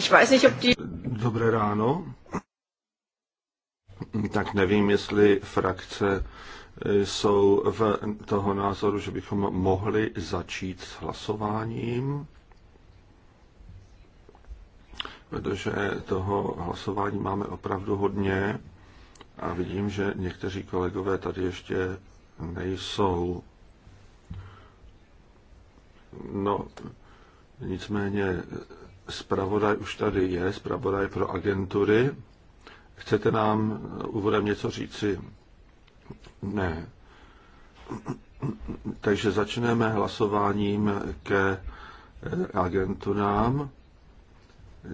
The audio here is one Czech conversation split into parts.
Ich weiß nicht, ob die... Dobré ráno. Tak nevím, jestli frakce eh, jsou v toho názoru, že bychom mohli začít s hlasováním, protože toho hlasování máme opravdu hodně a vidím, že někteří kolegové tady ještě nejsou. No, nicméně Spravodaj už tady je, spravodaj pro agentury. Chcete nám úvodem něco říci? Ne. Takže začneme hlasováním ke agenturám,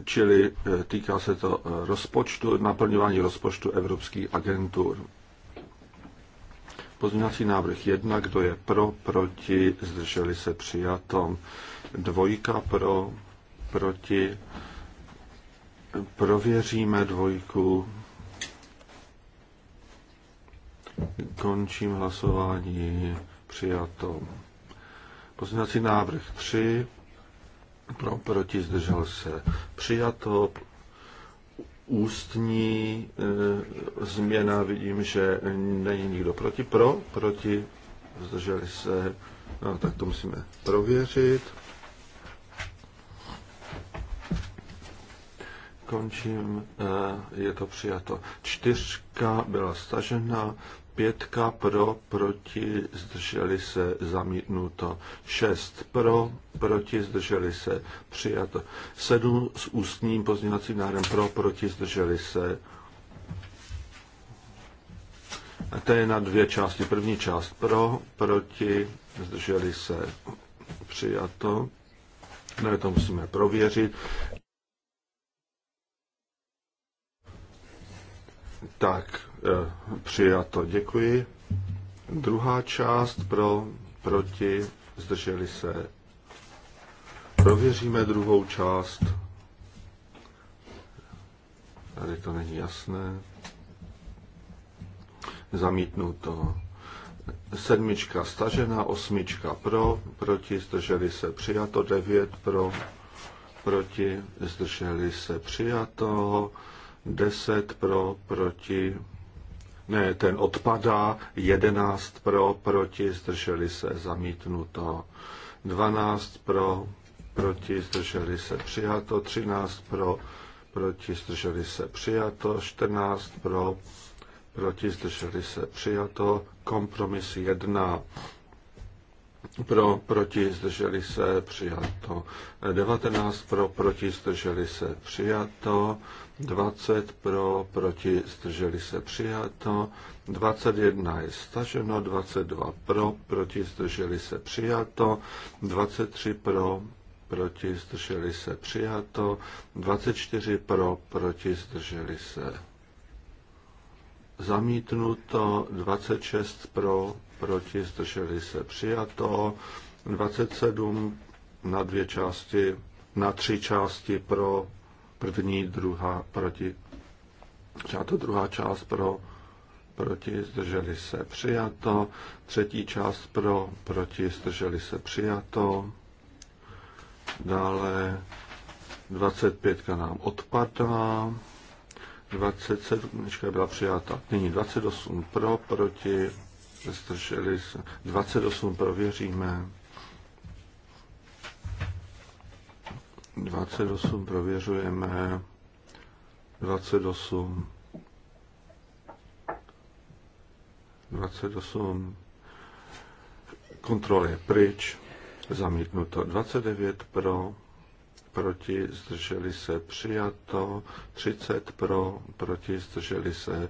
čili eh, týká se to eh, rozpočtu, naplňování rozpočtu evropských agentur. Pozměňovací návrh 1, kdo je pro, proti, zdrželi se přijatom. Dvojka pro, proti, prověříme dvojku, končím hlasování, přijato. Pozměňovací návrh 3, pro, proti, zdržel se, přijato, ústní e, změna, vidím, že není nikdo proti, pro, proti, zdrželi se, no, tak to musíme prověřit. skončím, eh, je to přijato. Čtyřka byla stažena, pětka pro, proti, zdrželi se, zamítnuto. Šest pro, proti, zdrželi se, přijato. Sedm s ústním pozměňovacím návrhem pro, proti, zdrželi se. A to je na dvě části. První část pro, proti, zdrželi se, přijato. Ne, no, to musíme prověřit. Tak, eh, přijato, děkuji. Druhá část pro, proti, zdrželi se. Prověříme druhou část. Tady to není jasné. Zamítnu to. Sedmička stažena, osmička pro, proti, zdrželi se přijato, devět pro, proti, zdrželi se přijato. 10 pro, proti, ne, ten odpadá, 11 pro, proti, zdrželi se, zamítnuto, 12 pro, proti, zdrželi se, přijato, 13 pro, proti, zdrželi se, přijato, 14 pro, proti, zdrželi se, přijato, kompromis 1 pro, proti, zdrželi se, přijato, 19 pro, proti, zdrželi se, přijato, 20 pro, proti, zdrželi se přijato, 21 je staženo, 22 pro, proti, zdrželi se přijato, 23 pro, proti, zdrželi se přijato, 24 pro, proti, zdrželi se zamítnuto, 26 pro, proti, zdrželi se přijato, 27 na dvě části, na tři části pro, První, druhá proti. to druhá část pro, proti, zdrželi se přijato. Třetí část pro, proti, zdrželi se přijato. Dále 25 nám odpadá. 27 byla přijata. Nyní 28 pro, proti, zdrželi se. 28 prověříme. 28 prověřujeme. 28. 28. Kontrol je pryč. Zamítnuto. 29 pro proti, zdrželi se přijato, 30 eh, pro, proti, zdrželi se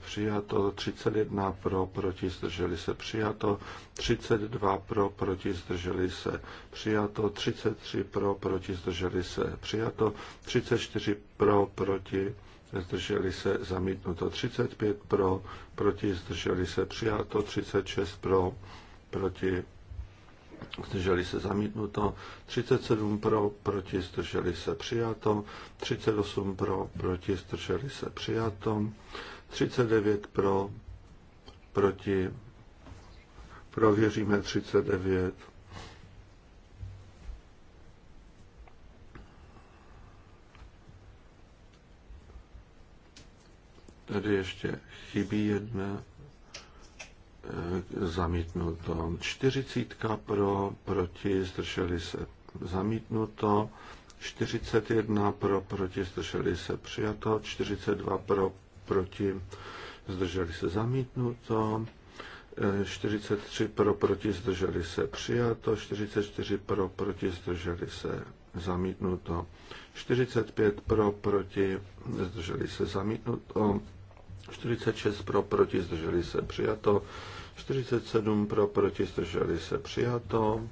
přijato, 31 pro, proti, zdrželi se přijato, 32 pro, proti, zdrželi se přijato, 33 pro, proti, zdrželi se přijato, 34 pro, proti, zdrželi se zamítnuto, 35 pro, proti, zdrželi se přijato, 36 pro, proti, zdrželi se zamítnuto, 37 pro, proti, zdrželi se přijato, 38 pro, proti, zdrželi se přijato, 39 pro, proti, prověříme 39. Tady ještě chybí jedna Eh, zamítnuto. Čtyřicítka pro, proti, zdrželi se zamítnuto. 41 pro, proti, zdrželi se přijato. 42 pro, proti, zdrželi se zamítnuto. 43 eh, pro, proti, zdrželi se přijato. 44 pro, proti, zdrželi se zamítnuto. 45 pro, proti, zdrželi se zamítnuto. 46 pro, proti, zdrželi se přijato. 47 pro, proti, zdrželi se přijato.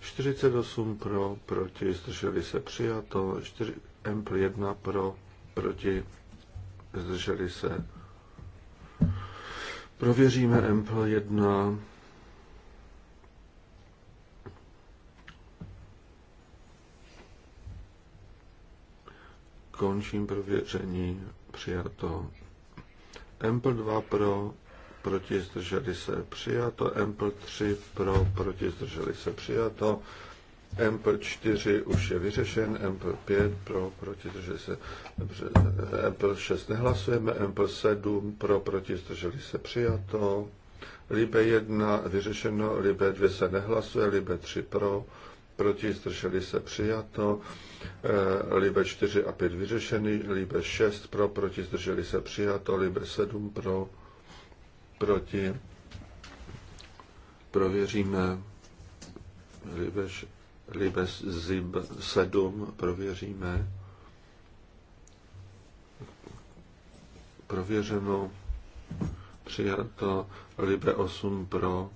48 pro, proti, zdrželi se přijato. 4, M 1 pro, proti, zdrželi se. Prověříme M 1. Končím prověření, přijato. Ample 2 pro, proti zdrželi se přijato, MP3 pro, proti zdrželi se přijato, MP4 už je vyřešen, MP5 pro, proti zdrželi se, dobře, MP6 nehlasujeme, MP7 pro, proti zdrželi se přijato, Libe 1 vyřešeno, Libe 2 se nehlasuje, Libe 3 eh, pro, proti zdrželi se přijato, Libe 4 a 5 vyřešeny, Libe 6 pro, proti zdrželi se přijato, Libe 7 pro, proti, prověříme Libes, Libes Zib 7, prověříme prověřeno, přijato, Libe 8 pro,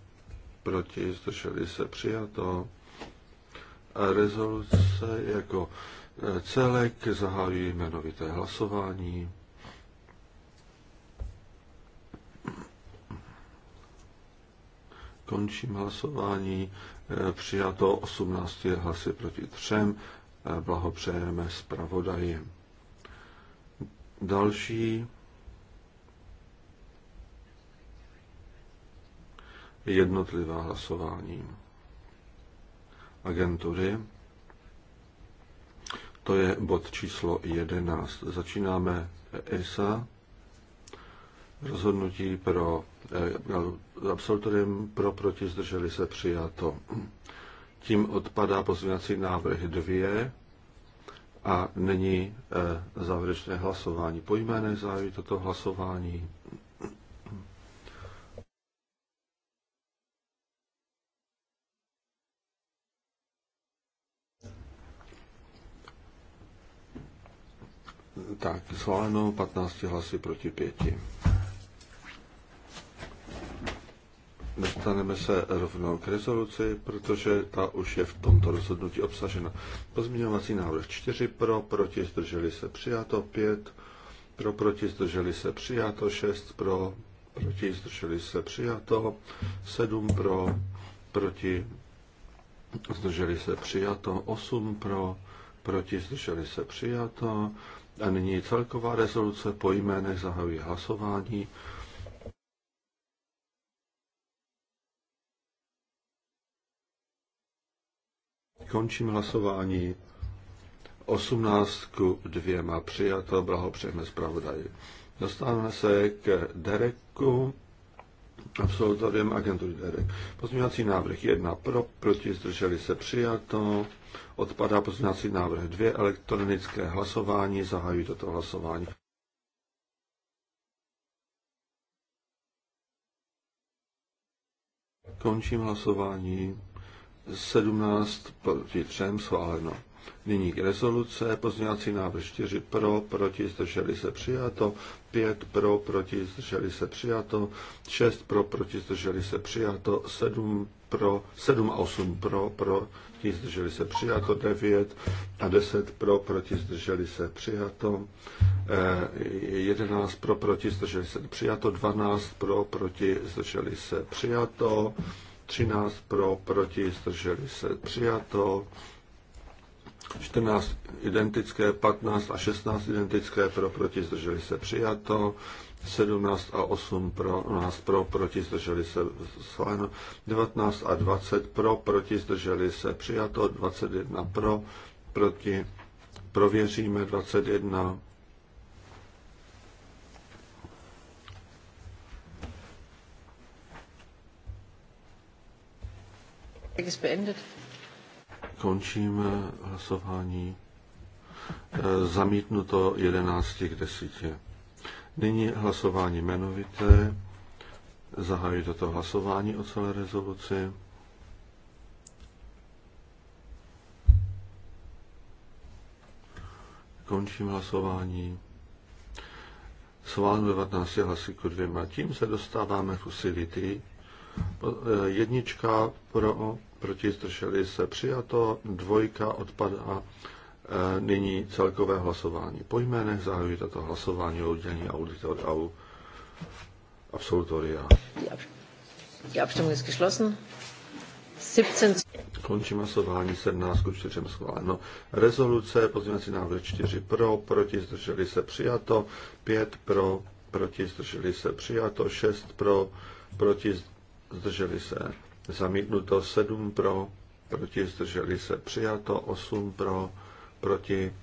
proti, zdrželi se, přijato. A rezoluce jako e, celek zahájí jmenovité hlasování. Končím hlasování. Eh, přijato 18 hlasy proti třem. Eh, blahopřejeme zpravodaji. Další jednotlivá hlasování. Agentury. To je bod číslo 11. Začínáme ESA rozhodnutí pro eh, absolutorium pro proti zdrželi se přijato. Tím odpadá pozměňovací návrh dvě a není eh, závěrečné hlasování. Po jménech zahájí toto hlasování. Tak, zvoleno 15 hlasy proti 5. Dostaneme se rovnou k rezoluci, protože ta už je v tomto rozhodnutí obsažena. Pozměňovací návrh 4 pro, proti zdrželi se přijato 5, pro, proti zdrželi se přijato 6, pro, proti zdrželi se přijato 7, pro, proti zdrželi se přijato 8, pro, proti zdrželi se přijato. A nyní celková rezoluce po jménech zahajuje hlasování. Končím hlasování. 18 k 2 přijato, blahopřejeme zpravodaji. Dostáváme se k Dereku, absolutorium agentury Derek. Pozměňovací návrh 1 pro, proti zdrželi se přijato. Odpadá pozměňovací návrh 2, elektronické hlasování, zahajují toto hlasování. Končím hlasování. 17 proti 3 schváleno. Nyní k rezoluce. Pozměňovací návrh 4 pro, proti, zdrželi se přijato. 5 pro, proti, zdrželi se přijato. 6 pro, proti, zdrželi se přijato. 7 pro, 7 a 8 pro, proti, zdrželi se přijato. 9 a 10 pro, proti, zdrželi se přijato. 11 eh, pro, proti, zdrželi se přijato. 12 pro, proti, zdrželi se přijato. 13 pro, proti, zdrželi se, přijato. 14 identické, 15 a 16 identické, pro, proti, zdrželi se, přijato. 17 a 8 pro, nás pro, proti, zdrželi se, schváleno. 19 a 20 pro, proti, zdrželi se, přijato. 21 pro, proti, prověříme 21 Končím hlasování. Eh, zamítnuto 11 k 10. Nyní hlasování jmenovité. Zahajuji toto hlasování o celé rezoluci. Končím hlasování. Schváleno 19 hlasy ku dvěma. Tím se dostáváme k usility. Eh, jednička pro, proti zdrželi se přijato, dvojka odpadá, e, nyní celkové hlasování. Po jménech zahajuji tato hlasování o udělení auditor au absolutoria. Die Abstimmung ist geschlossen. 17. Končím hlasování 17 ku 4 schváleno. Rezoluce, pozměňovací návrh 4 pro, proti zdrželi se přijato, 5 pro, proti zdrželi se přijato, 6 pro, proti zdrželi se zamítnuto 7 pro, proti zdrželi se přijato 8 pro, proti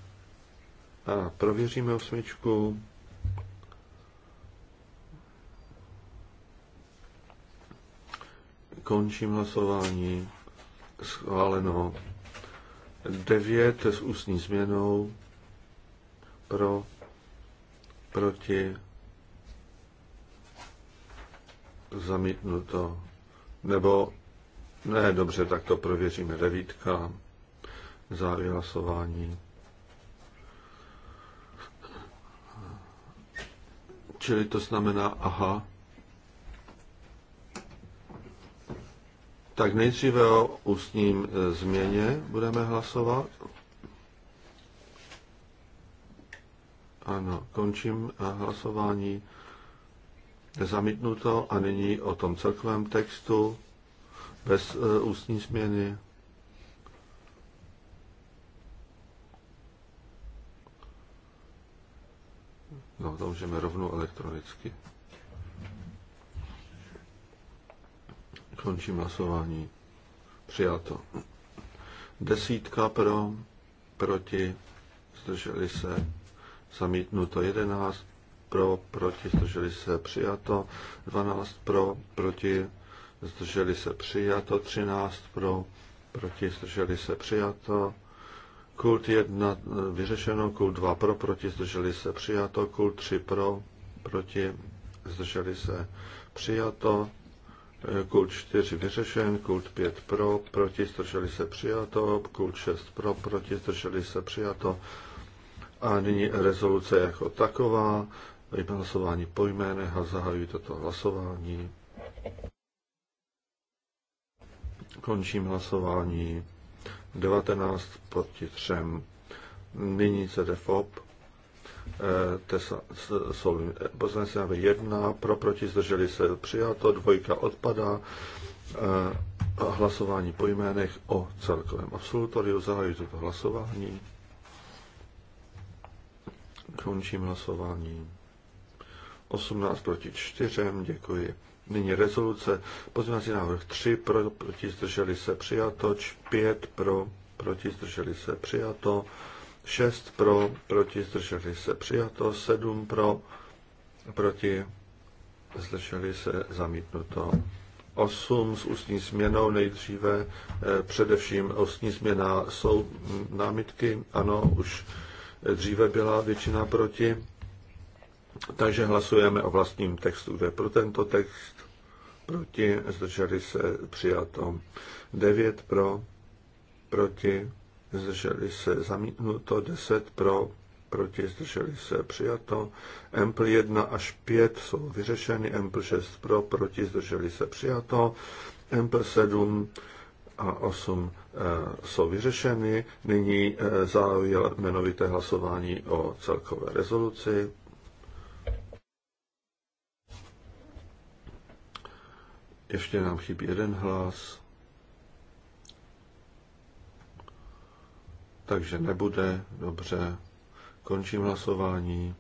a prověříme osmičku. Končím hlasování. Schváleno. 9 s ústní změnou. Pro. Proti. Zamítnuto. Nebo, ne, dobře, tak to prověříme. Devítka, závěr hlasování. Čili to znamená, aha, Tak nejdříve o ústním e, změně budeme hlasovat. Ano, končím e, hlasování zamítnuto a nyní o tom celkovém textu bez e, ústní změny. No, to můžeme rovnou elektronicky. Končím hlasování. Přijato. Desítka pro, proti, zdrželi se, zamítnuto jedenáct pro, proti, zdrželi se přijato, 12 pro, proti, zdrželi se přijato, 13 pro, proti, zdrželi se přijato, kult 1 vyřešeno, kult 2 pro, proti, zdrželi se přijato, kult 3 pro, proti, zdrželi se přijato, kult 4 vyřešen, kult 5 pro, proti, zdrželi se přijato, kult 6 pro, proti, zdrželi se přijato, a nyní rezoluce jako taková. Jmenuji hlasování po jménech a zahajuji toto hlasování. Končím hlasování. 19 proti 3. Nyní CDFOP. Eh, Poslanec návrh 1. Pro proti zdrželi se přijato. Dvojka odpadá. Eh, a hlasování po jménech o celkovém absolutoriu. Zahajuji toto hlasování. Končím hlasování. 18 proti 4, děkuji. Nyní rezoluce, pozměňovací návrh 3, pro, proti zdrželi se přijato, 5 pro, proti zdrželi se přijato, 6 pro, proti zdrželi se přijato, 7 pro, proti zdrželi se zamítnuto. 8 s ústní změnou nejdříve, eh, především ústní změna jsou námitky, ano, už dříve byla většina proti, takže hlasujeme o vlastním textu. To je pro tento text. Proti. Zdrželi se. Přijato. 9 pro. Proti. Zdrželi se. Zamítnuto. 10 pro proti, zdrželi se, přijato. Empl 1 až 5 jsou vyřešeny, Empl 6 pro, proti, zdrželi se, přijato. Empl 7 a 8 e, eh, jsou vyřešeny. Nyní e, zahájil jmenovité hlasování o celkové rezoluci. Ještě nám chybí jeden hlas. Takže nebude, dobře. Končím hlasování.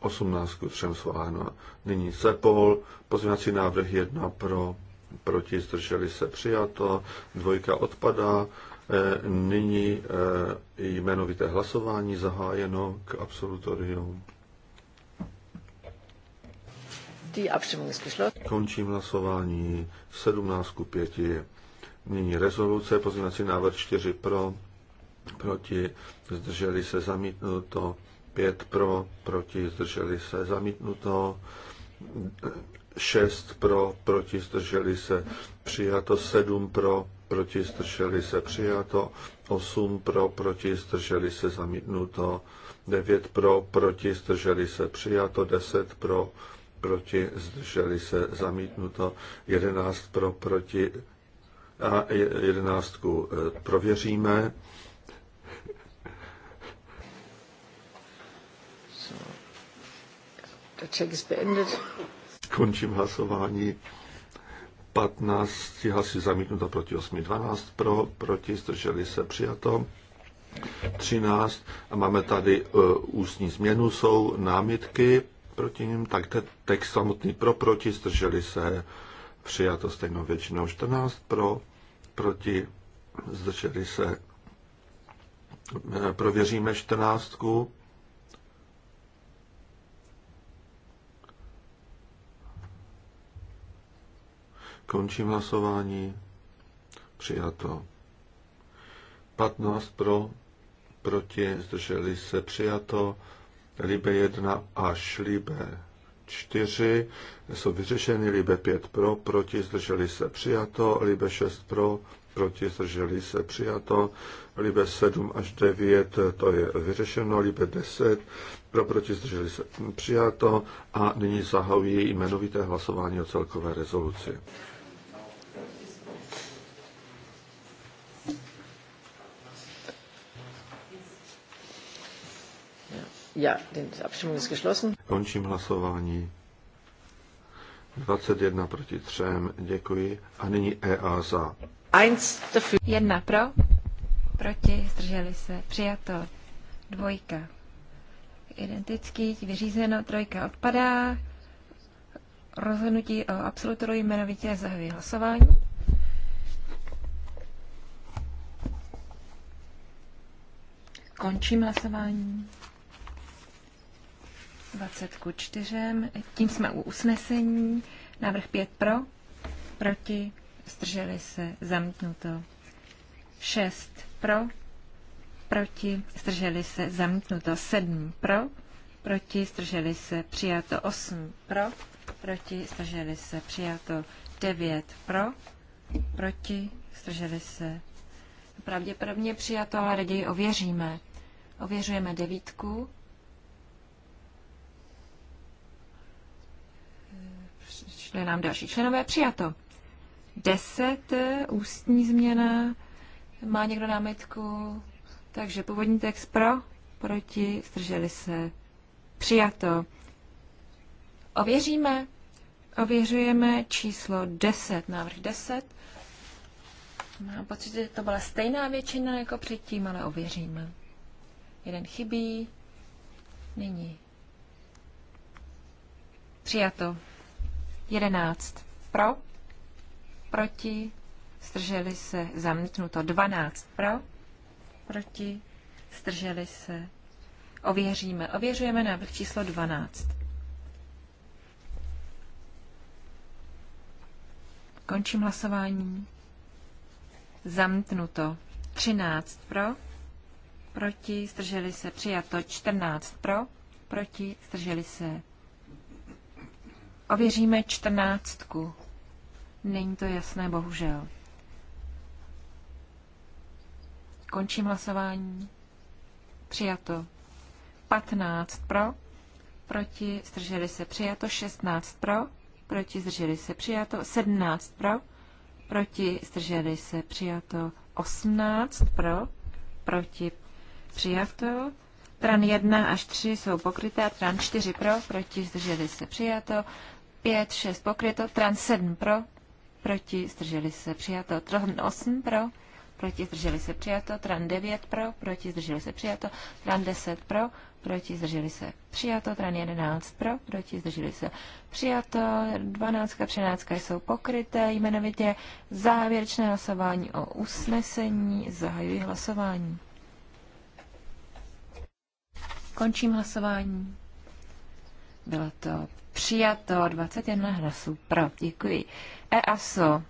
18 k 3 schváleno. Nyní sepol pozměňovací návrh 1 pro, proti, zdrželi se přijato, dvojka odpadá, e, nyní e, jmenovité hlasování zahájeno k absolutorium. Die Abstimmung ist Končím hlasování 17 ku 5. Nyní rezoluce, pozměňovací návrh 4 pro, proti, zdrželi se zamítnuto, 5 pro, proti, zdrželi se zamítnuto, 6 pro, proti, zdrželi se přijato, 7 pro, proti, zdrželi se přijato, 8 pro, proti, zdrželi se zamítnuto, 9 pro, proti, zdrželi se přijato, 10 pro, proti, zdrželi se, zamítnuto, 11 pro, proti, a jedenáctku eh, prověříme. Končím hlasování. 15 hlasy zamítnuto proti 8, 12 pro, proti, zdrželi se přijato. 13 a máme tady uh, ústní změnu, jsou námitky proti ním tak te, text samotný pro, proti, zdrželi se, přijato stejnou většinou 14 pro, proti, zdrželi se. E, prověříme 14. Končím hlasování. Přijato. 15 pro, proti, zdrželi se přijato, Libe 1 až Libe 4 jsou vyřešeny, Libe 5 pro, proti zdrželi se přijato, Libe 6 pro, proti zdrželi se přijato, Libe 7 až 9 to je vyřešeno, Libe 10 pro, proti zdrželi se přijato a nyní zahajuji jmenovité hlasování o celkové rezoluci. Ja, den Abstimmung ist geschlossen. Končím hlasování. 21 proti 3, děkuji. A nyní EASA. 1 pro, proti, zdrželi se, přijato, dvojka. Identický, vyřízeno, trojka odpadá. Rozhodnutí o absolutoru jmenovitě zahajuje hlasování. Končím hlasování. 20 ku 4. Tím jsme u usnesení. Návrh 5 pro, proti, zdrželi se, zamítnuto. 6 pro, proti, zdrželi se, zamítnuto. 7 pro, proti, zdrželi se, přijato. 8 pro, proti, zdrželi se, přijato. 9 pro, proti, zdrželi se. Pravděpodobně přijato, ale raději ověříme. Ověřujeme devítku. Šli nám další členové. Přijato. deset eh, Ústní změna. Má někdo námitku? Takže původní text pro, proti, zdrželi se. Přijato. Ověříme. Ověřujeme číslo 10, návrh 10. Mám pocit, že to byla stejná většina jako předtím, ale ověříme. Jeden chybí. Nyní. Přijato. 11 pro, proti, zdrželi se, zamítnuto 12 pro, proti, zdrželi se. Ověříme, ověřujeme návrh číslo 12. Končím hlasování. Zamítnuto 13 pro, proti, zdrželi se, přijato 14 pro, proti, zdrželi se, Ověříme čtrnáctku. Není to jasné, bohužel. Končím hlasování. Přijato. 15 pro, proti, zdrželi se přijato, 16 pro, proti, zdrželi se přijato, 17 pro, proti, zdrželi se přijato, 18 pro, proti, přijato, Tran 1 až 3 jsou pokryté, Tran 4 pro, proti, zdrželi se přijato, 5, 6 pokryto, trans 7 pro, proti, zdrželi se přijato, tran 8 pro, proti, zdrželi se přijato, tran 9 pro, proti, zdrželi se přijato, tran 10 pro, proti, zdrželi se přijato, tran 11 pro, proti, zdrželi se přijato, 12 a 13 jsou pokryté, jmenovitě závěrečné hlasování o usnesení, zahajuji hlasování. Končím hlasování. Byla to Přijato 21 hlasů pro. Děkuji. EASO.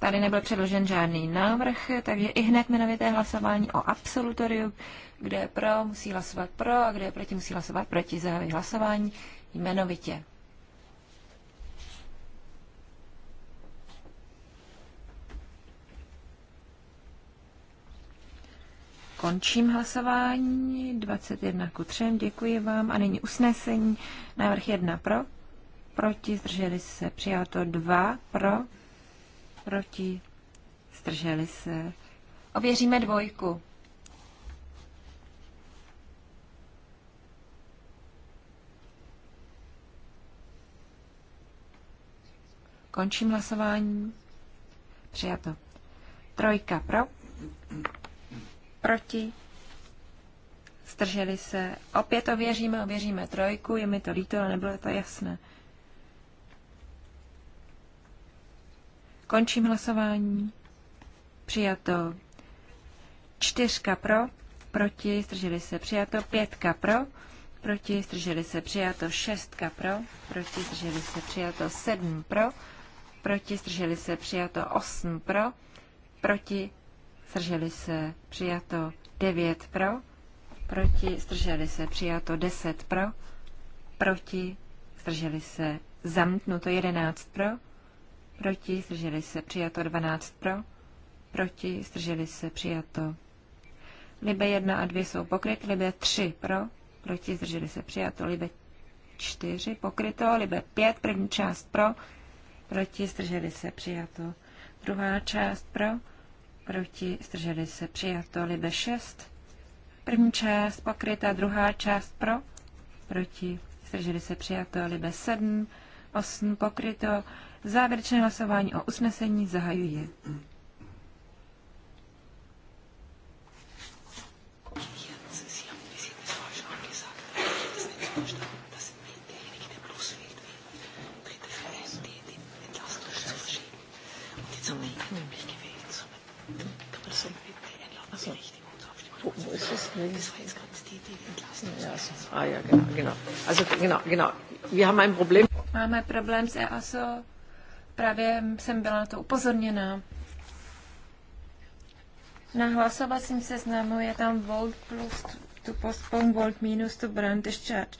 Tady nebyl předložen žádný návrh, takže i hned jmenovité hlasování o absolutoriu, kde je pro, musí hlasovat pro a kde je proti, musí hlasovat proti. Zahajuji hlasování jmenovitě. Končím hlasování 21 ku 3. Děkuji vám. A nyní usnesení. Návrh 1 pro, proti, zdrželi se. to 2 pro, proti, zdrželi se. Ověříme dvojku. Končím hlasování. Přijato. Trojka pro, Proti? Strželi se. Opět ověříme, ověříme trojku, je mi to líto, ale nebylo to jasné. Končím hlasování. Přijato. Čtyřka pro, proti, strželi se přijato. Pětka pro, proti, strželi se přijato. Šestka pro, proti, strželi se přijato. Sedm pro, proti, strželi se přijato. Osm pro, proti, zdrželi se, přijato 9 pro, proti, zdrželi se, přijato 10 pro, proti, zdrželi se, zamknuto 11 pro, proti, zdrželi se, přijato 12 pro, proti, zdrželi se, přijato. Libe 1 a 2 jsou pokryty, Libe 3 pro, proti, zdrželi se, přijato, Libe 4 pokryto, Libe 5, první část pro, proti, zdrželi se, přijato. Druhá část pro, proti, zdrželi se přijato, libe 6. První část pokryta, druhá část pro, proti, zdrželi se přijato, libe 7, 8 pokryto. Závěrečné hlasování o usnesení zahajuje. Ne, ist, ganz die, die entlassen ja, so. Ah ja, genau, genau. Also genau, genau. Wir haben ein Problem. Máme problém s EASO. Právě jsem byla na to upozorněna. Na hlasovacím seznamu je tam volt plus tu postpone, volt minus tu brand discharge.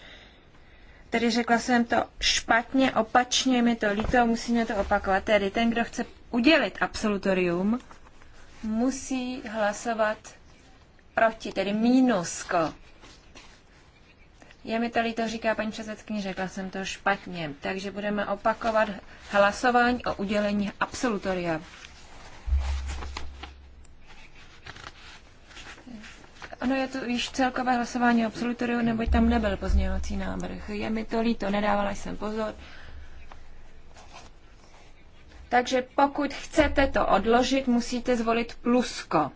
Tedy řekla jsem to špatně, opačně, mi to líto, mě to opakovat. Tedy ten, kdo chce udělit absolutorium, musí hlasovat proti, tedy mínusko. Je mi tady to říká paní předsedkyně, řekla jsem to špatně. Takže budeme opakovat hlasování o udělení absolutoria. Ano, je to již celkové hlasování o absolutoriu, neboť tam nebyl pozměňovací návrh. Je mi to líto, nedávala jsem pozor. Takže pokud chcete to odložit, musíte zvolit plusko.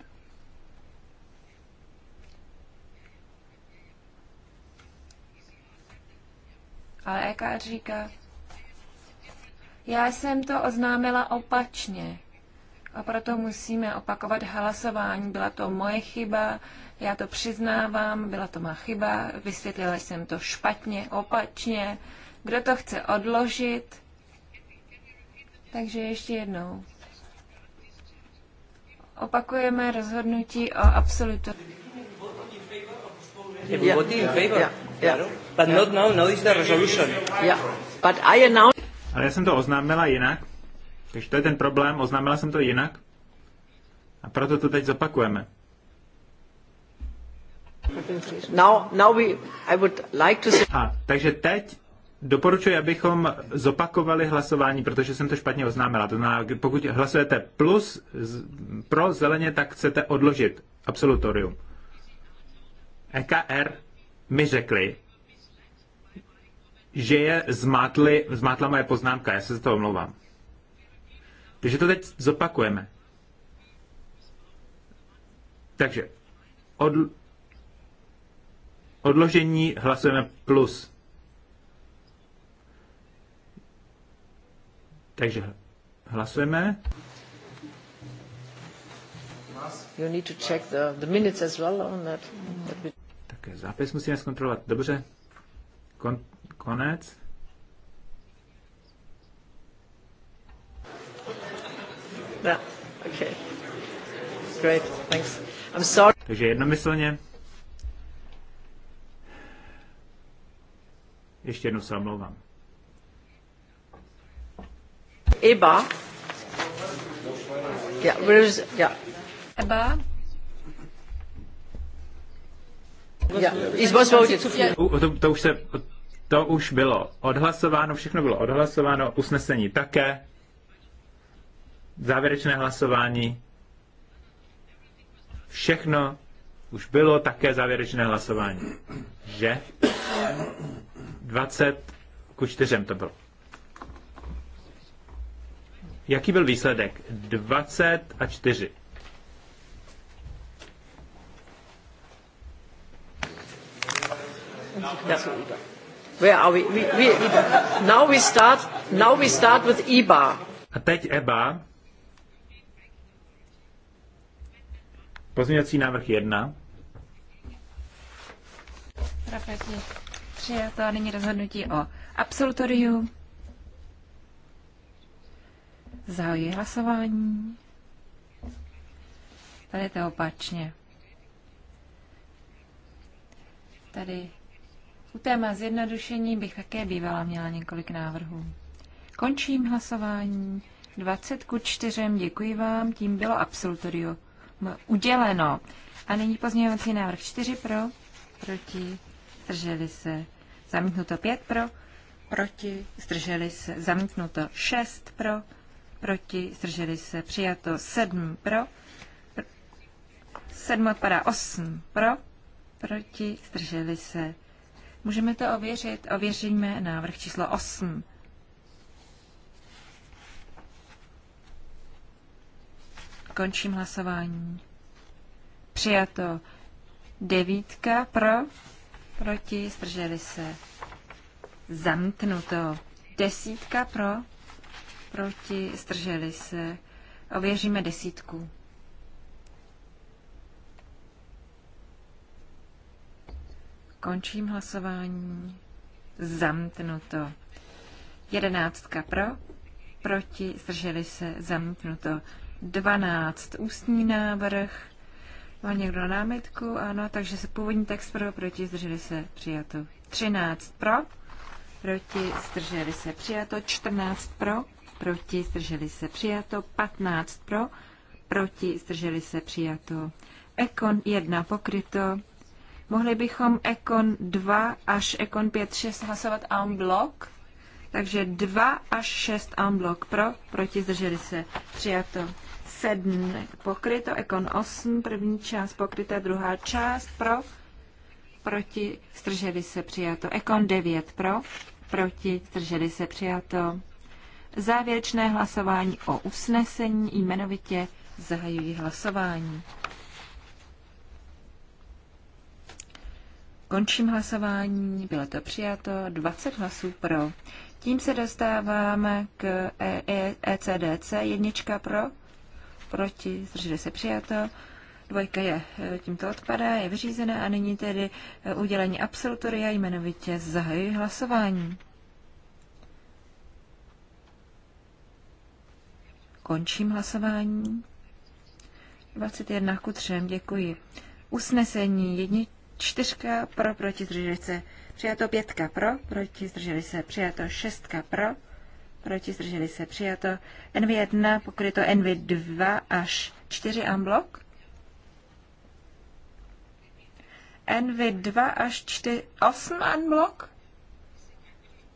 Ale EKR říká, já jsem to oznámila opačně a proto musíme opakovat hlasování. Byla to moje chyba, já to přiznávám, byla to má chyba, vysvětlila jsem to špatně, opačně. Kdo to chce odložit? Takže ještě jednou. Opakujeme rozhodnutí o absolutu. Yeah, Yeah. But not now, now is the resolution. Yeah. But I announced... Ale já jsem to oznámila jinak. Takže to je ten problém, oznámila jsem to jinak. A proto to teď zopakujeme. Now, now we, I would like to... A, takže teď doporučuji, abychom zopakovali hlasování, protože jsem to špatně oznámila. To znamená, pokud hlasujete plus pro zeleně, tak chcete odložit absolutorium. EKR mi řekli, že je zmátli, zmátla moje poznámka, já se za to omlouvám. Takže to teď zopakujeme. Takže od, odložení hlasujeme plus. Takže hlasujeme. You need to check the, the minutes as well on that. that we také zápis musíme zkontrolovat. Dobře, Kon- konec. No, okay. Great, thanks. I'm sorry. Takže jednomyslně. Ještě jednou se omlouvám. EBA. Yeah, where's, yeah. EBA Yeah. To, to, to, už se, to už bylo odhlasováno, všechno bylo odhlasováno, usnesení také, závěrečné hlasování, všechno už bylo také závěrečné hlasování. Že? 20 ku 4 to bylo. Jaký byl výsledek? 20 a 4. That's what EBA. Where are we? we, we EBA. Now we start. Now we start with EBA. A teď EBA. Pozměňovací návrh 1. Perfektně. Přijato a nyní rozhodnutí o absolutoriu. Zahajuji hlasování. Tady je to opačně. Tady u téma zjednodušení bych také bývala měla několik návrhů. Končím hlasování. 20 ku 4, děkuji vám, tím bylo absolutorio uděleno. A nyní pozměňovací návrh 4 pro, proti, zdrželi se, zamítnuto 5 pro, proti, zdrželi se, zamítnuto 6 pro, proti, zdrželi se, přijato 7 pro, 7 odpadá 8 pro, proti, zdrželi se, Můžeme to ověřit? Ověříme návrh číslo 8. Končím hlasování. Přijato devítka pro, proti, zdrželi se. Zamknuto. Desítka pro, proti, zdrželi se. Ověříme desítku. Končím hlasování. Zamknuto. Jedenáctka pro, proti, zdrželi se, zamknuto. Dvanáct ústní návrh. Má někdo námitku? Ano, takže se původní text pro, proti, zdrželi se, přijato. Třináct pro, proti, zdrželi se, přijato. Čtrnáct pro, proti, zdrželi se, přijato. Patnáct pro, proti, zdrželi se, přijato. Ekon jedna pokryto, Mohli bychom Ekon 2 až Ekon 5, 6 hlasovat en bloc. Takže 2 až 6 en bloc pro, proti zdrželi se. Přijato. 7 pokryto, Ekon 8, první část pokryta, druhá část pro, proti zdrželi se. Přijato. Ekon 9 pro, proti zdrželi se. Přijato. Závěrečné hlasování o usnesení jmenovitě zahajují hlasování. Končím hlasování, bylo to přijato, 20 hlasů pro. Tím se dostáváme k ECDC, e, e jednička pro, proti, zdrželi se přijato. Dvojka je e, tímto odpadá, je vyřízené a nyní tedy udělení absolutoria jmenovitě zahajuji hlasování. Končím hlasování. 21 ku 3, děkuji. Usnesení jedni, čtyřka pro, proti zdrželi se přijato, pětka pro, proti zdrželi se přijato, šestka pro, proti zdrželi se přijato, NV1 pokryto NV2 až 4 amblok. NV2 až 4, 8 unblock?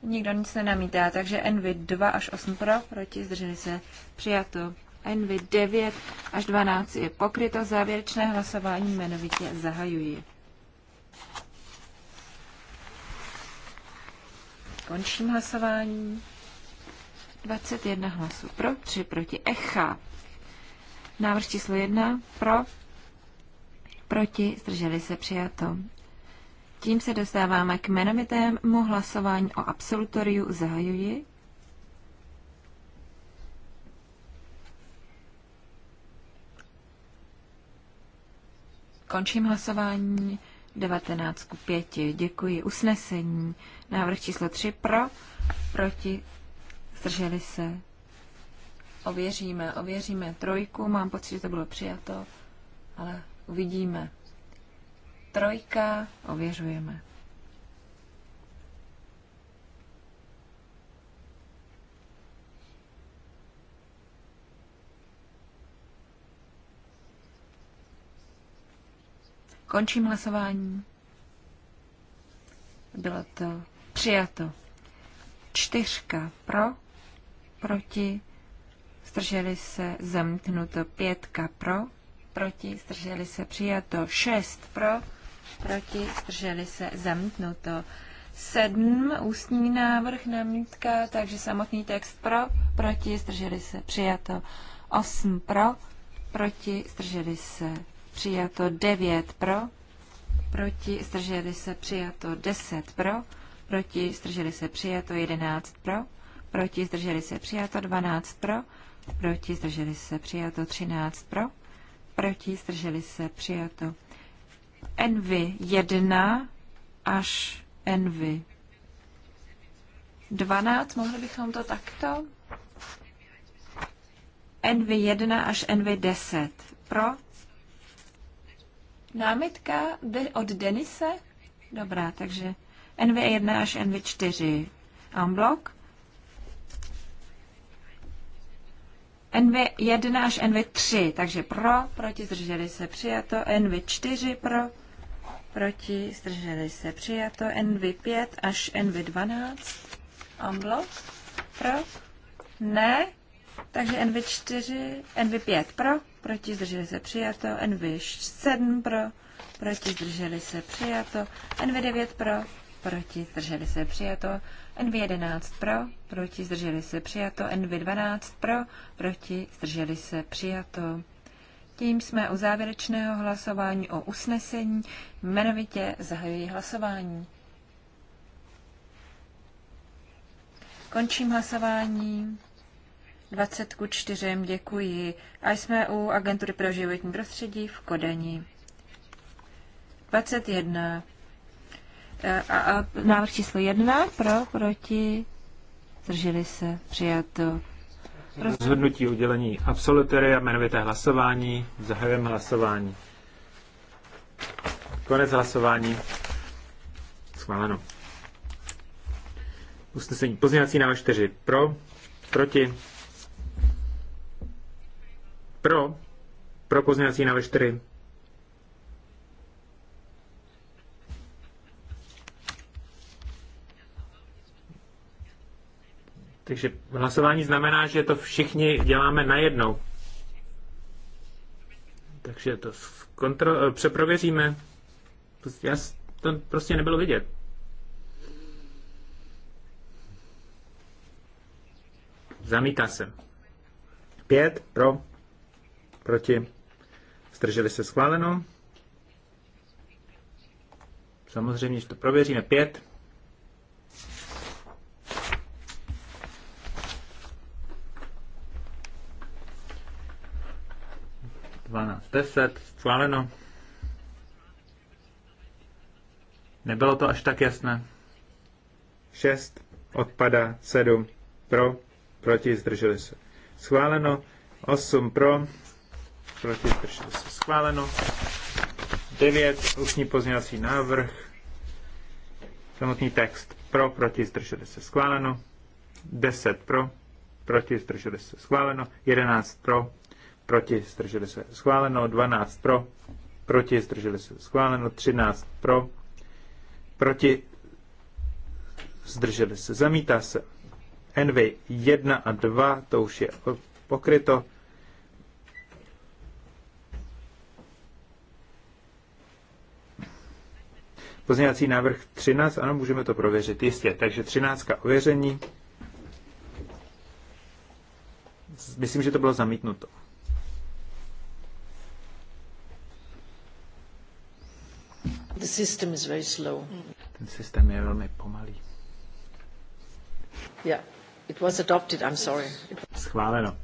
Nikdo nic nenamítá, takže NV2 až 8 pro, proti, zdrželi se, přijato. NV 9 až 12 je pokryto, závěrečné hlasování jmenovitě zahajuji. Končím hlasování. 21 hlasů pro, 3 proti. Echa. Návrh číslo 1 pro, proti, zdrželi se přijato. Tím se dostáváme k jmenovitému hlasování o absolutoriu zahajuji. Končím hlasování. 19 k 5. Děkuji. Usnesení. Návrh číslo 3 pro, proti, zdrželi se. Ověříme, ověříme trojku. Mám pocit, že to bylo přijato, ale uvidíme. Trojka, ověřujeme. Končím hlasování. Bylo to přijato. Čtyřka pro, proti, strželi se, zamknuto. Pětka pro, proti, strželi se, přijato. Šest pro, proti, strželi se, zamknuto. Sedm, ústní návrh, mítka, takže samotný text pro, proti, strželi se, přijato. Osm pro, proti, strželi se, přijato 9 pro, proti, zdrželi se přijato 10 pro, proti, zdrželi se přijato 11 pro, proti, zdrželi se přijato 12 pro, proti, zdrželi se přijato 13 pro, proti, zdrželi se přijato NV 1 až NV 12, mohli bychom to takto? NV 1 až NV 10 pro, Námitka de- od Denise? Dobrá, takže NV1 až NV4 unblock. NV1 až NV3, takže pro, proti, zdrželi se, přijato. NV4 pro, proti, zdrželi se, přijato. NV5 až NV12 unblock. Pro, ne, takže NV4, NV5 pro, proti zdrželi se přijato, NV7 pro, proti zdrželi se přijato, NV9 pro, proti zdrželi se přijato, NV11 pro, proti zdrželi se přijato, NV12 pro, proti zdrželi se přijato. Tím jsme u závěrečného hlasování o usnesení. Jmenovitě zahajují hlasování. Končím hlasování. 20 ku 4, děkuji. A jsme u Agentury pro životní prostředí v Kodani. 21. E, a, a, návrh číslo 1 pro, proti, zdrželi se, přijato. Rozhodnutí udělení absolutory a jmenovité hlasování, zahajujeme hlasování. Konec hlasování. Schváleno. Usnesení pozměňovací návrh 4 pro, proti, pro, pro pozměňovací návrh 4. Takže hlasování znamená, že to všichni děláme najednou. Takže to kontro- přeprověříme. Já, to prostě nebylo vidět. Zamítá se. Pět pro. Proti? Zdrželi se schváleno. Samozřejmě, že to prověříme. Pět. Dvanáct, deset, schváleno. Nebylo to až tak jasné. Šest, odpada, sedm, pro, proti, zdrželi se. Schváleno, osm pro, proti, zdrželi se schváleno. 9, ústní pozměňovací návrh, samotný text pro, proti, zdrželi se schváleno. 10 pro, proti, zdrželi se schváleno. 11 pro, proti, zdrželi se schváleno. 12 pro, proti, zdrželi se schváleno. 13 pro, proti, zdrželi se, zamítá se. NV 1 a 2, to už je pokryto. Pozměňovací návrh 13, ano, můžeme to prověřit, jistě. Takže 13. ověření. Myslím, že to bylo zamítnuto. The system is very slow. Ten systém je velmi pomalý. Yeah, it was adopted, I'm sorry. Schváleno.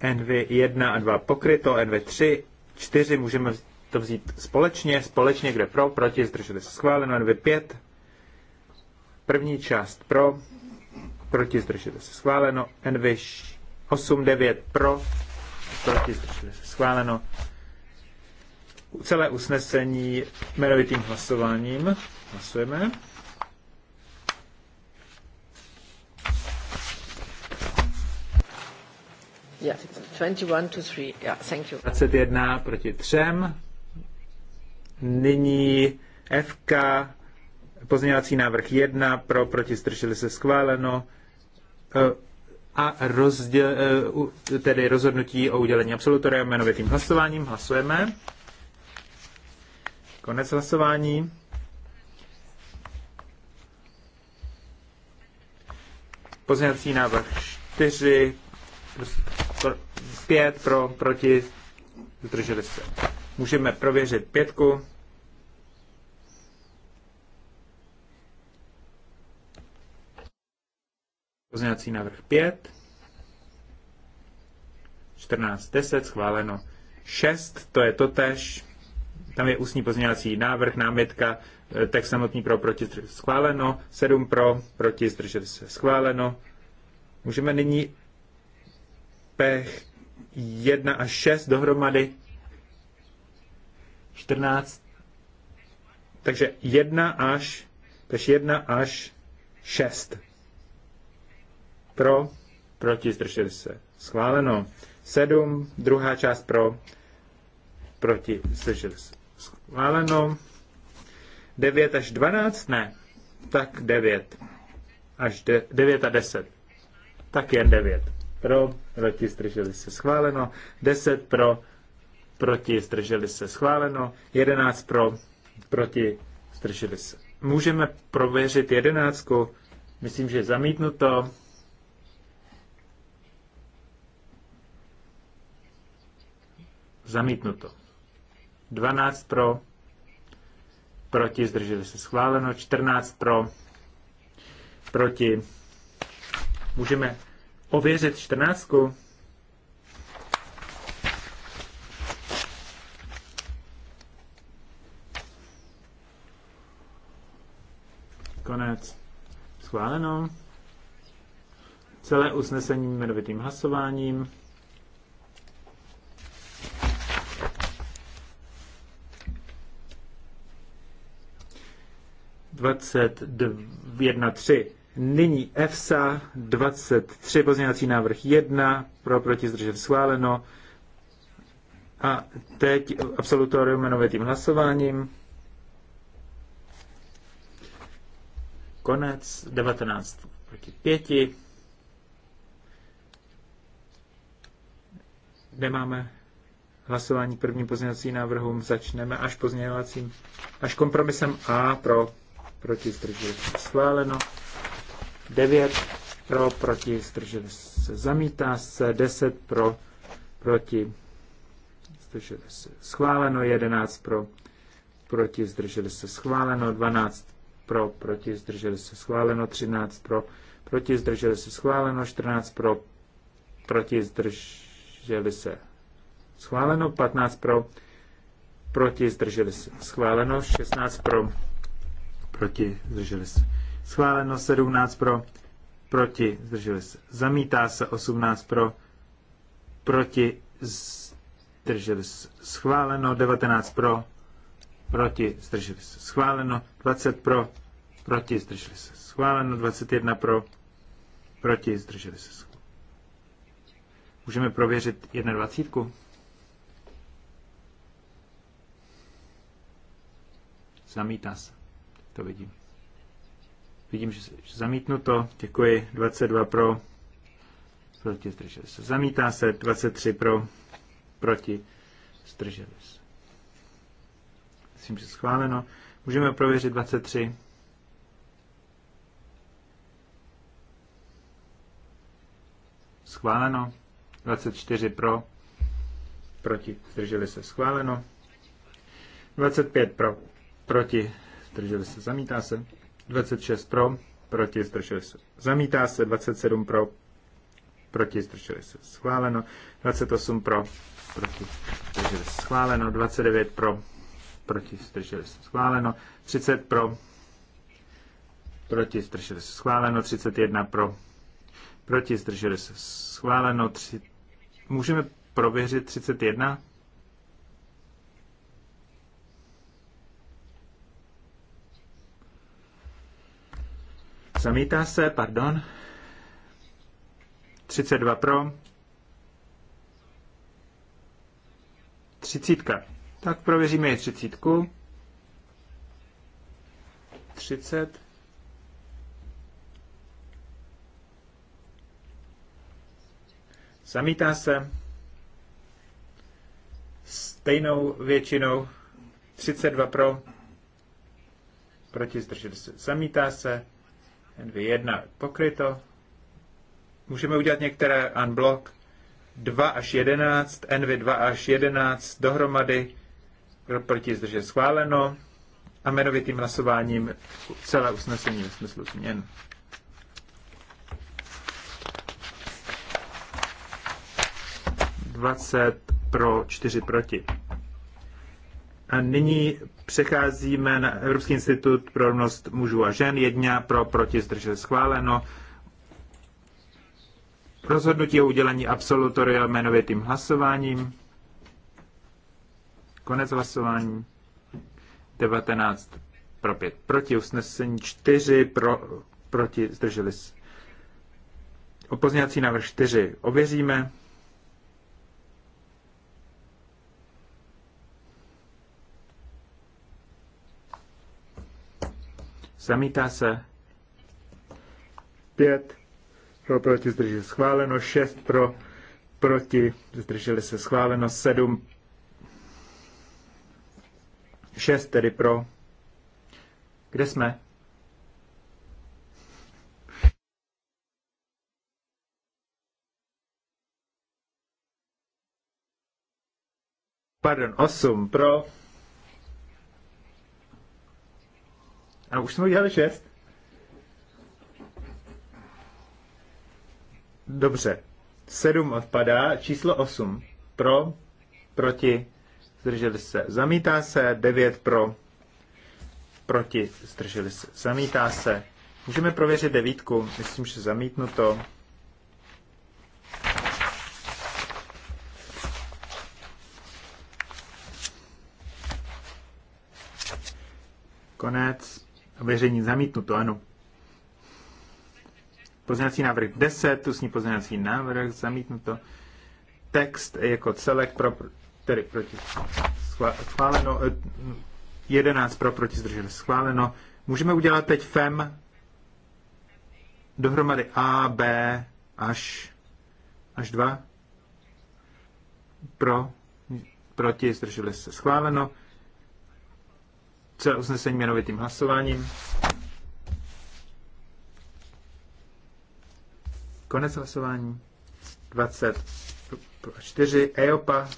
NV1 a 2 pokryto, NV3, 4 můžeme to vzít společně, společně kde pro, proti, zdrželi se schváleno, dvě pět. První část pro, proti, zdrželi se schváleno, NV 8, 9 pro, proti, zdrželi se schváleno. Celé usnesení jmenovitým hlasováním hlasujeme. Yeah, 21 to 3. Yeah, thank you. 21 proti 3. Nyní FK, pozměňovací návrh 1, pro, proti, stršili se schváleno e, a rozděl, e, tedy rozhodnutí o udělení absolutoria jmenovitým hlasováním. Hlasujeme. Konec hlasování. Pozměňovací návrh 4, 5 pro, proti, zdrželi se Můžeme prověřit pětku. Pozměňovací návrh 5. 14, 10, schváleno. 6, to je totež. Tam je ústní pozměňovací návrh, námitka, eh, text samotný pro, proti, schváleno. 7 pro, proti, zdržet se, schváleno. Můžeme nyní pech 1 až 6 dohromady 14. Takže 1 až, takže 1 až 6. Pro, proti, zdrželi se. Schváleno. 7, druhá část pro, proti, zdrželi se. Schváleno. 9 až 12, ne. Tak 9. Až de, 9 a 10. Tak jen 9. Pro, proti, zdrželi se. Schváleno. 10 pro, proti, zdrželi se, schváleno, 11 pro, proti, zdrželi se. Můžeme prověřit jedenáctku, myslím, že je zamítnuto. Zamítnuto. 12 pro, proti, zdrželi se, schváleno, 14 pro, proti, můžeme ověřit 14. schváleno. Celé usnesení jmenovitým hlasováním. tři. Nyní EFSA 23, pozměňovací návrh 1, pro proti zdržet schváleno. A teď absolutorium jmenovitým hlasováním. Konec 19 proti 5. Nemáme hlasování prvním pozměňovacím návrhům. Začneme až pozměňovacím, až kompromisem A pro proti zdrželi se schváleno. 9 pro proti zdrželi se zamítá se. 10 pro proti zdrželi se schváleno. 11 pro proti zdrželi se schváleno. 12 pro, proti, zdrželi se schváleno, 13 pro, proti, zdrželi se schváleno, 14 pro, proti, zdrželi se schváleno, 15 pro, proti, zdrželi se schváleno, 16 pro, proti, zdrželi se schváleno, 17 pro, proti, zdrželi se zamítá se, 18 pro, proti, zdrželi se schváleno, 19 pro, proti, zdrželi se schváleno, 20 pro, proti, zdrželi se schváleno, 21 pro, proti, zdrželi se Můžeme prověřit 21. Zamítá se. To vidím. Vidím, že zamítnu to. Děkuji. 22 pro. Proti zdrželi se. Zamítá se. 23 pro. Proti zdrželi se. Myslím, že schváleno. Můžeme prověřit 23. Schváleno. 24 pro. Proti. Zdrželi se. Schváleno. 25 pro. Proti. Zdrželi se. Zamítá se. 26 pro. Proti. Zdrželi se. Zamítá se. 27 pro. Proti. Zdrželi se. Schváleno. 28 pro. Proti. Zdrželi se. Schváleno. 29 pro proti, zdrželi se schváleno, 30 pro, proti, zdrželi se schváleno, 31 pro, proti, zdrželi se schváleno, 3... můžeme prověřit 31? Zamítá se, pardon. 32 pro. 30. Tak prověříme je třicítku. 30. Zamítá se stejnou většinou 32 pro, proti zdržet se. Zamítá se NV1 pokryto. Můžeme udělat některé unblock 2 až 11, NV 2 až 11 dohromady proti zdrže schváleno a jmenovitým hlasováním celé usnesení ve smyslu změn. Dvacet pro, čtyři proti. A nyní přecházíme na Evropský institut pro rovnost mužů a žen. Jedna pro, proti, zdržel schváleno. Rozhodnutí o udělení absolutoria jmenovitým hlasováním. Konec hlasování. 19 pro 5 proti, usnesení 4 pro, proti, zdrželi se. Opozněcí návrh 4 ověříme. Zamítá se. 5 pro proti zdrželi schváleno, 6 pro proti zdrželi se schváleno, 7 Šest tedy pro. Kde jsme? Pardon, osm pro. A už jsme udělali šest. Dobře. Sedm odpadá, číslo osm. Pro, proti, zdrželi se, zamítá se, 9 pro, proti, zdrželi se, zamítá se. Můžeme prověřit devítku, myslím, že zamítnuto. Konec. Ověření zamítnuto, ano. Pozměňovací návrh 10, tu sní pozměňovací návrh, zamítnuto. Text jako celek pro, tedy proti schváleno, 11 eh, pro, proti zdrželi schváleno. Můžeme udělat teď FEM dohromady A, B až, až 2 pro, proti zdrželi se schváleno. Celé usnesení jmenovitým hlasováním. Konec hlasování. 20 4 EOPA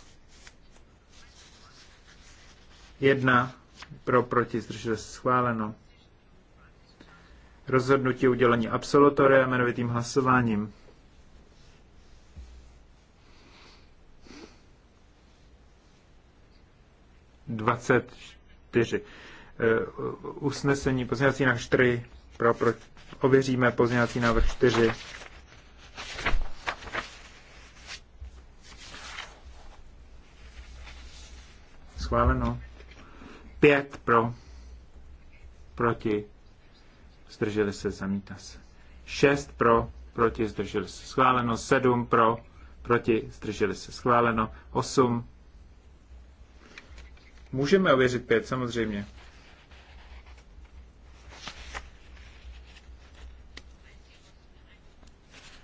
1 pro, proti, zdržel se schváleno. Rozhodnutí udělení absolutoria jmenovitým hlasováním. Dvacet čtyři. E, usnesení pozměňovací návrh čtyři. pro, pro, ověříme pozměňovací návrh čtyři. Schváleno. 5 pro, proti, zdrželi se, zamítá se. 6 pro, proti, zdrželi se, schváleno. 7 pro, proti, zdrželi se, schváleno. 8. Můžeme ověřit 5, samozřejmě.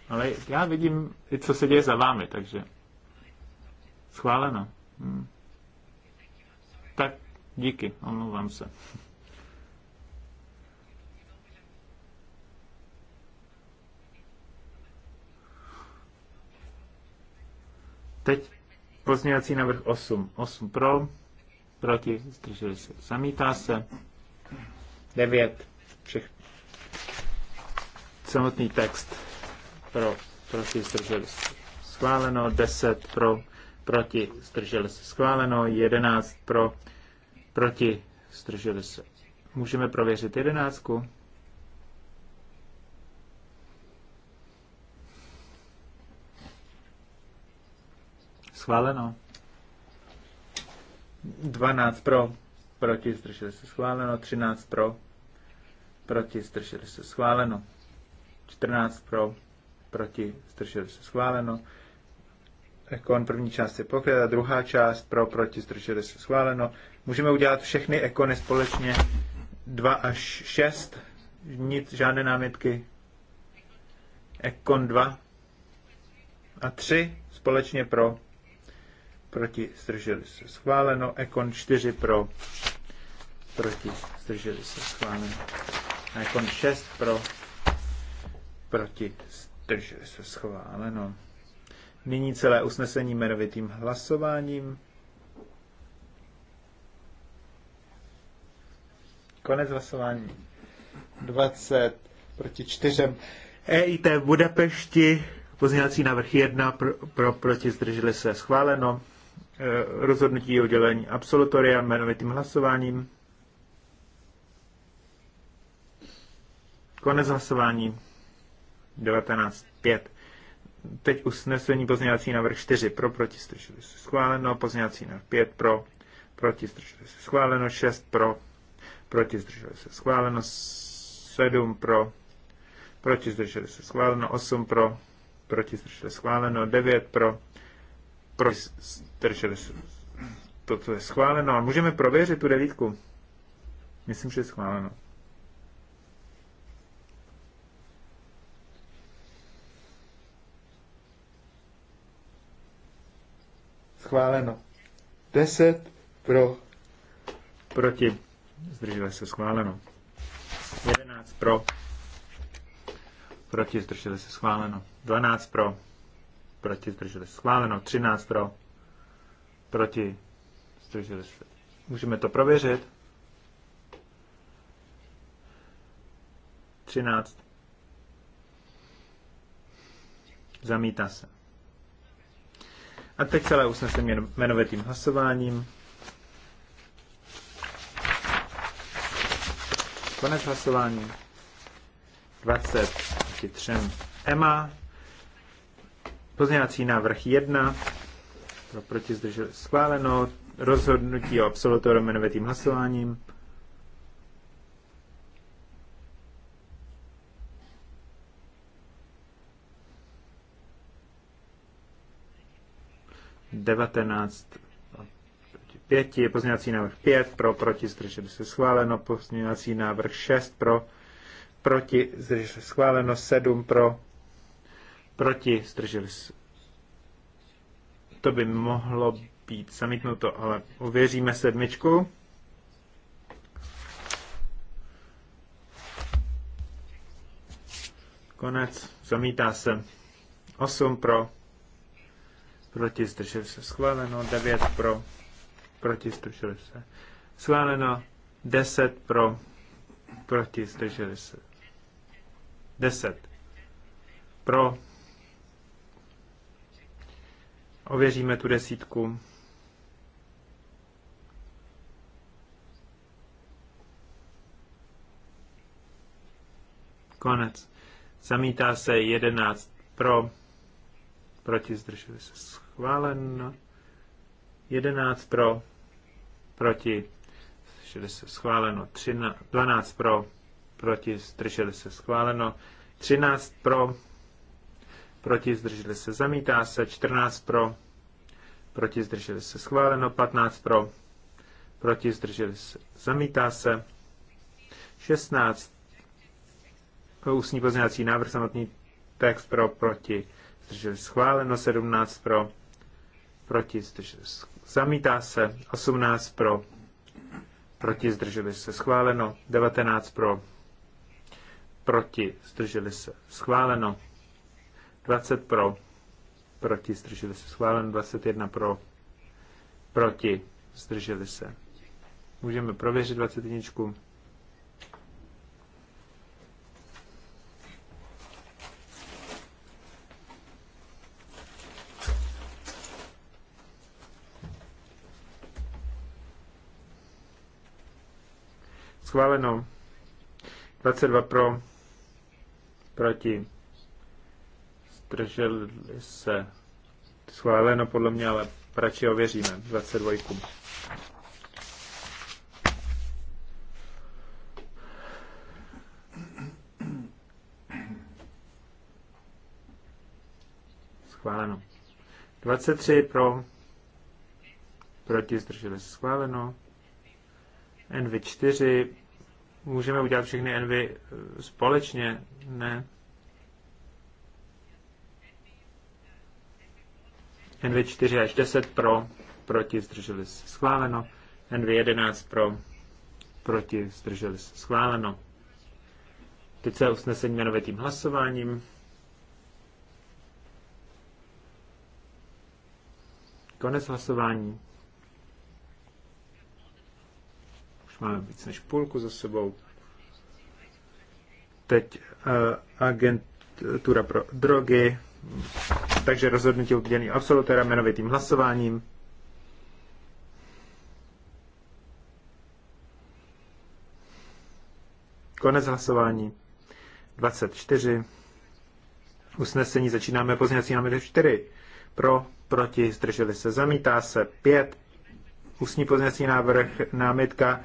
Ale já vidím i co se děje za vámi, takže schváleno. Hmm. Tak Díky, omlouvám se. Teď pozměňovací návrh 8. 8 pro, proti, zdrželi se, zamítá se. 9. Všech. Samotný text pro, proti, zdrželi se, schváleno. 10 pro, proti, zdrželi se, schváleno. 11 pro, Proti. Zdrželi se. Můžeme prověřit jedenáctku. Schváleno. 12 pro. Proti. Zdrželi se. Schváleno. 13 pro. Proti. Zdrželi se. Schváleno. 14 pro. Proti. Zdrželi se. Schváleno. Kon první část je pokryta, druhá část pro, proti, zdrželi se schváleno, Můžeme udělat všechny ekony společně 2 až 6. Nic, žádné námitky. Ekon 2 a 3 společně pro. Proti zdrželi se schváleno. Ekon 4 pro. Proti zdrželi se schváleno. A Ekon 6 pro. Proti zdrželi se schváleno. Nyní celé usnesení jmenovitým hlasováním. Konec hlasování. 20 proti 4. EIT v Budapešti, pozměňovací návrh 1, pro, pro, proti zdrželi se schváleno. E, rozhodnutí o udělení absolutoria jmenovitým hlasováním. Konec hlasování. 19.5. Teď usnesení pozměňovací návrh 4 pro, proti zdrželi se schváleno. Pozměňovací návrh 5 pro, proti zdrželi se schváleno. 6 pro, proti zdrželi se schváleno, 7 pro, proti zdrželi se schváleno, 8 pro, proti zdrželi se schváleno, 9 pro, proti zdrželi se toto je schváleno, A můžeme prověřit tu devítku. Myslím, že je schváleno. Schváleno. 10 pro proti Zdržel se schváleno. 11 pro, proti zdrželi se schváleno. 12 pro, proti zdrželi se schváleno. 13 pro, proti zdrželi se. Můžeme to prověřit. 13. Zamítá se. A teď celé usnesení jmenovitým hlasováním. Konec hlasování. 20 3 Ema. Pozměňovací návrh 1. Pro proti zdržel schváleno. Rozhodnutí o absolutoru jmenovitým hlasováním. Devatenáct 5, pozměňovací návrh pět pro, proti, zdrželi se schváleno, pozměňovací návrh šest pro, proti, zdrželi se schváleno, sedm pro, proti, zdrželi se. To by mohlo být zamítnuto, ale uvěříme sedmičku. Konec, zamítá se. 8 pro, proti, zdrželi se schváleno, 9 pro, proti, zdrželi se. Schváleno 10 pro, proti, zdrželi se. 10 pro. Ověříme tu desítku. Konec. Zamítá se 11 pro, proti zdrželi se schváleno, 11 pro, proti, zdrželi se schváleno, 13, 12 pro, proti, zdrželi se schváleno, 13 pro, proti, zdrželi se zamítá se, 14 pro, proti, zdrželi se schváleno, 15 pro, proti, zdrželi se zamítá se, 16 ústní pozměňovací návrh, samotný text pro, proti, zdrželi schváleno, 17 pro, proti, zdrželi schváleno, Zamítá se 18 pro. Proti zdrželi se schváleno. 19 pro. Proti zdrželi se schváleno. 20 pro. Proti zdrželi se schváleno. 21 pro. Proti zdrželi se. Můžeme prověřit 21. Schváleno. 22 pro. Proti. Zdrželi se. Schváleno podle mě, ale radši ověříme. 22. Schváleno. 23 pro. Proti zdrželi se schváleno. NV4 Můžeme udělat všechny envy eh, společně? Ne. NV 4 až 10 pro, proti, zdrželi se schváleno. NV 11 pro, proti, zdrželi se schváleno. Teď se usnesení jmenovitým hlasováním. Konec hlasování. Máme víc než půlku za sebou. Teď eh, agentura pro drogy, takže rozhodnutí udělení absolutéra jmenovitým hlasováním. Konec hlasování. 24. Usnesení začínáme pozněcí námi 4. Pro, proti, zdrželi se, zamítá se. 5. Ústní pozněcí návrh, námitka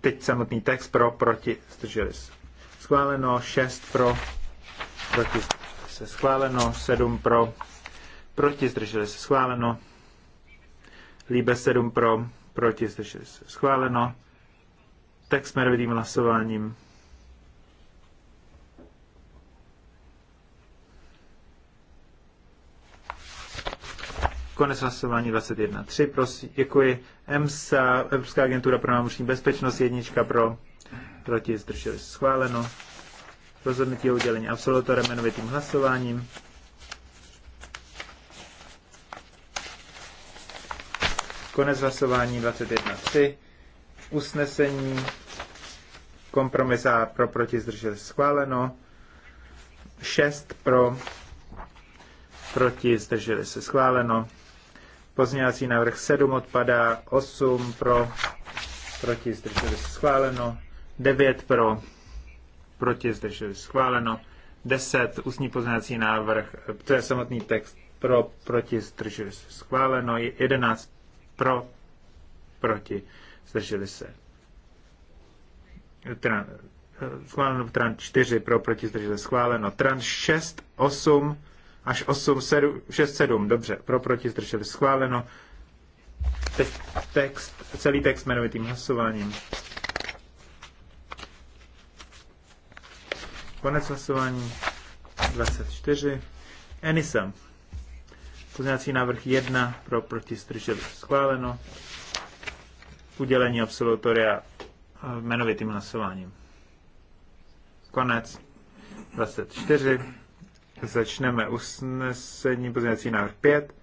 Teď samotný text pro, proti, zdrželi se. Schváleno 6 pro, proti, se schváleno 7 pro, proti, zdrželi se. Schváleno. Líbe 7 pro, proti, zdrželi se. Schváleno. Text jsme hlasováním. Konec hlasování 21.3, prosím, děkuji. EMSA, Evropská agentura pro námořní bezpečnost, jednička pro, proti, zdrželi se schváleno. Rozhodnutí o udělení absolutora jmenovitým hlasováním. Konec hlasování 21.3. Usnesení kompromis A pro proti zdrželi se schváleno. 6 pro proti, zdrželi se schváleno. Pozměňovací návrh 7 odpadá, 8 pro, proti zdrželi se schváleno, 9 pro, proti zdrželi se schváleno, 10 ústní pozměňovací návrh, to je samotný text, pro, proti zdrželi se schváleno, 11 pro, proti zdrželi se. Tran, eh, schváleno tran 4 pro, proti zdrželi se schváleno, tran 6, 8 až 8, 7, 6, 7, dobře, pro, proti, zdrželi, schváleno. Teď text, celý text jmenovitým hlasováním. Konec hlasování 24. Enisa. Pozměňovací návrh 1 pro proti zdrželi schváleno. Udělení absolutoria jmenovitým hlasováním. Konec 24. Začneme usnesení pozměňovací návrh 5.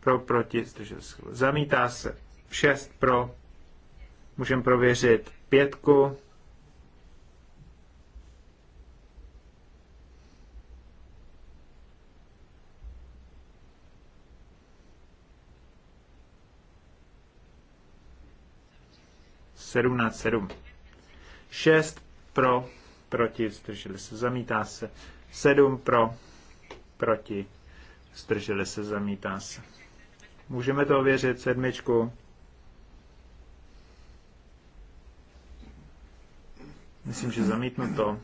Pro, proti, zdržel se. Zamítá se. 6 pro. Můžeme prověřit pětku. Sedmnáct sedm. Šest pro, proti, zdrželi se, zamítá se. 7 pro, proti, zdrželi se, zamítá se. Můžeme to ověřit, sedmičku. Myslím, že zamítnu to.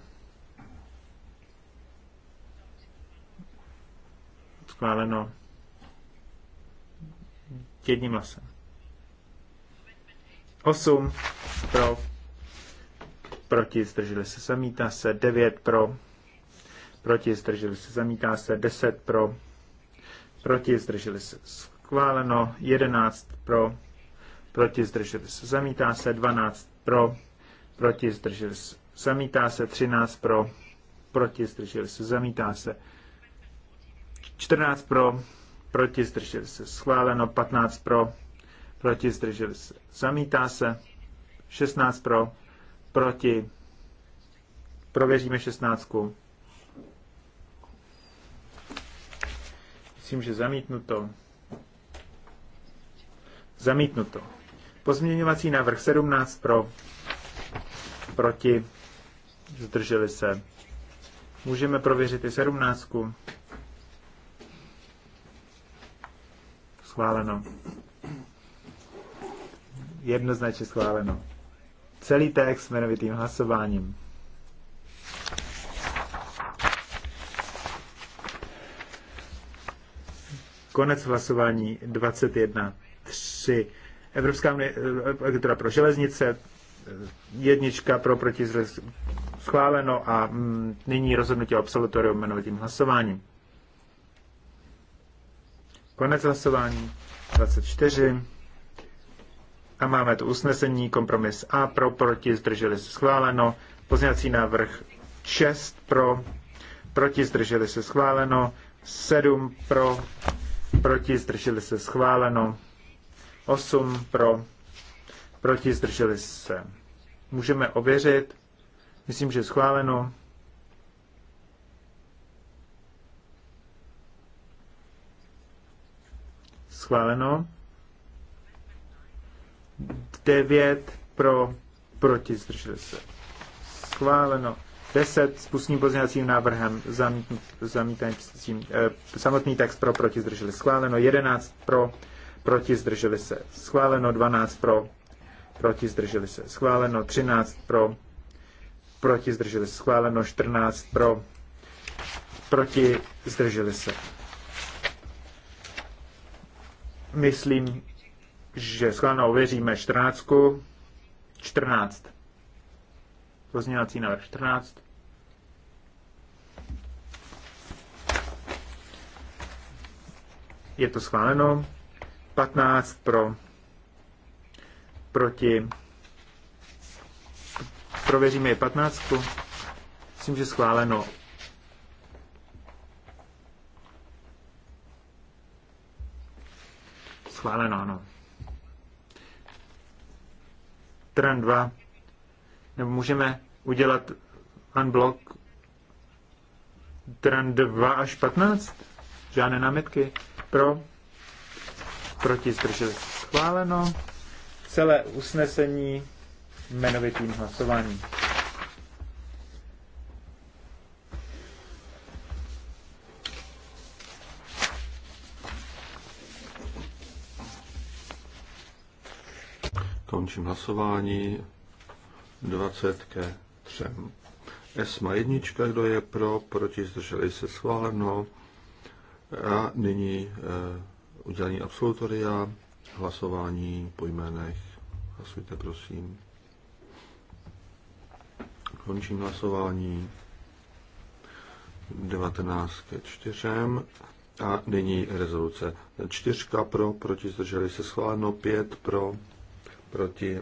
Schváleno jedním hlasem. 8 pro, proti, zdrželi se, zamítá se, 9 pro, proti, zdrželi se, zamítá se, 10 pro, proti, zdrželi se, schváleno, 11 pro, proti, zdrželi se, zamítá se, 12 pro, proti, zdrželi se, zamítá se, 13 pro, proti, zdrželi se, zamítá se, 14 pro, proti, zdrželi se, schváleno, 15 pro, proti, zdrželi se, zamítá se, 16 pro, proti, prověříme 16. Myslím, že zamítnuto. Zamítnuto. Pozměňovací návrh 17 pro, proti, zdrželi se. Můžeme prověřit i 17. Schváleno. Jednoznačně schváleno. Celý text jmenovitým hlasováním. konec hlasování 21.3. Evropská unie, eh, agentura pro železnice, eh, jednička pro proti schváleno a mm, nyní rozhodnutí o absolutoriu jmenovitým hlasováním. Konec hlasování 24. A máme tu usnesení, kompromis A pro, proti, zdrželi se schváleno. Pozněcí návrh 6 pro, proti, zdrželi se schváleno. 7 pro, proti, zdrželi se schváleno. 8 pro, proti, zdrželi se. Můžeme ověřit. Myslím, že schváleno. Schváleno. 9 pro, proti, zdrželi se. Schváleno. 10 s pustním pozměňovacím návrhem s tím, e, samotný text pro, proti zdrželi schváleno, 11 pro, proti zdrželi se schváleno, 12 pro, proti zdrželi se schváleno, 13 pro, proti zdrželi se schváleno, 14 pro, proti zdrželi se. Myslím, že schváleno ověříme 14. 14. Pozměňovací návrh 14. Je to schváleno. 15 pro, proti. Prověříme je 15. Myslím, že schváleno. Schváleno, ano. trend 2 nebo můžeme udělat unblock tran 2 až 15? Žádné námitky? Pro? Proti zdrželi. Schváleno. Celé usnesení jmenovitým hlasováním. Končím hlasování. 20 ke 3. ESMA jednička, kdo je pro, proti, zdrželi se schváleno. A nyní e, udělení absolutoria, hlasování po jménech. Hlasujte, prosím. Končím hlasování 19 ke 4. A nyní rezoluce. 4 pro, proti zdrželi se schváleno, 5 pro, proti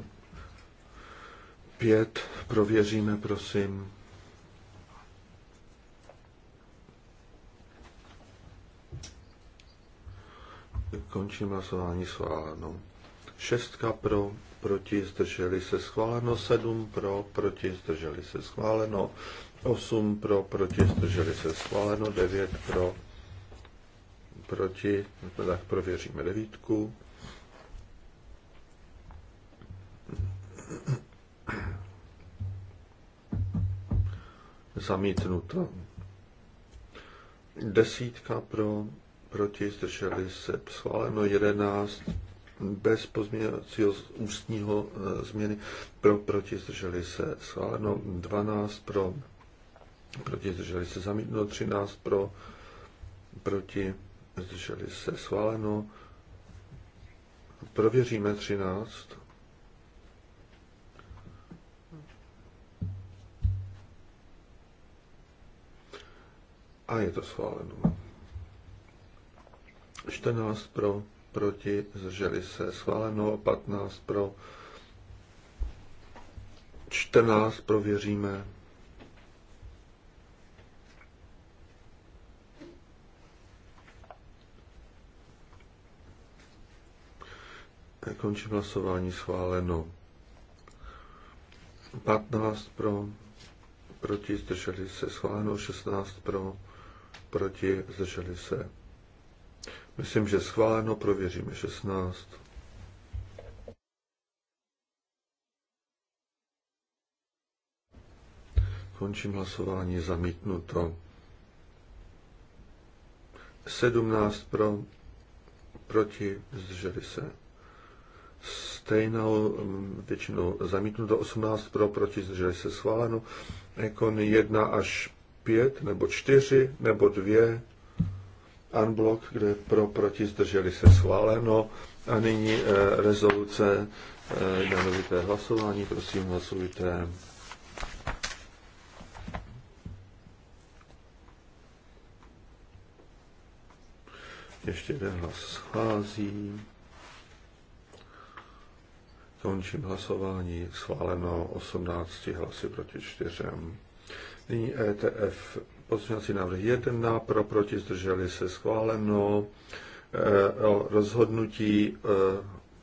Pět prověříme, prosím. Končím hlasování schváleno. Šestka pro, proti, zdrželi se schváleno. Sedm pro, proti, zdrželi se schváleno. Osm pro, proti, zdrželi se schváleno. Devět pro, proti, tak prověříme devítku. zamítnuto. Desítka pro, proti, zdrželi se, schváleno jedenáct, bez pozměňovacího ústního eh, změny, pro, proti, zdrželi se, schváleno dvanáct, pro, proti, zdrželi se, zamítnuto třináct, pro, proti, zdrželi se, schváleno, prověříme třináct. A je to schváleno. 14 pro, proti, zdrželi se, schváleno, 15 pro, 14 pro prověříme. Končím hlasování schváleno. 15 pro, proti, zdrželi se schváleno, 16 pro, proti, zdrželi se. Myslím, že schváleno, prověříme 16. Končím hlasování, zamítnuto. 17 pro, proti, zdrželi se. Stejnou mm, většinou zamítnuto, 18 pro, proti, zdrželi se schváleno. Ekon 1 až pět nebo čtyři nebo dvě unblock, kde pro, proti, zdrželi se schváleno. A nyní eh, rezoluce eh, jmenovité hlasování. Prosím, hlasujte. Ještě jeden hlas schází. Končím hlasování. Schváleno 18 hlasy proti čtyřem. Nyní ETF. Pozměňovací návrh 1 pro, proti, zdrželi se schváleno. E, o rozhodnutí e,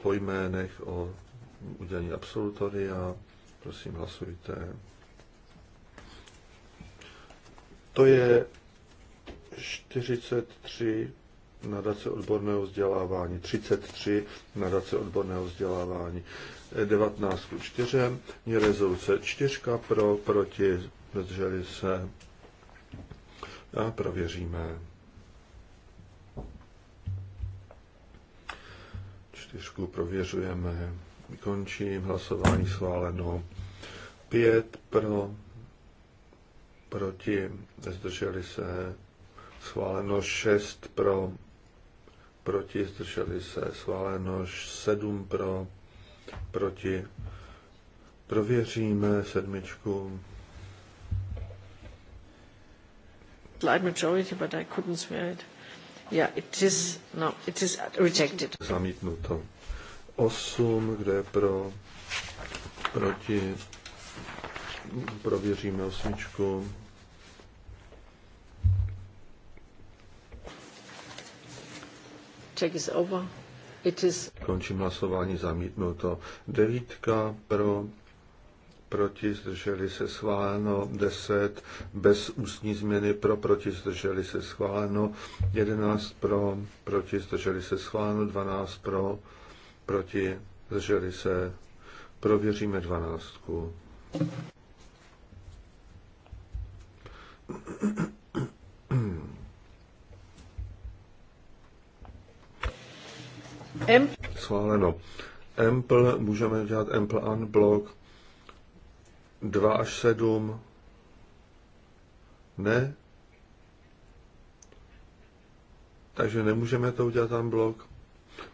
po jménech o udělení absolutoria. Prosím, hlasujte. To je 43 nadace odborného vzdělávání, 33 nadace odborného vzdělávání, 19 k 4, rezoluce 4 pro, proti, zdrželi se a prověříme. Čtyřku prověřujeme. vykončím hlasování schváleno. Pět pro, proti, zdrželi se. Schváleno šest pro, proti, zdrželi se. Schváleno sedm pro, proti. Prověříme sedmičku. light majority, but I couldn't swear it. Yeah, it is, no, it is rejected. Zamítnuto. 8, kde je pro, proti, prověříme osmičku. Check is over. It is... Končím hlasování zamítnuto. Devítka pro, proti, zdrželi se schváleno, 10 bez ústní změny pro, proti, zdrželi se schváleno, 11 pro, proti, zdrželi se schváleno, 12 pro, proti, zdrželi se, prověříme 12. Schváleno. Ample, můžeme dělat Ample Unblock 2 až 7. Ne. Takže nemůžeme to udělat tam blok.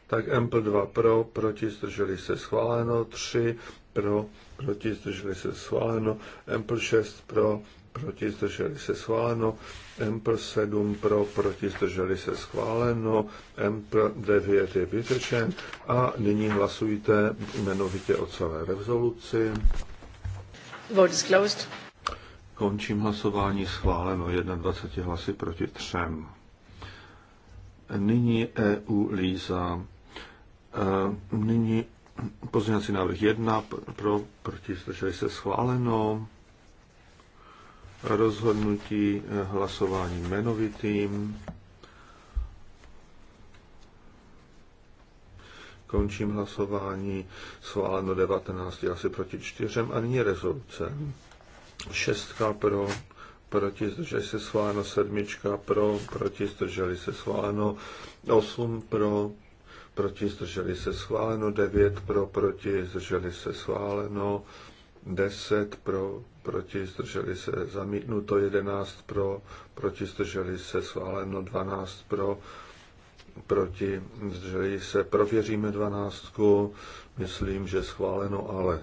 Tak Ample 2 pro, proti, zdrželi se schváleno. 3 pro, proti, zdrželi se schváleno. Ample 6 pro, proti, zdrželi se schváleno. Ample 7 pro, proti, zdrželi se schváleno. Ample 9 je vytečen. A nyní hlasujte jmenovitě o celé rezoluci. Vote is closed. Končím hlasování schváleno 21 hlasy proti třem. Nyní EU Líza. E, nyní pozměňovací návrh 1 pro, proti zdrželi se schváleno. Rozhodnutí e, hlasování jmenovitým. Končím hlasování. Sváleno 19 asi proti 4. A nyní rezoluce. Šestka pro, proti zdrželi se sváleno. Sedmička pro, proti zdrželi se sváleno. Osm pro, proti zdrželi se sváleno. Devět pro, proti zdrželi se sváleno. Deset pro, proti zdrželi se zamítnuto. Jedenáct pro, proti zdrželi se sváleno. Dvanáct pro, proti, zdrželi se, prověříme dvanáctku, myslím, že schváleno, ale.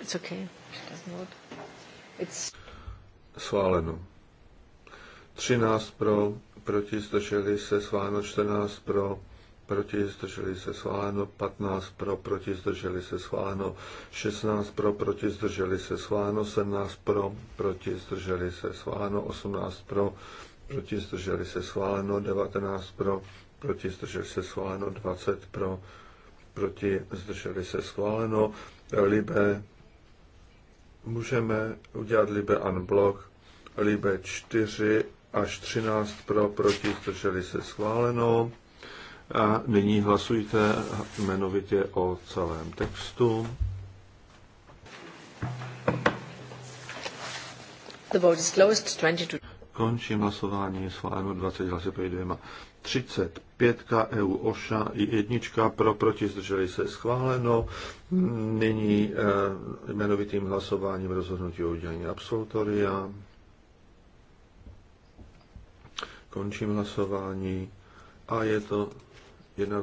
It's okay. It's... Schváleno. 13 pro, proti, zdrželi se, schváleno 14 pro, proti, zdrželi se schváleno, 15 pro, proti, zdrželi se schváleno, 16 pro, proti, zdrželi se schváleno, 17 pro, proti, zdrželi se schváleno, 18 pro, proti, zdrželi se schváleno, 19 pro, proti, zdrželi se schváleno, 20 pro, proti, zdrželi se schváleno, libe, můžeme udělat libe unblock, libe 4 až 13 pro, proti, zdrželi se schváleno, a nyní hlasujte jmenovitě o celém textu. The vote is closed, 22. Končím hlasování, schváleno 20 hlasy pro dvěma. 35 EU OŠA i jednička pro, proti, zdrželi se schváleno. Nyní eh, jmenovitým hlasováním rozhodnutí o udělení absolutoria. Končím hlasování a je to 21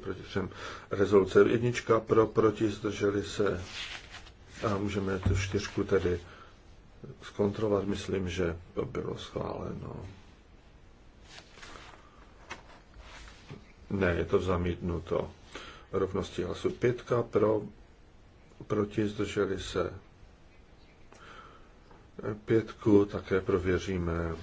proti 3. Rezoluce jednička pro, proti, zdrželi se. A můžeme tu čtyřku tedy zkontrolovat. Myslím, že to bylo schváleno. Ne, je to zamítnuto. Rovnosti hlasu pětka pro, proti, zdrželi se. Pětku také prověříme.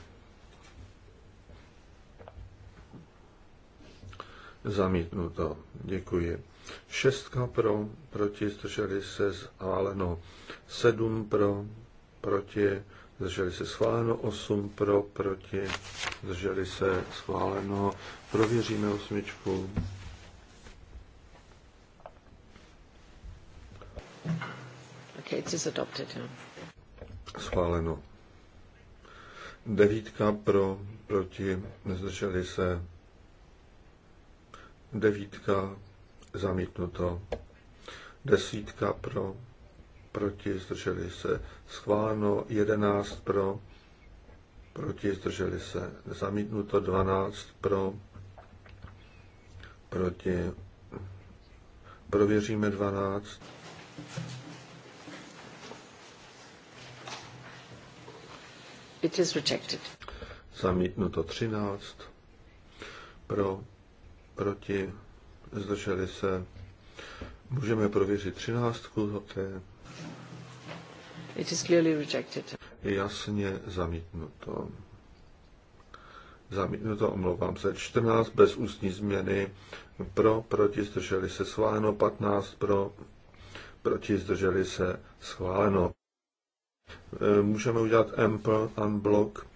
Zamítnuto. Děkuji. Šestka pro, proti, zdrželi se schváleno. Sedm pro, proti, zdrželi se schváleno. Osm pro, proti, zdrželi se schváleno. Prověříme osmičku. Okay, it is adopted. Schváleno. Devítka pro, proti, zdrželi se Devítka zamítnuto. Desítka pro, proti, zdrželi se. Schváleno jedenáct pro, proti, zdrželi se. Zamítnuto dvanáct pro, proti. Prověříme dvanáct It is rejected. Zamítnuto 13 pro, proti, zdrželi se. Můžeme prověřit třináctku, to je... It is clearly rejected. Jasně zamítnuto. Zamítnuto, omlouvám se. 14 bez ústní změny. Pro, proti, zdrželi se schváleno. 15 pro, proti, zdrželi se schváleno. E, můžeme udělat M unblock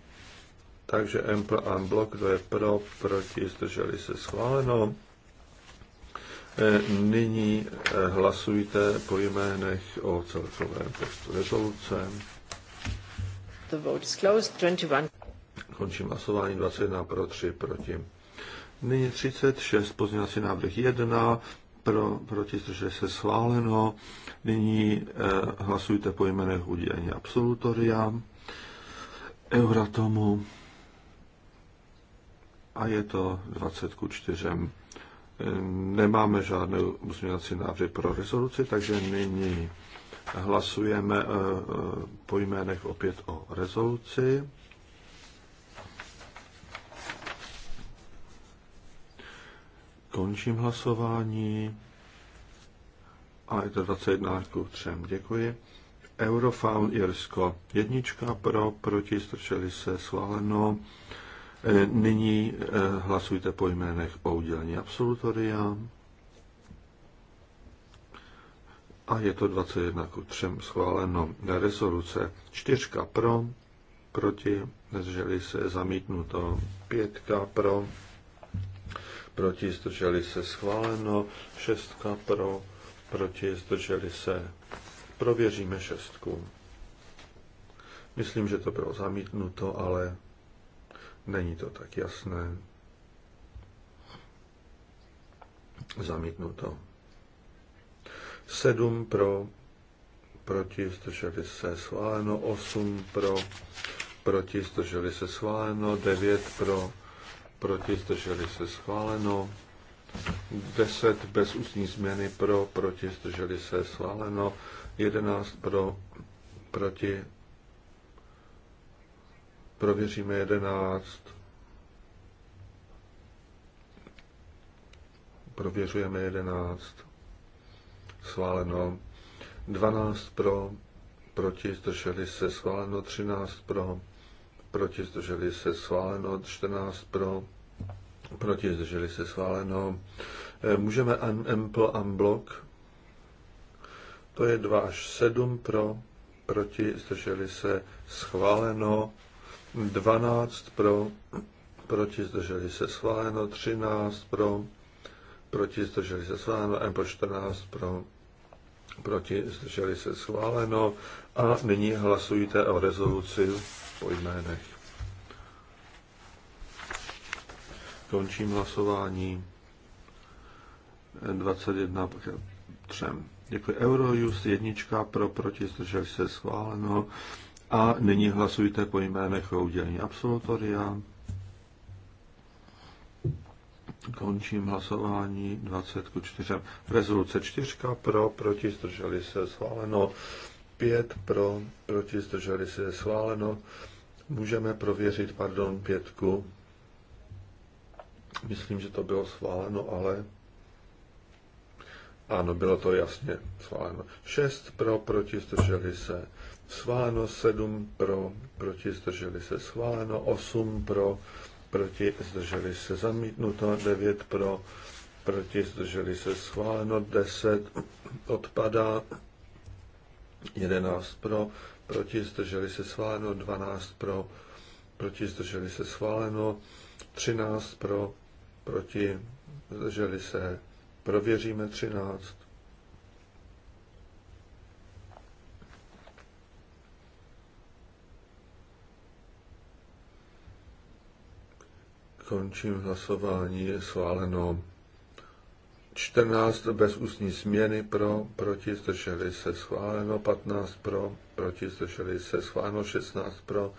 takže M pro unblock, kdo je pro, proti, zdrželi se schváleno. E, nyní e, hlasujte po jménech o celkovém textu rezoluce. The vote is closed, 21. Končím hlasování 21 pro 3 proti. Nyní 36, pozměňovací návrh 1, pro, proti zdrželi se schváleno. Nyní eh, hlasujte po jménech udělení absolutoria, Euratomu, a je to 20 ku 4. Nemáme žádné pozměňovací návrhy pro rezoluci, takže nyní hlasujeme eh, eh, po jménech opět o rezoluci. Končím hlasování. A je to 21 ku 3. Děkuji. Eurofound Irsko. Jednička pro, proti, strčeli se, schváleno. E, nyní e, hlasujte po jménech o udělení absolutoria. A je to 21 k 3 schváleno. Rezoluce 4 pro, proti, zdrželi se zamítnuto 5 pro, proti, zdrželi se schváleno 6 pro, proti, zdrželi se. Prověříme 6. Myslím, že to bylo zamítnuto, ale Není to tak jasné. Zamítnu to. Sedm pro, proti, zdrželi se schváleno. Osm pro, proti, zdrželi se schváleno. Devět pro, proti, zdrželi se schváleno. 10 bez ústní změny pro, proti, zdrželi se schváleno, 11 pro, proti, Prověříme jedenáct. Prověřujeme jedenáct. Sváleno. Dvanáct pro, proti zdrželi se sváleno Třináct pro, proti zdrželi se sváleno Čtrnáct pro, proti zdrželi se sváleno. Eh, můžeme ampl unblock. To je 2 až 7 pro, proti zdrželi se schváleno 12 pro, proti zdrželi se schváleno, 13 pro, proti zdrželi se schváleno, M 14 pro, proti zdrželi se schváleno a nyní hlasujte o rezoluci po jménech. Končím hlasování 21 3. Děkuji. Eurojust jednička pro proti zdrželi se schváleno. A nyní hlasujte po jménech o udělení absolutoria. Končím hlasování 20 ku 4. Rezoluce 4 pro, proti zdrželi se schváleno. 5 pro, proti zdrželi se schváleno. Můžeme prověřit, pardon, pětku. Myslím, že to bylo schváleno, ale ano, bylo to jasně schváleno. 6 pro, proti zdrželi se schváleno 7 pro, proti zdrželi se schváleno 8 pro, proti zdrželi se zamítnuto 9 pro, proti zdrželi se schváleno 10 odpadá 11 pro, proti zdrželi se schváleno 12 pro, proti zdrželi se schváleno 13 pro, proti zdrželi se prověříme 13 Končím hlasování. Je schváleno 14 bez ústní změny pro, proti, zdrželi se schváleno, 15 pro, proti, zdrželi se schváleno, 16 pro,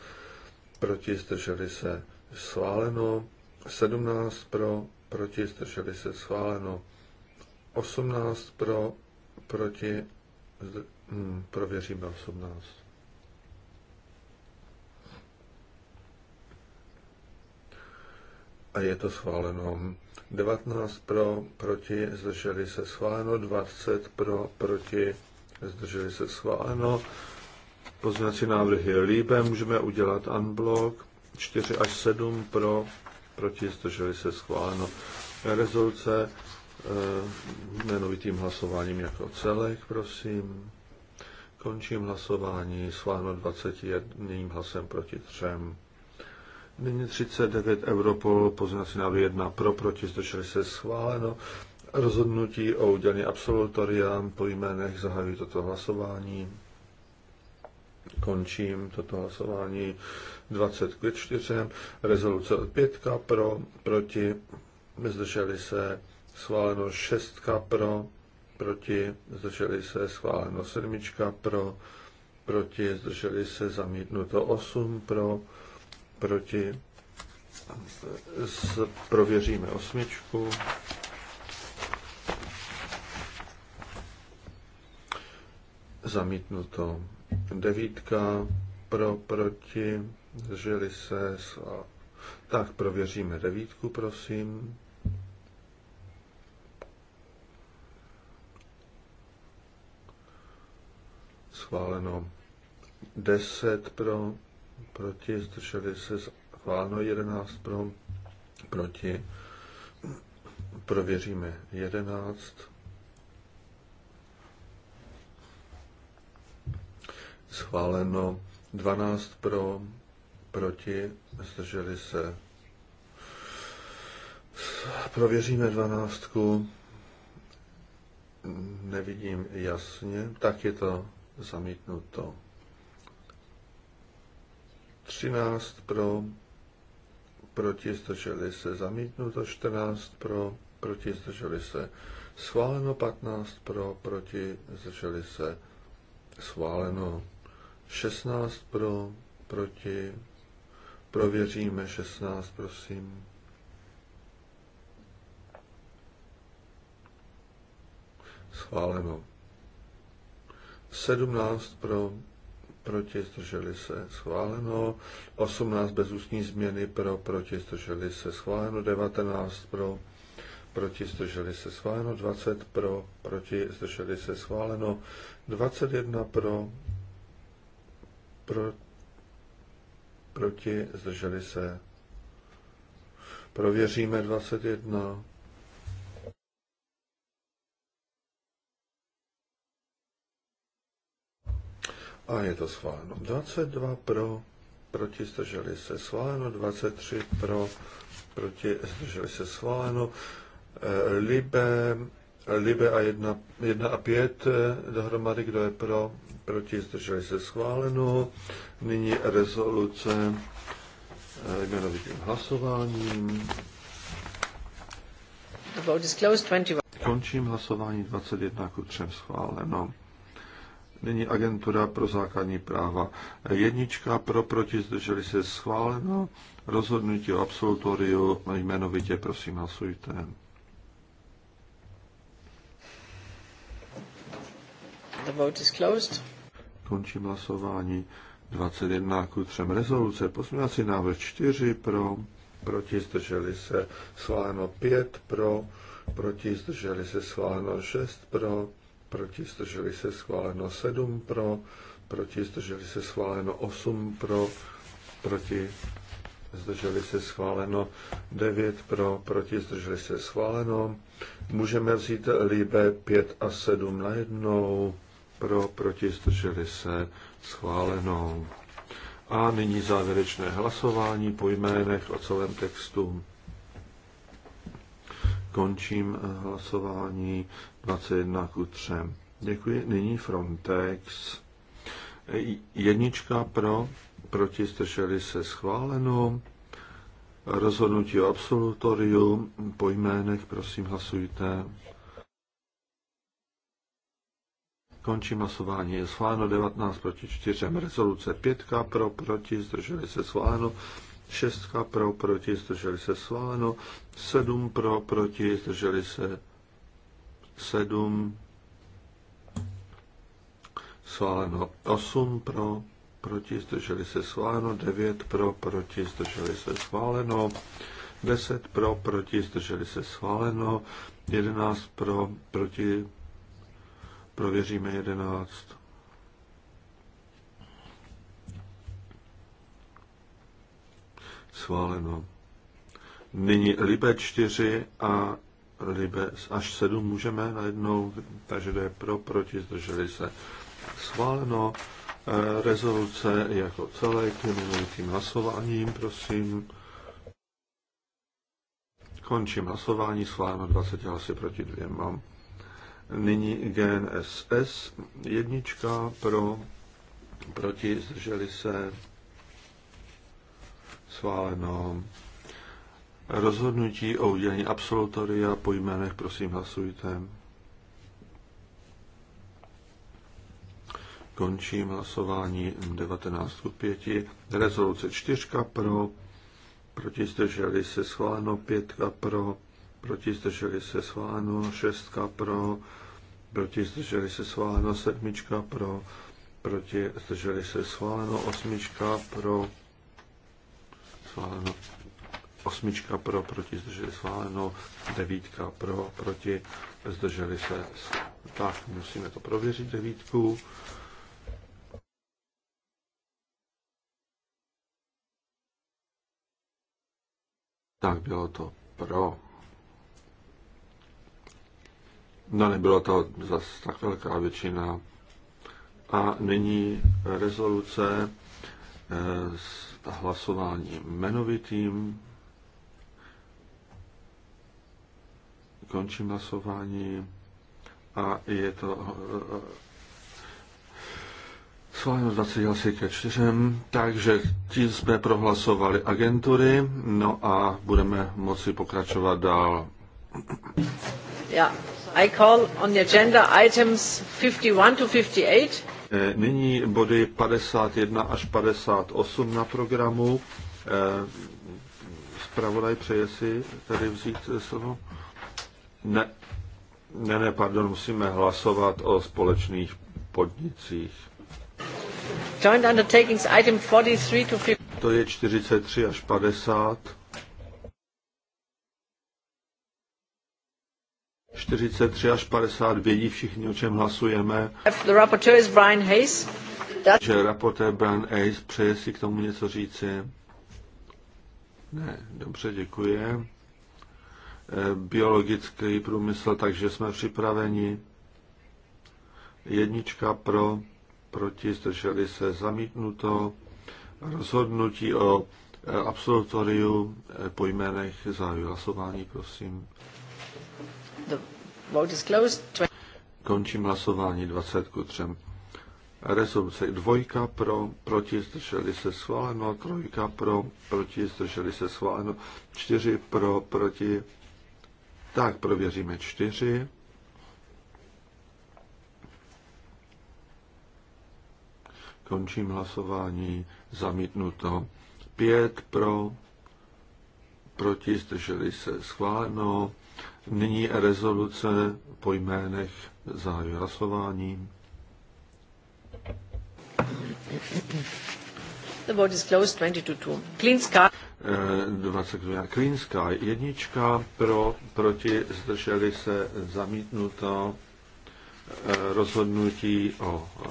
proti, zdrželi se schváleno, 17 pro, proti, zdrželi se schváleno, 18 pro, proti, zdr... hmm, prověříme 18. a je to schváleno. 19 pro, proti, zdrželi se schváleno, 20 pro, proti, zdrželi se schváleno. Pozměňovací návrhy líbe můžeme udělat unblock, 4 až 7 pro, proti, zdrželi se schváleno. Rezoluce eh, jmenovitým hlasováním jako celek, prosím. Končím hlasování, schváleno 21 hlasem proti třem. Nyní 39 Europol, poznací návrh 1 pro, proti, zdrželi se schváleno. Rozhodnutí o udělení absolutoria po jménech zahajuji toto hlasování. Končím toto hlasování 20 k 4. Rezoluce od 5 pro, proti, zdrželi se schváleno 6 pro, proti, zdrželi se schváleno 7 pro, proti, zdrželi se zamítnuto 8 pro, proti. Z, prověříme osmičku. Zamítnuto. Devítka pro, proti, zdrželi se. Tak prověříme devítku, prosím. Schváleno. 10 pro, proti, zdrželi se schváleno 11 pro, proti, prověříme 11. Schváleno 12 pro, proti, zdrželi se. Prověříme 12. Nevidím jasně, tak je to zamítnuto. 13 pro, proti zdrželi se zamítnuto, 14 pro, proti zdrželi se schváleno, 15 pro, proti zdrželi se schváleno, 16 pro, proti, prověříme 16, prosím. Schváleno. 17 pro, proti, zdrželi se, schváleno. 18 bez ústní změny pro, proti, zdrželi se, schváleno. 19 pro, proti, zdrželi se, schváleno. 20 pro, proti, zdrželi se, schváleno. 21 pro, pro proti, zdrželi se. Prověříme 21. A je to schváleno. 22 pro, proti zdrželi se schváleno. 23 pro, proti zdrželi se schváleno. Eh, Libe, Libe a 1, 1 a 5 eh, dohromady, kdo je pro, proti zdrželi se schváleno. Nyní rezoluce eh, jmenovitým hlasováním. Končím hlasování 21 ku 3 schváleno nyní agentura pro základní práva. Jednička pro proti zdrželi se schváleno, rozhodnutí o absolutoriu jmenovitě, prosím, hlasujte. The vote is closed. Končím hlasování. 21 k 3 rezoluce. Pozměňovací návrh 4 pro, proti zdrželi se schváleno 5 pro, proti zdrželi se schváleno 6 pro, proti, zdrželi se schváleno 7 pro, proti, zdrželi se schváleno 8 pro, proti, zdrželi se schváleno 9 pro, proti, zdrželi se schváleno. Můžeme vzít líbe 5 a 7 na jednou, pro, proti, zdrželi se schváleno. A nyní závěrečné hlasování po jménech o celém textu. Končím hlasování. 21 ku 3. Děkuji. Nyní Frontex. Jednička pro, proti zdrželi se schváleno. Rozhodnutí o absolutoriu po jménech, prosím, hlasujte. Končím hlasování. Je schváleno 19 proti 4. Rezoluce 5 pro, proti, zdrželi se schváleno. 6 pro, proti, zdrželi se schváleno. 7 pro, proti, zdrželi se schváleno. 7, sváleno 8 pro, proti, zdrželi se sváleno 9 pro, proti, zdrželi se sváleno 10 pro, proti, zdrželi se sváleno 11 pro, proti, prověříme 11. Sváleno. Nyní Libe 4 a pro libe až 7 můžeme najednou, takže to je pro, proti, zdrželi se. Schváleno eh, rezoluce jako celé k tím hlasováním, prosím. Končím hlasování, schváleno 20 hlasy proti dvěma. Nyní GNSS, jednička pro, proti, zdrželi se, schváleno Rozhodnutí o udělení absolutoria po jménech, prosím, hlasujte. Končím hlasování 19 5. Rezoluce 4 pro, proti zdrželi se schváleno 5 pro, proti zdrželi se schváleno 6 pro, proti zdrželi se schváleno 7 pro, proti zdrželi se schváleno 8 pro, schváleno osmička pro, proti, zdrželi schváleno, devítka pro, proti, zdrželi se. Tak, musíme to prověřit, devítku. Tak bylo to pro. No nebylo to zase tak velká většina. A nyní rezoluce eh, s hlasováním jmenovitým. Končím hlasování a je to eh, eh, Schváleno 20 hlasy ke 4, takže tím jsme prohlasovali agentury, no a budeme moci pokračovat dál. Yeah. I call on the agenda items 51 to 58. Eh, nyní body 51 až 58 na programu. Zpravodaj přeje si tady vzít slovo. Ne, ne, ne, pardon, musíme hlasovat o společných podnicích. Joint undertakings item 43 to 50. To je 43 až 50. 43 až 50 vědí všichni, o čem hlasujeme. The rapporteur is Brian Hayes. That... Že rapporteur Brian Hayes přeje si k tomu něco říci. Ne, dobře, děkuji biologický průmysl, takže jsme připraveni. Jednička pro, proti, zdrželi se zamítnuto. Rozhodnutí o eh, absolutoriu eh, po jménech za hlasování, prosím. The vote is closed. Končím hlasování 20 k 3. Rezoluce dvojka pro, proti, zdrželi se schváleno, trojka pro, proti, zdrželi se schváleno, čtyři pro, proti, tak, prověříme čtyři. Končím hlasování. Zamítnuto. Pět pro, proti, zdrželi se schváleno. Nyní rezoluce po jménech zahájí hlasování. The vote is closed 22-2. Clean sky. 22 Queen jednička pro, proti, zdrželi se zamítnuto eh, rozhodnutí o eh,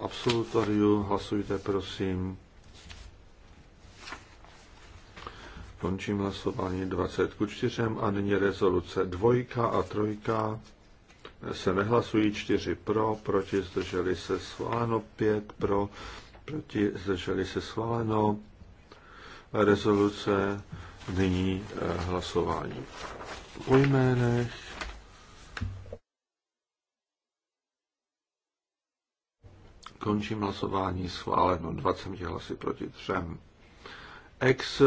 absolutoriu. Hlasujte, prosím. Končím hlasování 20 ku 4 a nyní rezoluce 2 a 3 se nehlasují, 4 pro, proti zdrželi se schváleno, 5 pro, proti zdrželi se schváleno rezoluce, nyní eh, hlasování o jménech. Končím hlasování schváleno 20 hlasy proti třem. Ex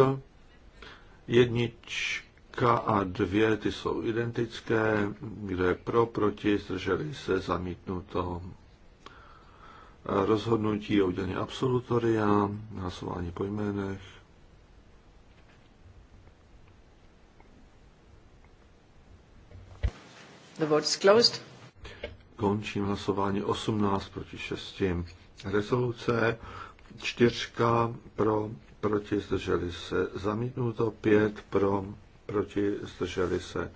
jednička a dvě, ty jsou identické. Kdo je pro, proti, zdrželi se, zamítnuto. Rozhodnutí o udělení absolutoria, hlasování po jménech. The vote is closed. Končím hlasování 18 proti 6. Rezoluce 4 pro, proti zdrželi se zamítnuto, 5 pro, proti zdrželi se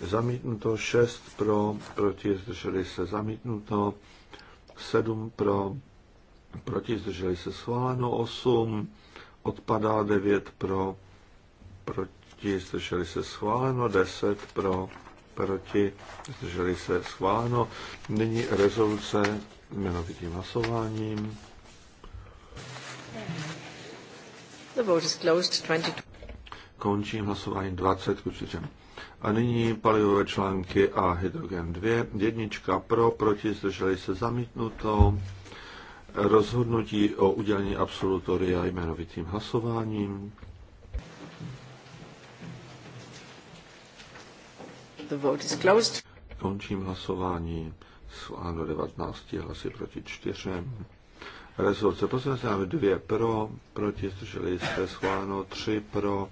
zamítnuto, 6 pro, proti zdrželi se zamítnuto, 7 pro, proti zdrželi se schváleno, 8 odpadá, 9 pro, proti zdrželi se schváleno, 10 pro, proti, zdrželi se schváleno. Nyní rezoluce jmenovitým hlasováním. The vote is closed 22. Končím hlasování 20 ku A nyní palivové články a hydrogen 2. Jednička pro, proti, zdrželi se zamítnuto. Rozhodnutí o udělení absolutoria jmenovitým hlasováním. The vote is closed. Končím hlasování. sváno 19 hlasy proti 4. Rezoluce poslance návrhy 2 pro, proti zdrželi se schváleno 3 pro,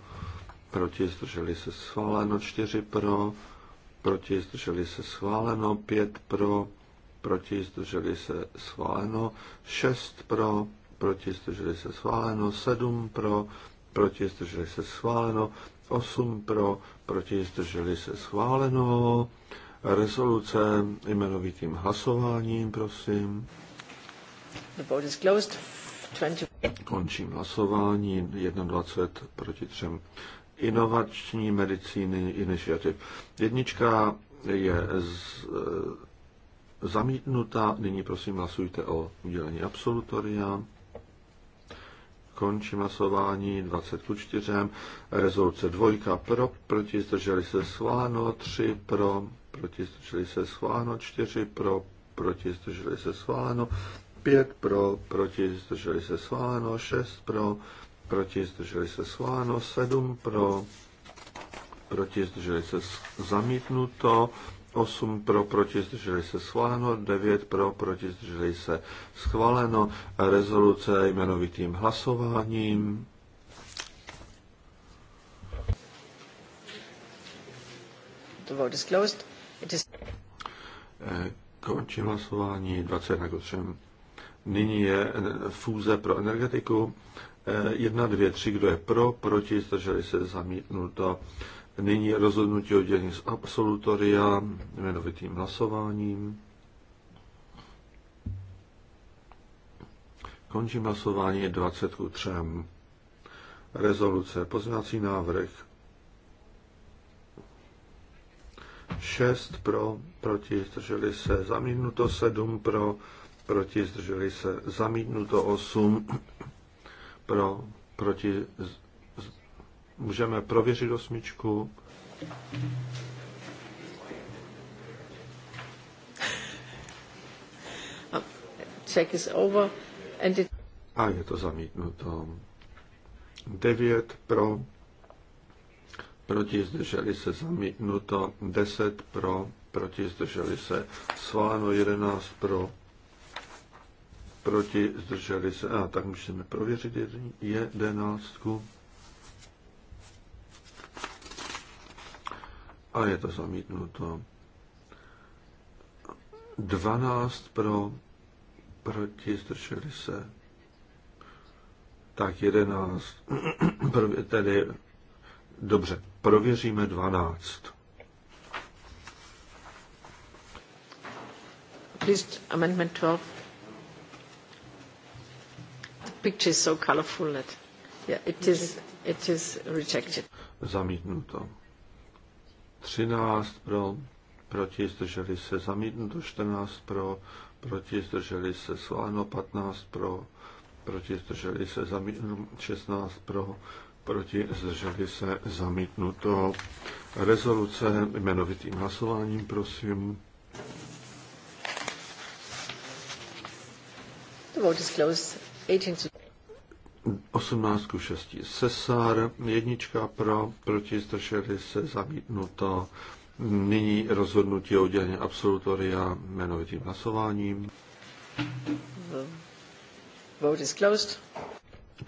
proti zdrželi se schváleno 4 pro, proti zdrželi se schváleno 5 pro, proti zdrželi se schváleno 6 pro, proti zdrželi se schváleno 7 pro, proti zdrželi se schváleno 8 pro, proti zdrželi se schváleno. Rezoluce jmenovitým hlasováním, prosím. The vote is closed. 20. Končím hlasování 21 proti 3. Inovační medicíny iniciativ. Jednička je z, e, zamítnutá. Nyní prosím hlasujte o udělení absolutoria. Končím hlasování 20 ku 4. Rezoluce 2 pro, proti zdrželi se schváno 3 pro, proti zdrželi se schváno 4 pro, proti zdrželi se schváno 5 pro, proti zdrželi se schváno 6 pro, proti zdrželi se schváno 7 pro, proti zdrželi se zamítnuto 8 pro, proti, zdrželi se schváleno, 9 pro, proti, zdrželi se schváleno, rezoluce jmenovitým hlasováním. The vote is closed. It is... Eh, Končím hlasování 21 k 3. Nyní je eh, fůze pro energetiku. 1, 2, 3, kdo je pro, proti, zdrželi se zamítnuto. Nyní rozhodnutí oddělení z absolutoria jmenovitým hlasováním. Končím hlasování 23. Rezoluce. Pozměňovací návrh. 6 pro, proti, zdrželi se, zamítnuto 7 pro, proti, zdrželi se, zamítnuto 8 pro, proti, Můžeme prověřit osmičku. Check is over and it... A je to zamítnuto. 9 pro, proti zdrželi se zamítnuto, 10 pro, proti zdrželi se sváno, 11 pro, proti zdrželi se, a tak musíme prověřit jedenáctku. A je to zamítnuto. 12 pro, proti, zdrželi se. Tak 11, tedy, dobře, prověříme 12. Please, amendment 12. The picture is so colorful that yeah, it is, it is rejected. Zamítnuto. 13 pro, proti zdrželi se zamítnuto, 14 pro, proti zdrželi se sváno, 15 pro, proti zdrželi se zamítnuto, 16 pro, proti zdrželi se zamítnuto. Rezoluce jmenovitým hlasováním, prosím. The vote is closed. 18 to 18 ku 6 Sesar, jednička pro, proti zdrželi se zamítnuto. Nyní rozhodnutí o udělení absolutoria jmenovitým hlasováním. Vote is closed.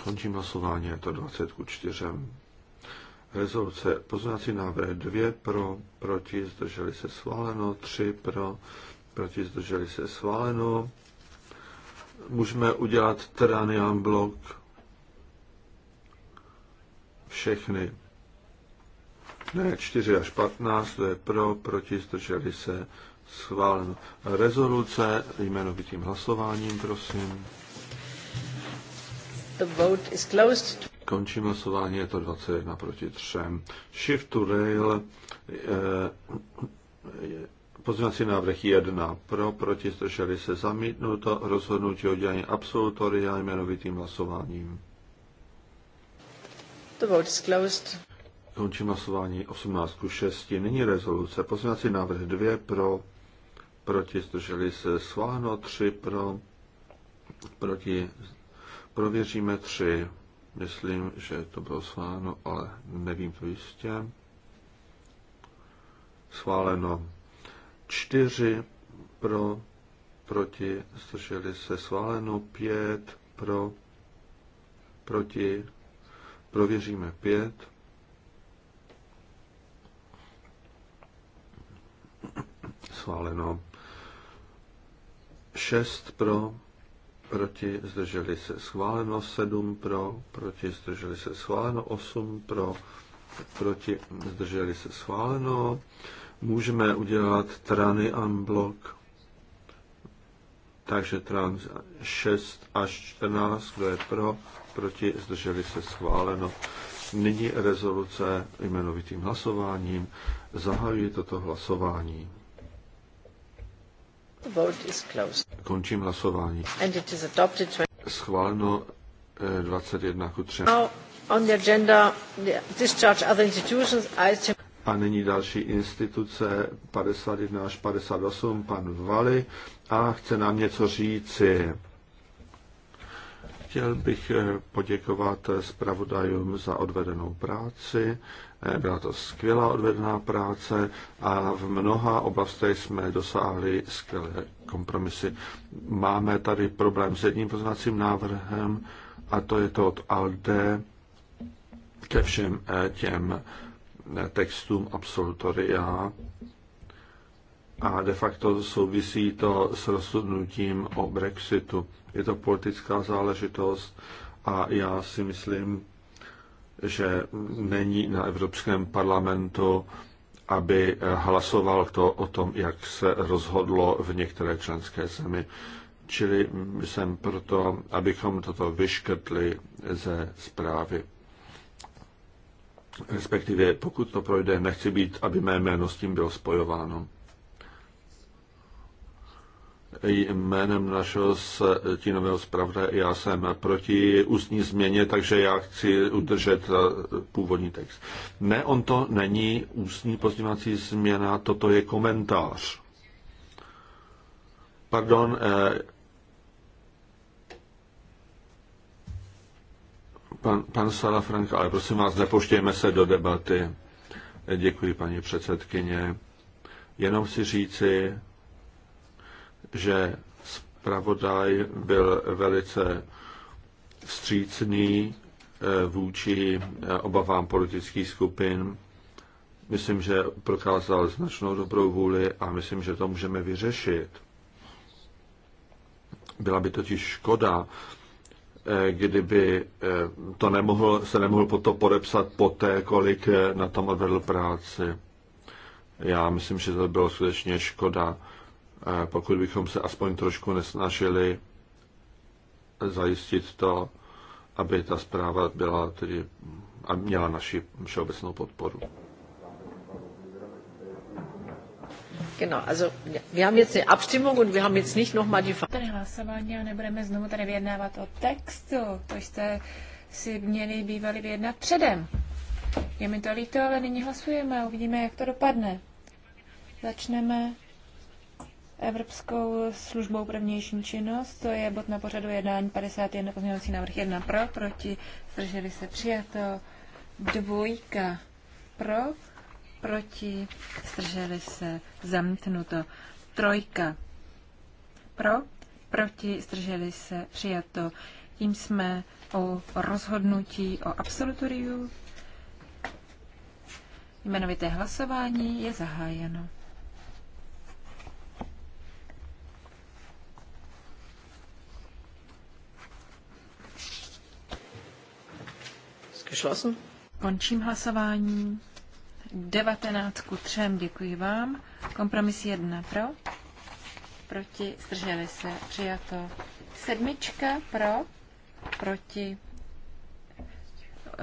Končím hlasování, je to 20 ku 4. Rezoluce pozvací návrh 2 pro, proti zdrželi se sváleno, 3 pro, proti zdrželi se sváleno. Můžeme udělat teranian blok všechny. Ne, 4 až 15, to je pro, proti, zdrželi se, schváleno. Rezoluce jmenovitým hlasováním, prosím. The vote is closed. Končím hlasování, je to 21 proti 3. Shift to rail, eh, pozměňovací návrh 1 pro, proti, zdrželi se, zamítnuto, rozhodnutí o dělání absolutoria jmenovitým hlasováním. The vote is closed. Končím hlasování 18 ku 6. Nyní rezoluce. Pozměňovací návrh 2 pro, proti zdrželi se sváno 3 pro, proti prověříme 3. Myslím, že to bylo sváno, ale nevím to jistě. Schváleno 4 pro, proti zdrželi se schváleno 5 pro, proti Prověříme pět. Sváleno. Šest pro, proti, zdrželi se schváleno. Sedm pro, proti, zdrželi se schváleno. Osm pro, proti, zdrželi se schváleno. Můžeme udělat trany unblock. Takže trans 6 až 14, kdo je pro, proti, zdrželi se schváleno. Nyní rezoluce jmenovitým hlasováním. Zahajuji toto hlasování. Končím hlasování. And it is adopted 20... Schváleno 21 eh, ku 3. Now on the agenda, the discharge other institutions, item... A nyní další instituce 51 až 58, pan Vali, a chce nám něco říci. Chtěl bych eh, poděkovat eh, zpravodajům za odvedenou práci. Eh, byla to skvělá odvedená práce a v mnoha oblastech jsme dosáhli skvělé kompromisy. Máme tady problém s jedním poznacím návrhem a to je to od ALDE ke všem těm textům absolutoria a de facto souvisí to s rozhodnutím o Brexitu. Je to politická záležitost a já si myslím, že není na Evropském parlamentu, aby hlasoval to o tom, jak se rozhodlo v některé členské zemi. Čili jsem proto, abychom toto vyškrtli ze zprávy. Respektive, pokud to projde, nechci být, aby mé jméno s tím bylo spojováno jménem našeho stínového zpravda já jsem proti ústní změně, takže já chci udržet eh, původní text. Ne, on to není ústní pozdívací změna, toto je komentář. Pardon, eh, pan, pan, Sala Frank, ale prosím vás, nepoštějme se do debaty. Děkuji, paní předsedkyně. Jenom si říci, že zpravodaj byl velice vstřícný eh, vůči eh, obavám politických skupin. Myslím, že prokázal značnou dobrou vůli a myslím, že to můžeme vyřešit. Byla by totiž škoda, eh, kdyby to nemohl, se nemohl po to podepsat poté, kolik na tom odvedl práci. Já myslím, že to bylo skutečně škoda pokud bychom se aspoň trošku nesnažili zajistit to, aby ta zpráva byla tedy a měla naši všeobecnou podporu. Genau, also wir haben jetzt eine Abstimmung und wir haben jetzt nicht nochmal die Tady hlasování a nebudeme znovu tady vyjednávat o textu, to jste si měli bývali vyjednat předem. Je mi to líto, ale nyní hlasujeme a uvidíme, jak to dopadne. Začneme Evropskou službou pro vnější činnost. To je bod na pořadu jednání 51, pozměňovací návrh 1 pro, proti, zdrželi se přijato, dvojka pro, proti, zdrželi se zamítnuto, trojka pro, proti, zdrželi se přijato. Tím jsme o rozhodnutí o absolutoriu. Jmenovité hlasování je zahájeno. Končím hlasování. 19 ku 3, děkuji vám. Kompromis 1 pro, proti, zdrželi se, přijato. Sedmička pro, proti,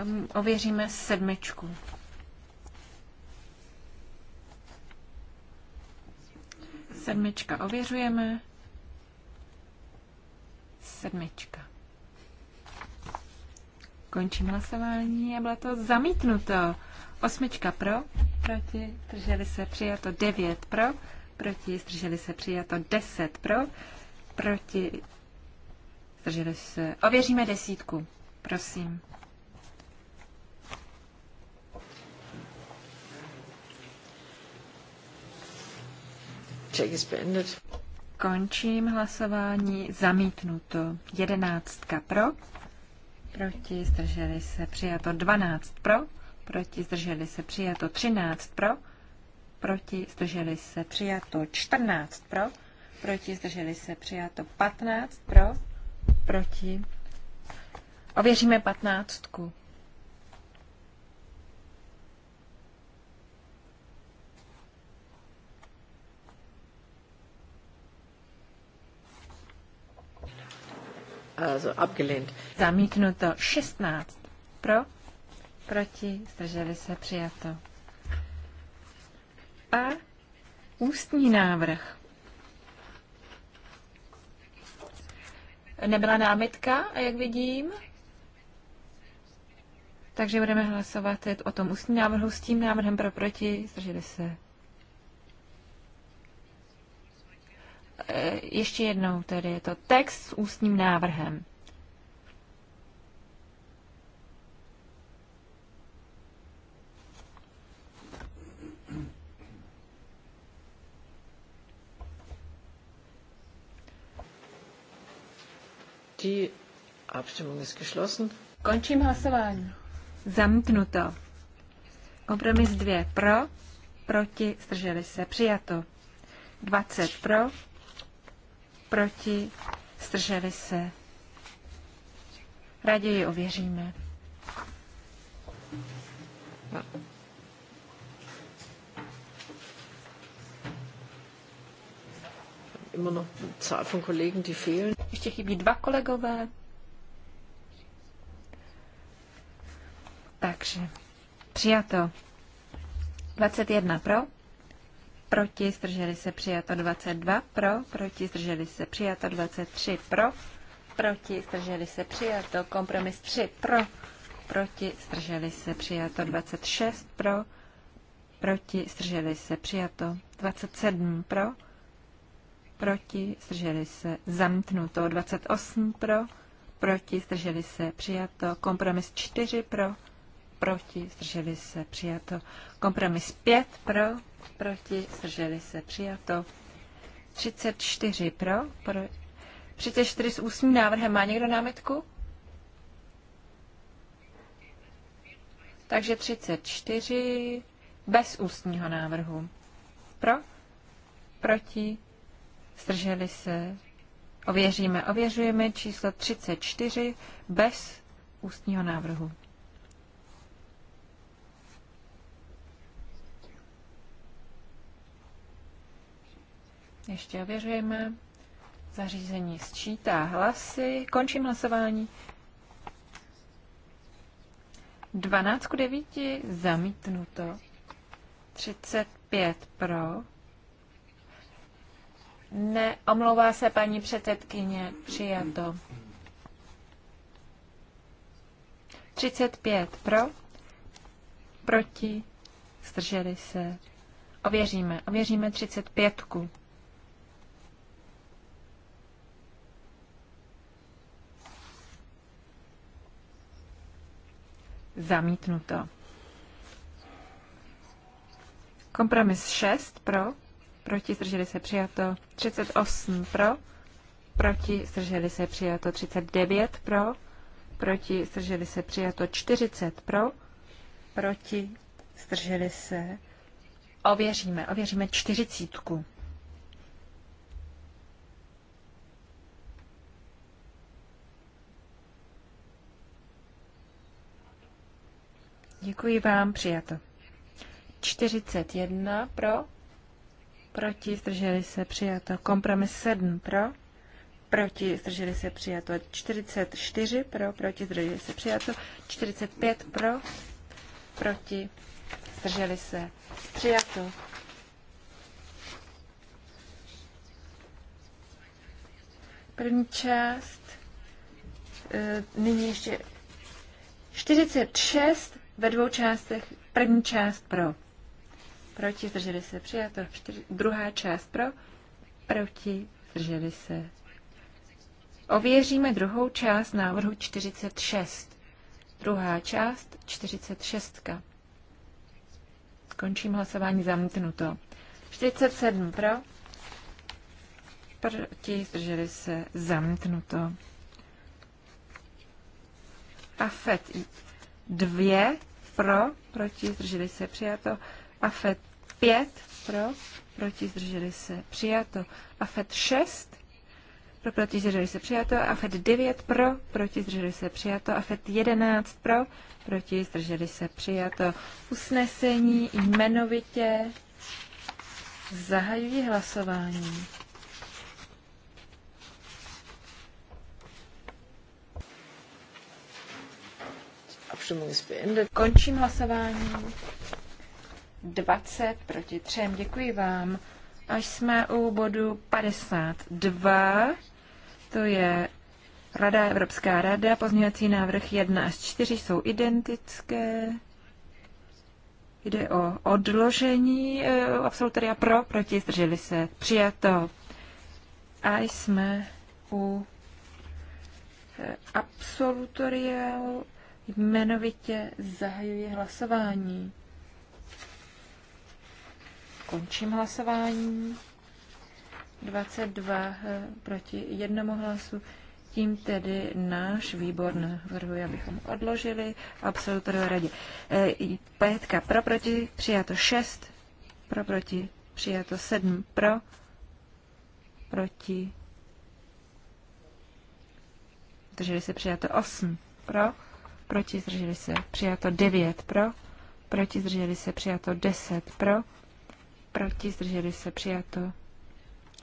um, ověříme sedmičku. Sedmička ověřujeme. Sedmička. Končím hlasování a bylo to zamítnuto. Osmička pro, proti, drželi se přijato devět pro, proti, zdrželi se přijato deset pro, proti, zdrželi se. Ověříme desítku, prosím. Končím hlasování zamítnuto. Jedenáctka pro, proti, zdrželi se, přijato 12 pro, proti, zdrželi se, přijato 13 pro, proti, zdrželi se, přijato 14 pro, proti, zdrželi se, přijato 15 pro, proti. Ověříme 15. also eh, abgelehnt. Zamítnuto 16. Pro, proti, zdrželi se, přijato. A ústní návrh. Nebyla námitka, a jak vidím. Takže budeme hlasovat o tom ústním návrhu s tím návrhem pro proti, zdrželi se Eh, ještě jednou tedy je to text s ústním návrhem. Die Abstimmung ist geschlossen. Končím hlasování. Zamknuto. Kompromis 2 pro, proti, Strželi se, přijato. 20 pro, proti, zdrželi se. Raději ověříme. Ještě chybí dva kolegové. Takže přijato. 21 pro, proti, zdrželi se přijato 22 pro, proti, zdrželi se přijato 23 pro, proti, zdrželi se přijato, kompromis 3 pro, proti, zdrželi se přijato 26 pro, proti, zdrželi se přijato 27 pro, proti, zdrželi se zamknuto 28 pro, proti, zdrželi se přijato, kompromis 4 pro, proti, zdrželi se přijato, kompromis 5 pro, proti, zdrželi se, přijato. 34 pro, pro 34 s ústním návrhem. Má někdo námitku? Takže 34 bez ústního návrhu. Pro? Proti? Zdrželi se? Ověříme. Ověřujeme číslo 34 bez ústního návrhu. Ještě ověřujeme. Zařízení sčítá hlasy. Končím hlasování. 12 k 9 zamítnuto. 35 pro. Ne, omlouvá se paní předsedkyně, přijato. 35 pro, proti, zdrželi se. Ověříme, ověříme 35. ku Zamítnuto. Kompromis 6 pro, proti zdrželi se přijato 38 pro, proti zdrželi se přijato 39 pro, proti zdrželi se přijato 40 pro, proti zdrželi se. Ověříme, ověříme čtyřicítku. Děkuji vám, přijato. 41 pro, proti, zdrželi se, přijato. Kompromis 7 pro, proti, zdrželi se, přijato. 44 pro, proti, zdrželi se, přijato. 45 pro, proti, zdrželi se, přijato. První část, eh, nyní ještě 46 ve dvou částech. První část pro, proti, zdrželi se, přijato. Čtyři, druhá část pro, proti, zdrželi se. Ověříme druhou část návrhu 46. Druhá část 46. Končím hlasování zamítnuto. 47 pro, proti, zdrželi se, zamítnuto. FED dvě pro, proti, zdrželi se, přijato. AFET 5 pro, proti, zdrželi se, přijato. AFET 6 pro, proti, zdrželi se, přijato. AFET 9 pro, proti, zdrželi se, přijato. AFET 11 pro, proti, zdrželi se, přijato. Usnesení jmenovitě zahajují hlasování. Končím hlasování. 20 proti 3. Děkuji vám. Až jsme u bodu 52, to je Rada Evropská rada, pozměňovací návrh 1 až 4 jsou identické. Jde o odložení eh, absolutoria pro, proti, zdrželi se, přijato. A jsme u eh, absolutoria Jmenovitě zahajuji hlasování. Končím hlasování. 22 eh, proti jednomu hlasu. Tím tedy náš výbor navrhuje, abychom odložili absolutorové radě. Eh, pětka pro proti, přijato 6, pro proti, přijato 7, pro, proti, drželi se přijato 8, pro, proti zdrželi se přijato 9 pro, proti zdrželi se přijato 10 pro, proti zdrželi se přijato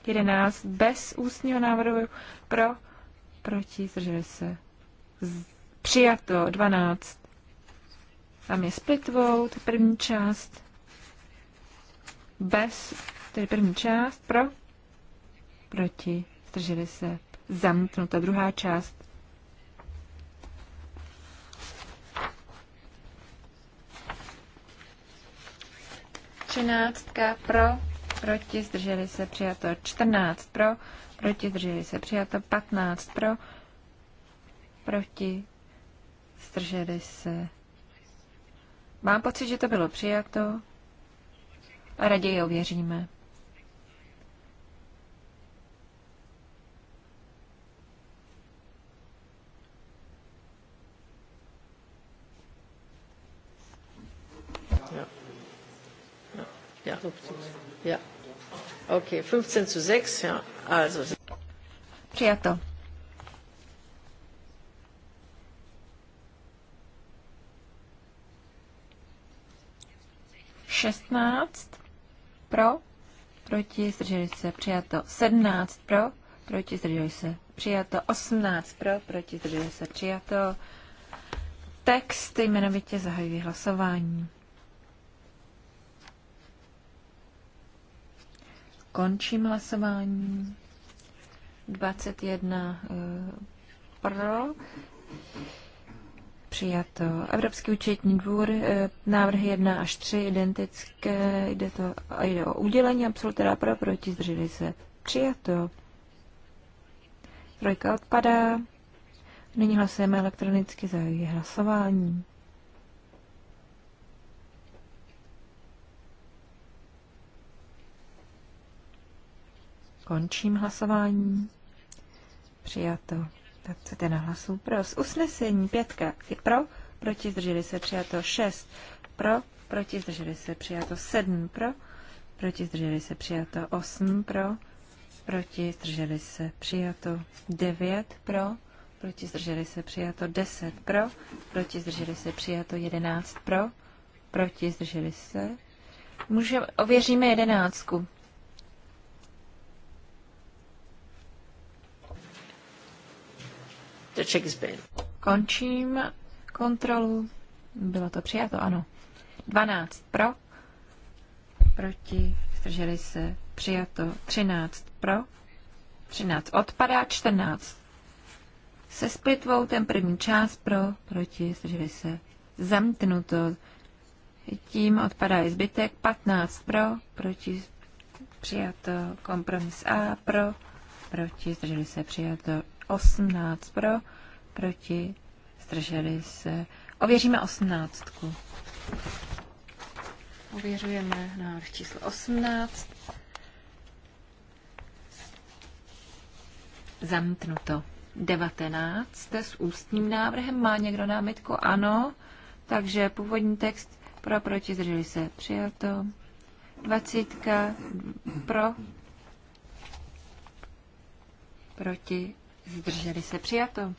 11 bez ústního návrhu pro, proti zdrželi se z, přijato 12. Tam je split vote, první část bez, tedy první část pro, proti zdrželi se zamknuta druhá část 13 pro, proti, zdrželi se přijato 14 pro, proti, zdrželi se přijato 15 pro, proti, zdrželi se. Mám pocit, že to bylo přijato a raději ověříme. Přijato. Šestnáct pro, proti, zdrželi se, přijato. Sedmnáct pro, proti, zdrželi se, přijato. Osmnáct pro, proti, zdrželi se, přijato. Text jmenovitě zahajuje hlasování. Končím hlasování. 21 eh, pro. Přijato. Evropský účetní dvůr, eh, návrhy 1 až 3 identické, jde, to, jde o udělení absolutora pro, proti, zdrželi se. Přijato. Trojka odpadá. Nyní hlasujeme elektronicky za hlasování. Končím hlasování. Přijato. 21 hlasů pro. Z usnesení pětka je pro, proti zdrželi se přijato šest. pro, proti zdrželi se přijato sedm. pro, proti zdrželi se přijato osm. pro, proti zdrželi se přijato devět. pro, proti zdrželi se přijato deset. pro, proti zdrželi se přijato jedenáct. pro, proti zdrželi se. Můžeme, ověříme jedenáctku. The check Končím kontrolu. Bylo to přijato, ano. 12 pro, proti, zdrželi se, přijato. 13 pro, 13 odpadá, 14 se splitvou, ten první část pro, proti, zdrželi se, zamknuto. Tím odpadá i zbytek, 15 pro, proti, přijato, kompromis A pro, proti, zdrželi se, přijato, 18 pro, proti, zdrželi se. Ověříme 18. Ověřujeme návrh číslo 18. Zamítnuto. 19. S ústním návrhem má někdo námitku? Ano. Takže původní text pro, proti, zdrželi se. Přijato. 20. Pro, proti, Zdrželi se přijato.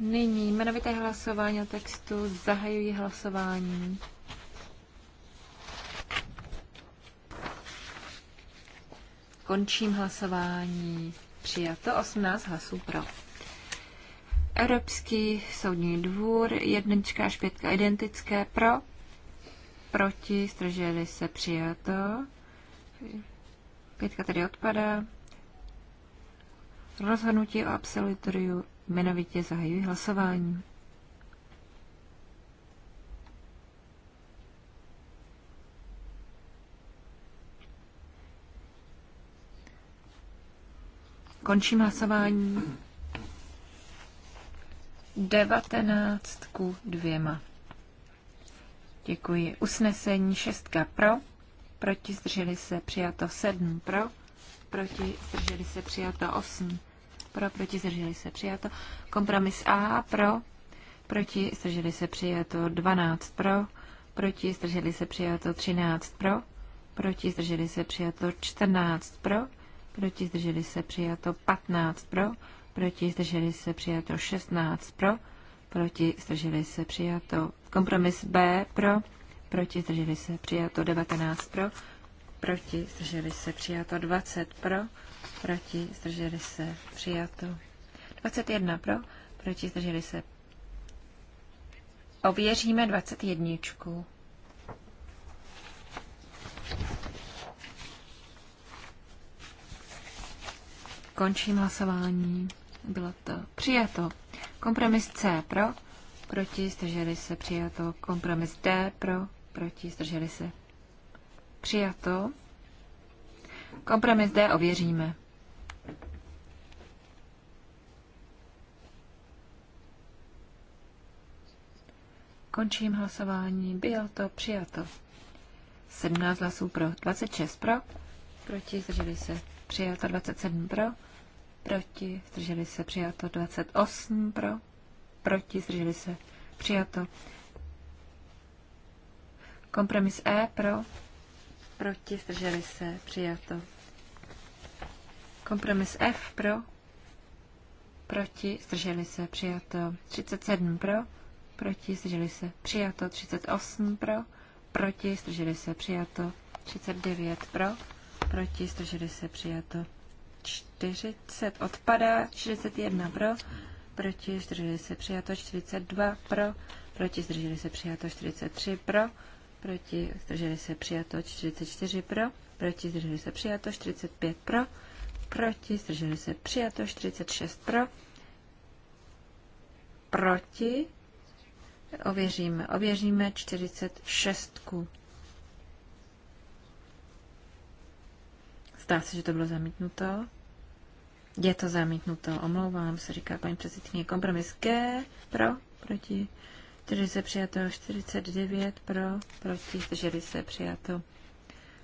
Nyní jmenovité hlasování o textu. Zahajuji hlasování. Končím hlasování. Přijato 18 hlasů pro. Evropský soudní dvůr, jednička až pětka identické pro, proti, zdrželi se přijato. Pětka tedy odpadá. Rozhodnutí o absolutoriu jmenovitě zahajují hlasování. Končím hlasování. 19 ku dvěma. Děkuji. Usnesení 6 pro, proti zdrželi se přijato 7 pro, proti zdrželi se přijato 8 pro, proti, zdrželi se, přijato. Kompromis A, pro, proti, zdrželi se, přijato. 12 pro, proti, zdrželi se, přijato. 13 pro, proti, zdrželi se, přijato. 14 pro, proti, zdrželi se, přijato. 15 pro, proti, zdrželi se, přijato. 16 pro, proti, zdrželi se, přijato. Kompromis B, pro, proti, zdrželi se, přijato. 19 pro, proti, zdrželi se, přijato. 20 pro, proti, zdrželi se, přijato. 21 pro, proti, zdrželi se. Ověříme 21. Končím hlasování. Bylo to přijato. Kompromis C pro, proti, zdrželi se, přijato. Kompromis D pro, proti, zdrželi se, Přijato. Kompromis D ověříme. Končím hlasování. Bylo to přijato. 17 hlasů pro, 26 pro, proti zdrželi se přijato 27 pro, proti zdrželi se přijato 28 pro, proti zdrželi se přijato. Kompromis E pro, proti, zdrželi se, přijato. Kompromis F pro, proti, zdrželi se, přijato. 37 pro, proti, zdrželi se, přijato. 38 pro, proti, zdrželi se, přijato. 39 pro, proti, zdrželi se, přijato. 40 odpadá, 41 pro, proti, zdrželi se, přijato. 42 pro, proti, zdrželi se, přijato. 43 pro, proti, zdrželi se přijato 44 pro, proti, zdrželi se přijato 45 pro, proti, zdrželi se přijato 46 pro, proti, ověříme, ověříme 46. -ku. Zdá se, že to bylo zamítnuto. Je to zamítnuto, omlouvám se, říká paní předsedkyně. Kompromis G pro, proti, se přijato, 49 pro, proti, zdrželi se přijato.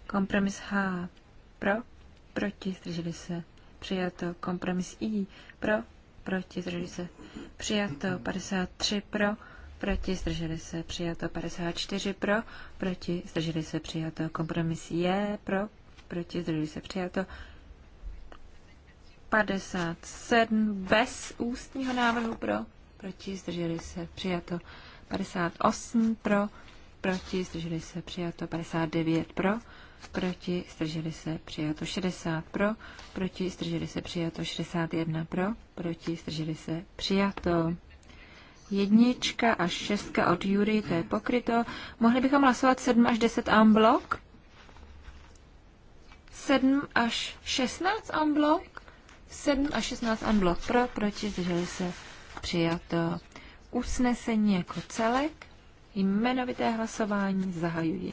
Kompromis H pro, proti, zdrželi se přijato. Kompromis I pro, proti, zdrželi se přijato. 53 pro, proti, zdrželi se přijato. 54 pro, proti, zdrželi se přijato. Kompromis J pro, proti, zdrželi se přijato. 57 bez ústního návrhu pro, proti, zdrželi se přijato. 58 pro, proti, zdrželi se přijato 59 pro, proti, zdrželi se přijato 60 pro, proti, zdrželi se přijato 61 pro, proti, zdrželi se přijato. Jednička a šestka od Jury, to je pokryto. Mohli bychom hlasovat 7 až 10 amblok? 7 až 16 amblok? 7 až 16 amblok pro, proti, zdrželi se přijato usnesení jako celek. Jmenovité hlasování zahajuji.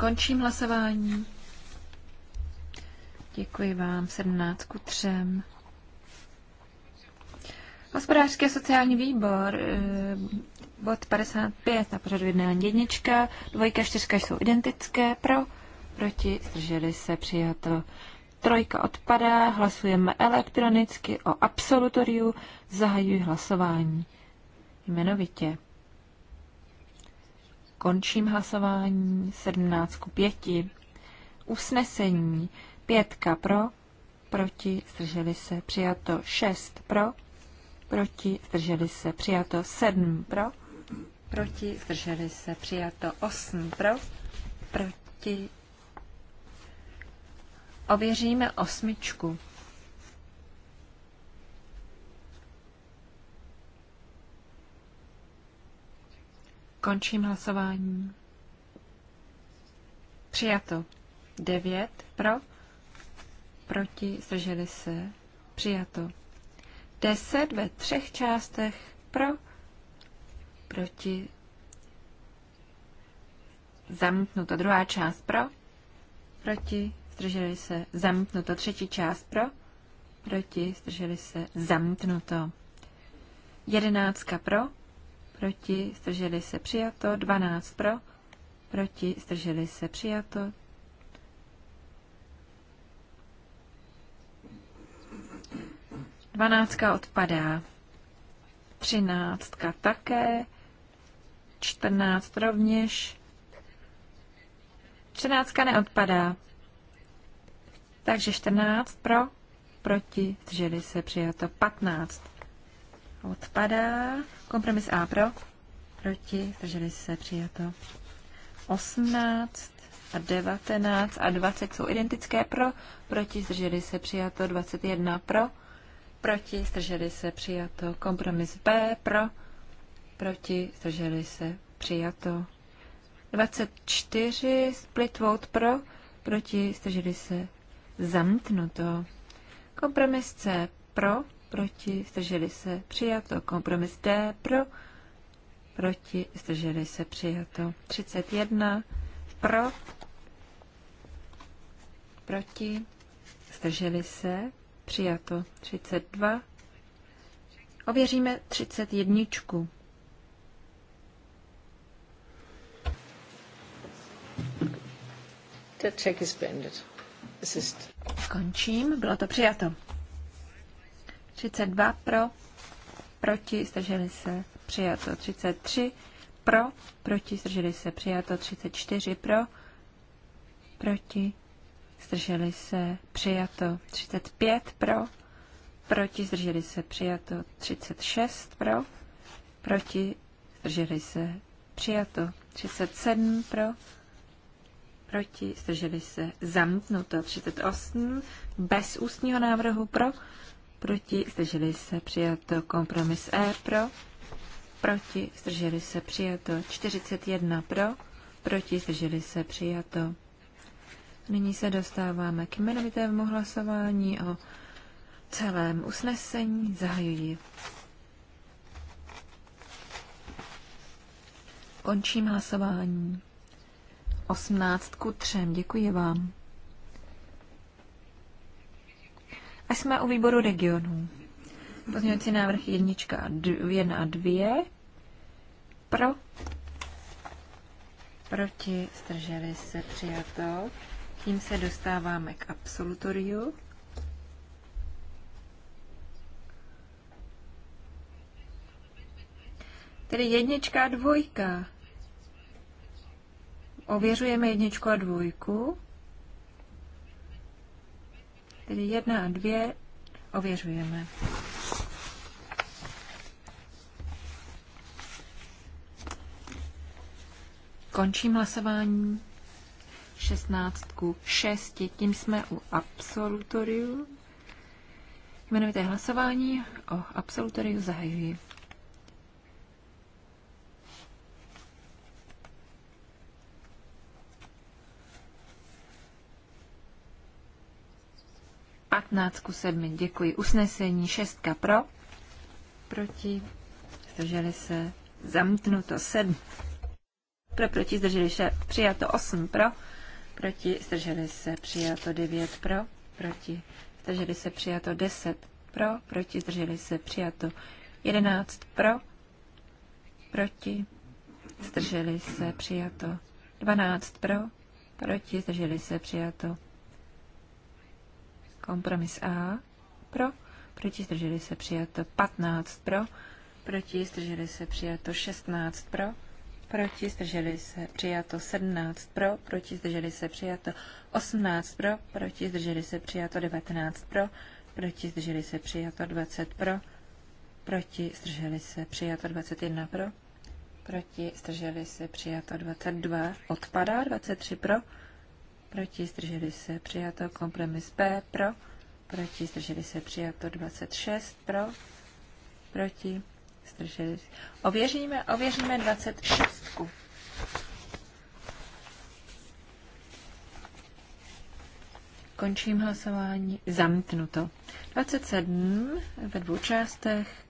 Končím hlasování. Děkuji vám, 17 ku 3. Hospodářský sociální výbor, eh, bod 55 na pořadu jednání jednička, dvojka a čtyřka jsou identické, pro, proti, zdrželi se, přijatel. Trojka odpadá, hlasujeme elektronicky o absolutoriu, zahajuji hlasování. Jmenovitě. Končím hlasování 17 ku 5. Usnesení 5 pro, proti, zdrželi se, přijato 6 pro, proti, zdrželi se, přijato 7 pro, proti, zdrželi se, přijato 8 pro, proti, Ověříme osmičku. Končím hlasování. Přijato. 9 pro, proti, zdrželi se. Přijato. 10 ve třech částech pro, proti, zamítnuto. Druhá část pro, proti, zdrželi se, zamítnuto. Třetí část pro, proti, zdrželi se, zamítnuto. Jedenáctka pro, proti, zdrželi se, přijato. Dvanáct pro, proti, zdrželi se, přijato. Dvanáctka odpadá. Třináctka také. Čtrnáct rovněž. Čtrnáctka neodpadá. Takže 14 pro, proti, zdrželi se, přijato 15. Odpadá. Kompromis A pro, proti, zdrželi se, přijato 18 a 19 a 20 jsou identické pro, proti, zdrželi se, přijato 21 pro, proti, zdrželi se, přijato kompromis B pro, proti, zdrželi se, přijato 24 split vote pro, proti, zdrželi se, zamknuto. Kompromis C pro, proti, zdrželi se, přijato. Kompromis D pro, proti, zdrželi se, přijato. 31 pro, proti, zdrželi se, přijato. 32 Ověříme 31. The Check is beendet. Končím, bylo to přijato. 32 pro, proti, zdrželi se, přijato. 33 pro, proti, zdrželi se, přijato. 34 pro, proti, zdrželi se, přijato. 35 pro, proti, zdrželi se, přijato. 36 pro, proti, zdrželi se, přijato. 37 pro, proti, zdrželi se, zamítnuto 38, bez ústního návrhu pro, proti, zdrželi se, přijato kompromis E pro, proti, zdrželi se, přijato 41 pro, proti, zdrželi se, přijato. Nyní se dostáváme k jmenovitému hlasování o celém usnesení. Zahajuji. Končím hlasování. 18 ku 3. Děkuji vám. A jsme u výboru regionů. Pozměňovací návrh 1 a 2. Pro. Proti. strželi se. Přijato. Tím se dostáváme k absolutoriu. Tedy jednička a dvojka. Ověřujeme jedničku a dvojku. Tedy jedna a dvě ověřujeme. Končím hlasování. 16 ku 6. Tím jsme u absolutoriu. Jmenovité hlasování o absolutoriu zahajuji. 15 ku 7. Děkuji. Usnesení 6 pro. Proti. Zdrželi se. Zamítnuto 7. Pro proti zdrželi se. Přijato 8 pro. Proti zdrželi se. Přijato 9 pro. Proti zdrželi se. Přijato 10 pro. Proti zdrželi se. Přijato 11 pro. Proti zdrželi se. Přijato 12 pro. Proti zdrželi se. Přijato Kompromis A pro, proti zdrželi se přijato 15 pro, proti zdrželi se přijato 16 pro, proti zdrželi se přijato 17 pro, proti zdrželi se přijato 18 pro, proti zdrželi se přijato 19 pro, proti zdrželi se přijato 20 pro, proti zdrželi se přijato 21 pro, proti zdrželi se přijato 22 odpadá, 23 pro, proti, zdrželi se, přijato. Kompromis B, pro, proti, zdrželi se, přijato. 26, pro, proti, zdrželi se. Ověříme, ověříme 26. Končím hlasování. Zamítnuto. 27 ve dvou částech.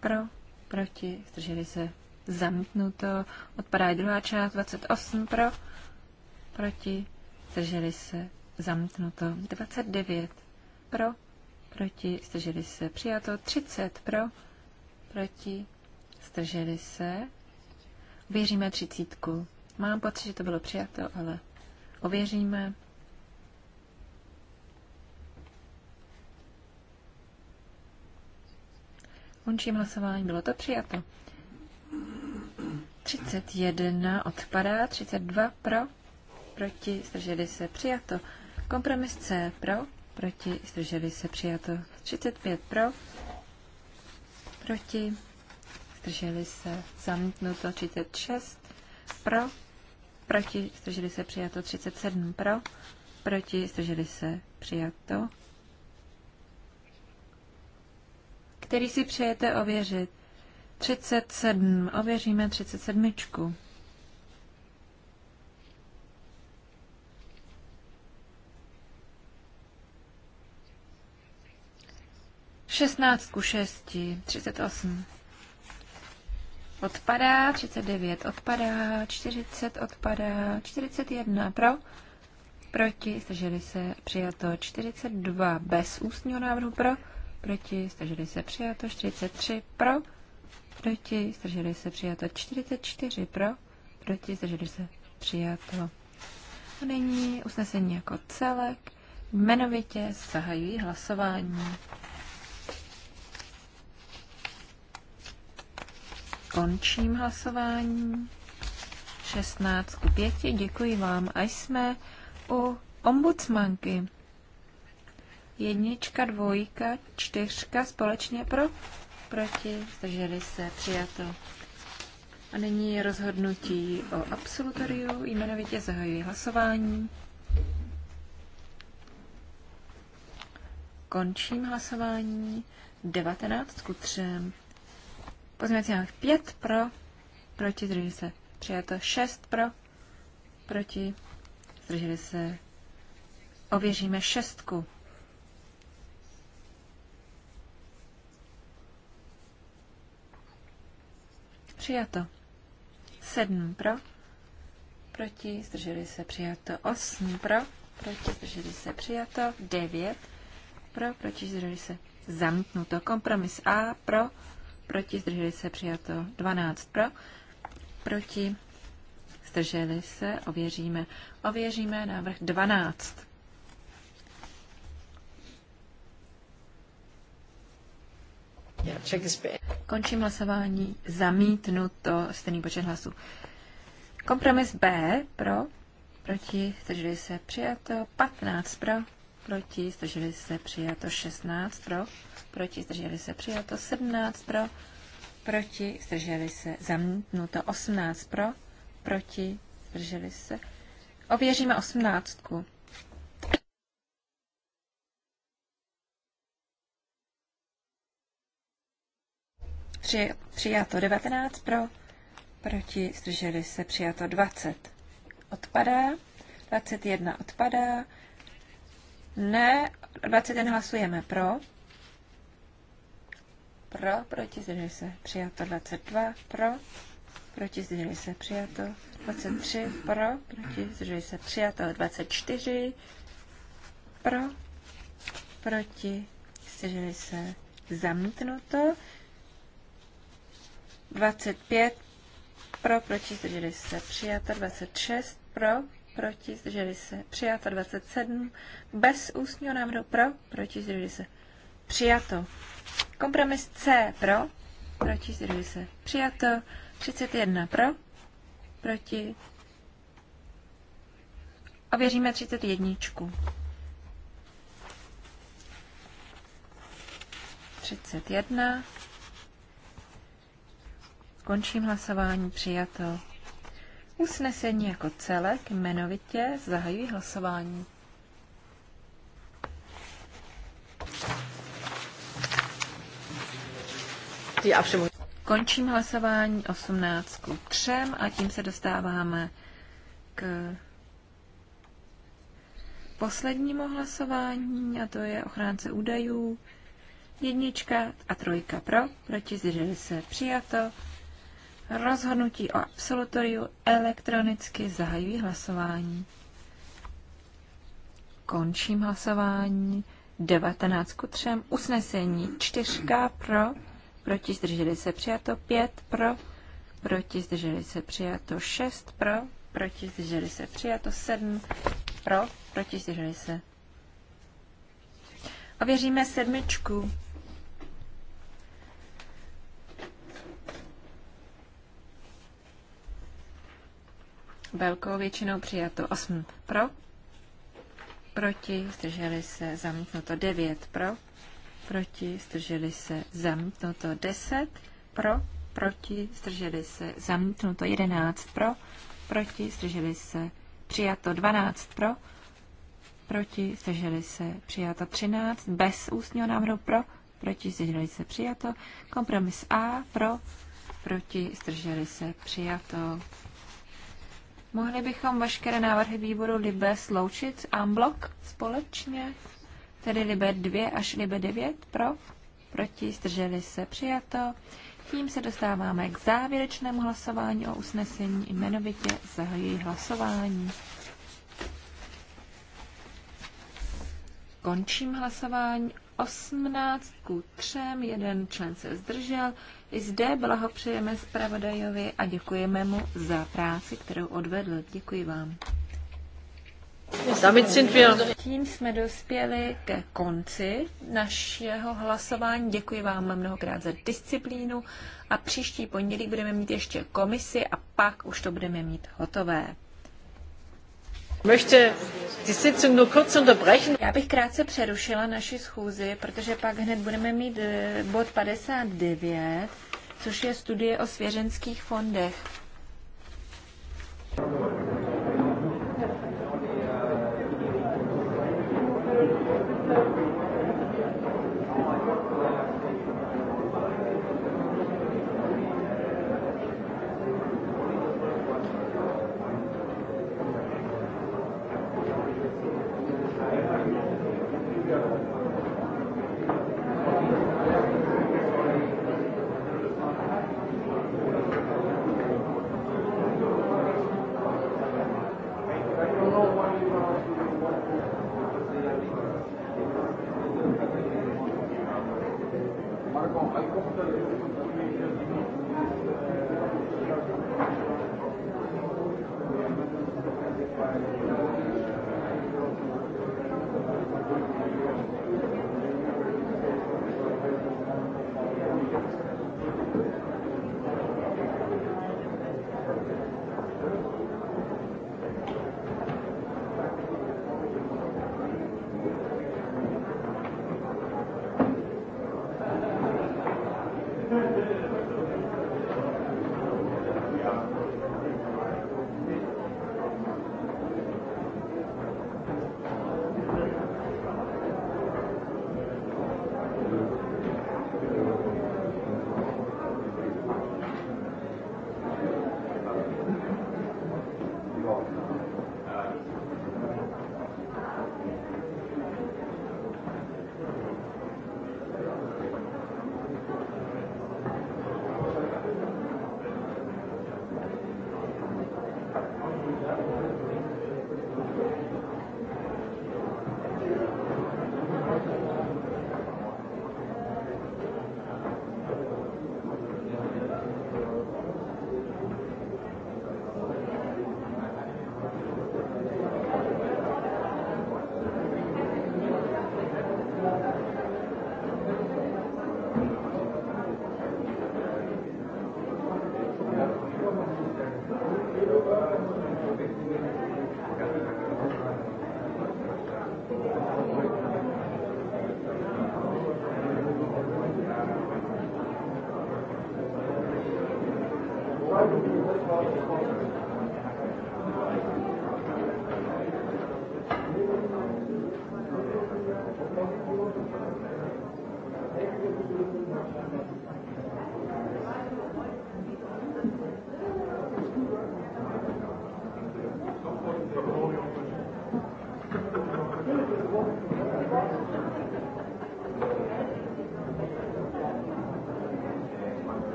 Pro, proti, zdrželi se. Zamítnuto. Odpadá i druhá část. 28 pro, proti, zdrželi se, zamknuto 29 pro, proti, zdrželi se, přijato. 30 pro, proti, zdrželi se. Ověříme třicítku. Mám pocit, že to bylo přijato, ale ověříme. Končím hlasování, bylo to přijato. 31 odpadá, 32 pro, proti, zdrželi se, přijato. Kompromis C pro, proti, zdrželi se, přijato. 35 pro, proti, zdrželi se, zamítnuto. 36 pro, proti, zdrželi se, přijato. 37 pro, proti, zdrželi se, přijato. Který si přejete ověřit? 37. Ověříme 37. 16 ku 6, 38 odpadá, 39 odpadá, 40 odpadá, 41 pro, proti, staželi se, přijato 42 bez ústního návrhu pro, proti, staželi se, přijato 43 pro, proti, staželi se, přijato 44 pro, proti, staželi se, přijato. A nyní usnesení jako celek, jmenovitě zahajují hlasování. Končím hlasování. 16 ku 5. Děkuji vám. A jsme u ombudsmanky. Jednička, dvojka, čtyřka společně pro, proti, zdrželi se, přijato. A nyní je rozhodnutí o absolutoriu, jmenovitě zahajuji hlasování. Končím hlasování 19 ku 3. Pozměňovací návrh 5 pro, proti, zdrželi se. Přijato 6 pro, proti, zdrželi se. Ověříme šestku. Přijato. 7 pro, proti, zdrželi se přijato 8 pro, proti, zdrželi se přijato 9 pro, proti, zdrželi se zamítnuto. Kompromis A pro, proti, zdrželi se, přijato 12 pro, proti, zdrželi se, ověříme, ověříme návrh 12. Končím hlasování, zamítnuto, stejný počet hlasů. Kompromis B pro, proti, zdrželi se, přijato 15 pro, proti, zdrželi se přijato 16 pro, proti, zdrželi se přijato 17 pro, proti, zdrželi se zamítnuto 18 pro, proti, zdrželi se. Ověříme osmnáctku. Při, přijato 19 pro, proti, zdrželi se přijato 20. Odpadá, 21 odpadá, ne, 21 hlasujeme pro. Pro, proti, zdrželi se, přijato. 22 pro, proti, zdrželi se, přijato. 23 pro, proti, zdrželi se, přijato. 24 pro, proti, zdrželi se, zamítnuto. 25 pro, proti, zdrželi se, přijato. 26 pro, proti, zdrželi se, přijato 27, bez ústního návrhu pro, proti, zdrželi se, přijato. Kompromis C pro, proti, zdrželi se, přijato, 31 pro, proti, A věříme 31. 31. Končím hlasování, přijato. Usnesení jako celek jmenovitě zahajují hlasování. Končím hlasování 18 k 3 a tím se dostáváme k poslednímu hlasování a to je ochránce údajů. Jednička a trojka pro, proti zřeli se přijato. Rozhodnutí o absolutoriu elektronicky zahajují hlasování. Končím hlasování. 19 ku 3. Usnesení 4 pro, proti zdrželi se přijato 5 pro, proti zdrželi se přijato 6 pro, proti zdrželi se přijato 7 pro, proti zdrželi se. Ověříme sedmičku. velkou většinou přijato 8 pro, proti, zdrželi se, zamítnuto 9 pro, proti, zdrželi se, zamítnuto 10 pro, proti, zdrželi se, zamítnuto 11 pro, proti, zdrželi se, přijato 12 pro, proti, zdrželi se, přijato 13, bez ústního návrhu pro, proti, zdrželi se, přijato, kompromis A pro, proti, zdrželi se, přijato. Mohli bychom veškeré návrhy výboru Libe sloučit unblock společně, tedy Libe 2 až Libe 9 pro, proti, zdrželi se, přijato. Tím se dostáváme k závěrečnému hlasování o usnesení, jmenovitě zahajuji hlasování. Končím hlasování 18 ku 3, jeden člen se zdržel, i zde blahopřejeme zpravodajovi a děkujeme mu za práci, kterou odvedl. Děkuji vám. Tím jsme dospěli ke konci našeho hlasování. Děkuji vám mnohokrát za disciplínu a příští pondělí budeme mít ještě komisi a pak už to budeme mít hotové. Já bych krátce přerušila naši schůzi, protože pak hned budeme mít eh, bod 59 což je studie o svěřenských fondech.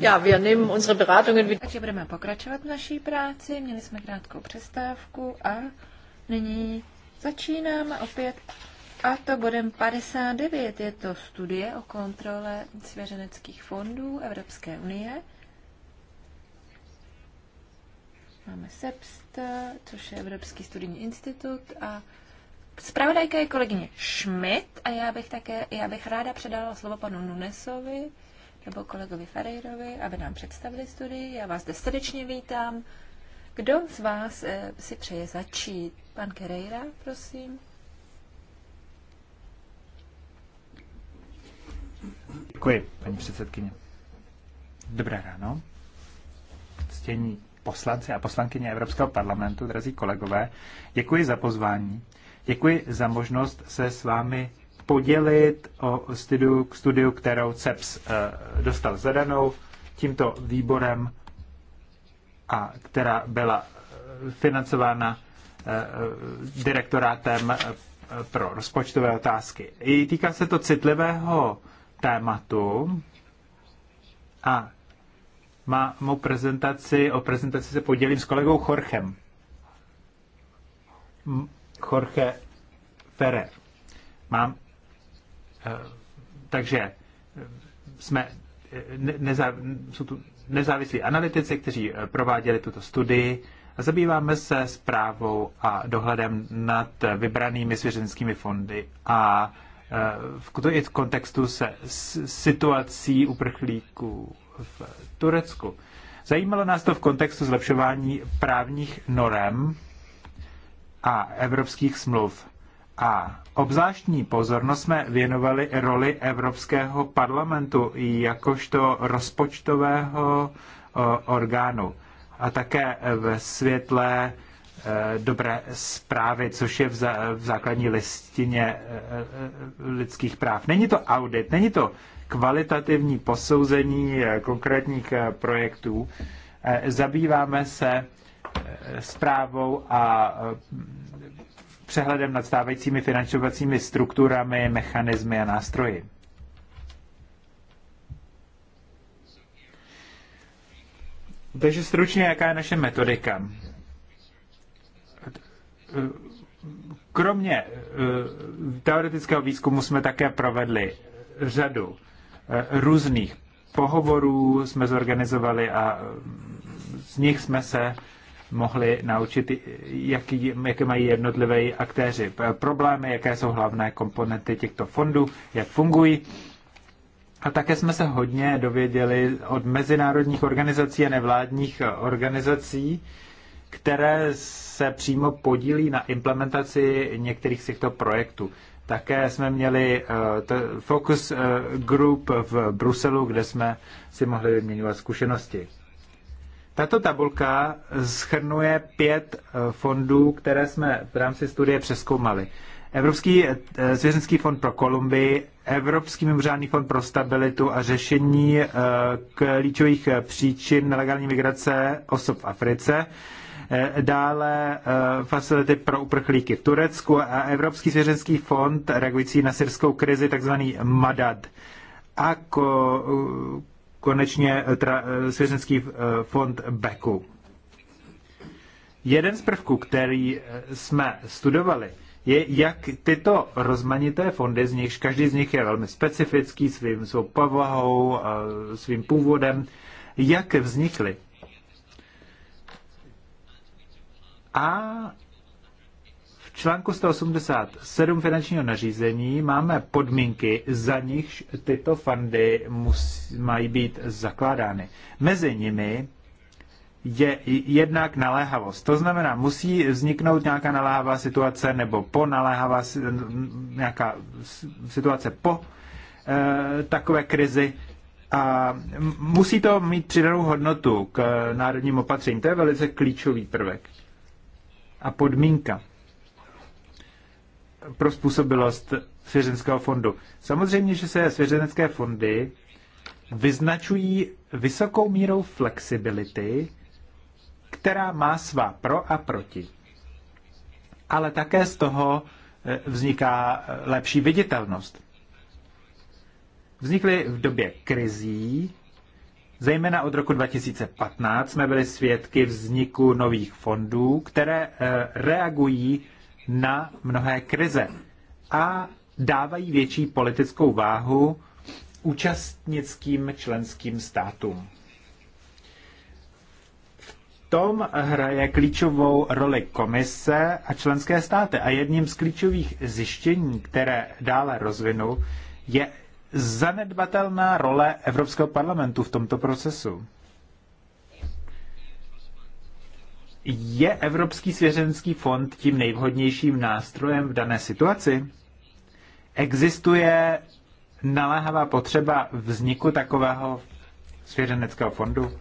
Ja, wir nehmen unsere Beratungen Takže budeme pokračovat v naší práci. Měli jsme krátkou přestávku a nyní začínáme opět. A to bodem 59. Je to studie o kontrole svěřeneckých fondů Evropské unie. Máme SEPST, což je Evropský studijní institut a Spravodajka je kolegyně Schmidt a já bych, také, já bych ráda předala slovo panu Nunesovi, nebo kolegovi Ferreirovi, aby nám představili studii. Já vás zde srdečně vítám. Kdo z vás eh, si přeje začít? Pan Kereira, prosím. Děkuji, paní předsedkyně. Dobré ráno. Ctění poslanci a poslankyně Evropského parlamentu, drazí kolegové, děkuji za pozvání. Děkuji za možnost se s vámi podělit o studiu, studiu kterou CEPS eh, dostal zadanou tímto výborem a která byla eh, financována eh, direktorátem pro rozpočtové otázky. I týká se to citlivého tématu a má mou prezentaci, o prezentaci se podělím s kolegou Chorchem. Jorge Ferrer. Mám Eh, takže eh, jsme eh, neza, jsou tu nezávislí analytici, kteří prováděli tuto studii a zabýváme se zprávou a dohledem nad vybranými svěřenskými fondy a v, v kontextu se situací uprchlíků v Turecku. Zajímalo nás to v kontextu zlepšování právních norem a evropských smluv. A obzvláštní pozornost jsme věnovali roli Evropského parlamentu jakožto rozpočtového orgánu a také ve světle e, dobré zprávy, což je v, základní listině e, e, lidských práv. Není to audit, není to kvalitativní posouzení konkrétních projektů. Zabýváme se zprávou a přehledem nad stávajícími financovacími strukturami, mechanismy a nástroji. Takže stručně, jaká je naše metodika? Kromě eh, teoretického výzkumu jsme také provedli řadu eh, různých pohovorů, jsme zorganizovali a eh, z nich jsme se mohli naučit, jaký, jaké mají jednotlivé aktéři problémy, jaké jsou hlavné komponenty těchto fondů, jak fungují. A také jsme se hodně dověděli od mezinárodních organizací a nevládních organizací, které se přímo podílí na implementaci některých z těchto projektů. Také jsme měli eh, focus eh, group v Bruselu, kde jsme si mohli vyměňovat zkušenosti. Tato tabulka schrnuje pět eh, fondů, které jsme v rámci studie přeskoumali. Evropský eh, svěřenský fond pro Kolumbii, Evropský mimořádný fond pro stabilitu a řešení eh, klíčových příčin nelegální migrace osob v Africe, dále facility pro uprchlíky v Turecku a Evropský svěřenský fond reagující na syrskou krizi, takzvaný MADAD a konečně eh, eh, svěřenský eh, fond Beku. Jeden z prvků, který jsme studovali, je, jak tyto rozmanité fondy, z nich, každý z nich je velmi specifický svým svou povahou, svým původem, jak vznikly. A článku 187 finančního nařízení máme podmínky, za nichž tyto fundy musí, mají být zakládány. Mezi nimi je jednak naléhavost. To znamená, musí vzniknout nějaká naléhavá situace nebo po naléhavá nějaká situace po e, takové krizi a musí to mít přidanou hodnotu k národním opatřením. To je velice klíčový prvek a podmínka pro způsobilost svěřenského fondu. Samozřejmě, že se svěřenecké fondy vyznačují vysokou mírou flexibility, která má svá pro a proti. Ale také z toho eh, vzniká eh, lepší viditelnost. Vznikly v době krizí, zejména od roku 2015 jsme byli svědky vzniku nových fondů, které eh, reagují na mnohé krize a dávají větší politickou váhu účastnickým členským státům. V tom hraje klíčovou roli komise a členské státy a jedním z klíčových zjištění, které dále rozvinu, je zanedbatelná role Evropského parlamentu v tomto procesu. Je Evropský svěřenský fond tím nejvhodnějším nástrojem v dané situaci? Existuje naléhavá potřeba vzniku takového svěřeneckého fondu?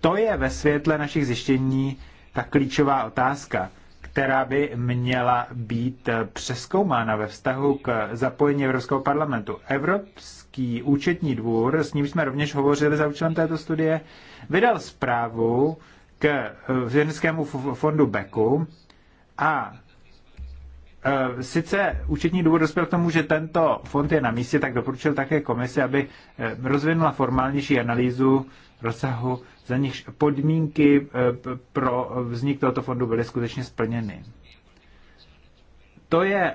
To je ve světle našich zjištění ta klíčová otázka, která by měla být přeskoumána ve vztahu k zapojení Evropského parlamentu. Evropský účetní dvůr, s ním jsme rovněž hovořili za účelem této studie, vydal zprávu k svěřenskému eh, fondu Beku a eh, Sice účetní důvod dospěl k tomu, že tento fond je na místě, tak doporučil také komisi, aby eh, rozvinula formálnější analýzu rozsahu, za nichž podmínky pro vznik tohoto fondu byly skutečně splněny. To je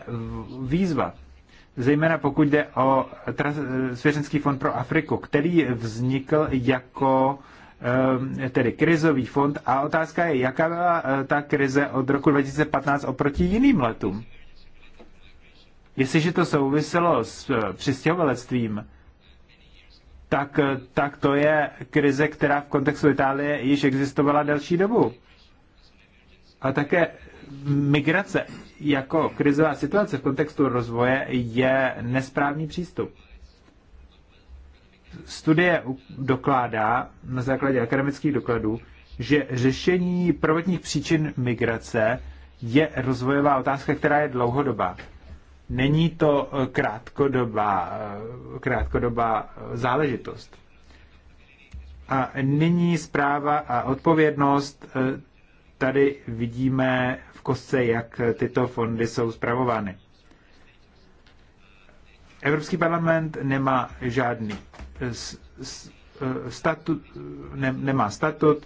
výzva, zejména pokud jde o Svěřenský fond pro Afriku, který vznikl jako Ehm, tedy krizový fond a otázka je, jaká byla eh, ta krize od roku 2015 oproti jiným letům. Jestliže to souviselo s eh, přistěhovalectvím, tak, eh, tak to je krize, která v kontextu Itálie již existovala delší dobu. A také migrace jako krizová situace v kontextu rozvoje je nesprávný přístup studie dokládá na základě akademických dokladů, že řešení prvotních příčin migrace je rozvojová otázka, která je dlouhodobá. Není to krátkodobá, krátkodobá záležitost. A nyní zpráva a odpovědnost. Eh, tady vidíme v kostce, jak tyto fondy jsou zpravovány. Evropský parlament nemá žádný Eh, statut, ne, nemá statut. Eh,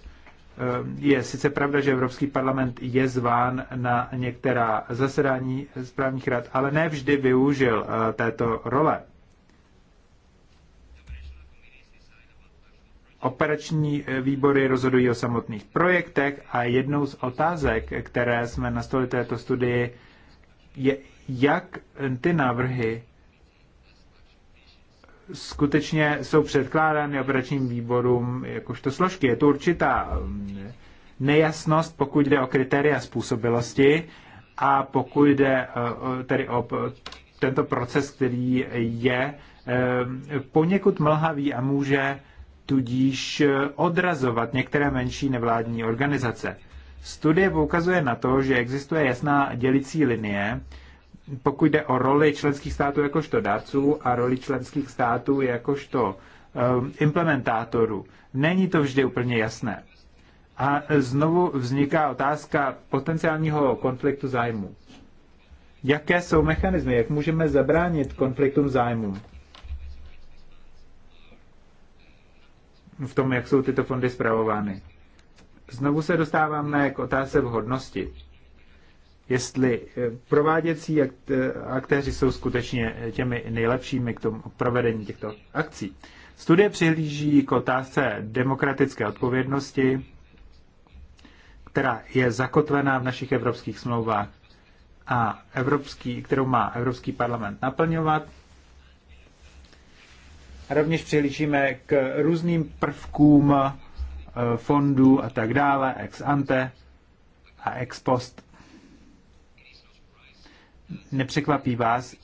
je sice pravda, že Evropský parlament je zván na některá zasedání správních rad, ale ne vždy využil eh, této role. Operační výbory rozhodují o samotných projektech a jednou z otázek, které jsme nastolili této studii, je, jak ty návrhy skutečně jsou předkládány operačním výborům jakožto složky. Je to určitá um, nejasnost, pokud jde o kritéria způsobilosti a pokud jde uh, tedy o tento proces, který je um, poněkud mlhavý a může tudíž uh, odrazovat některé menší nevládní organizace. Studie poukazuje na to, že existuje jasná dělicí linie pokud jde o roli členských států jakožto dárců a roli členských států jakožto ehm, implementátorů, není to vždy úplně jasné. A znovu vzniká otázka potenciálního konfliktu zájmu. Jaké jsou mechanismy, jak můžeme zabránit konfliktům zájmu? V tom, jak jsou tyto fondy zpravovány. Znovu se dostáváme k otázce vhodnosti jestli eh, prováděcí eh, aktéři jsou skutečně eh, těmi nejlepšími k tomu provedení těchto akcí. Studie přihlíží k otázce demokratické odpovědnosti, která je zakotvená v našich evropských smlouvách a evropský, kterou má Evropský parlament naplňovat. A rovněž přihlížíme k různým prvkům fondů a tak dále, ex ante a ex post nepřekvapí vás,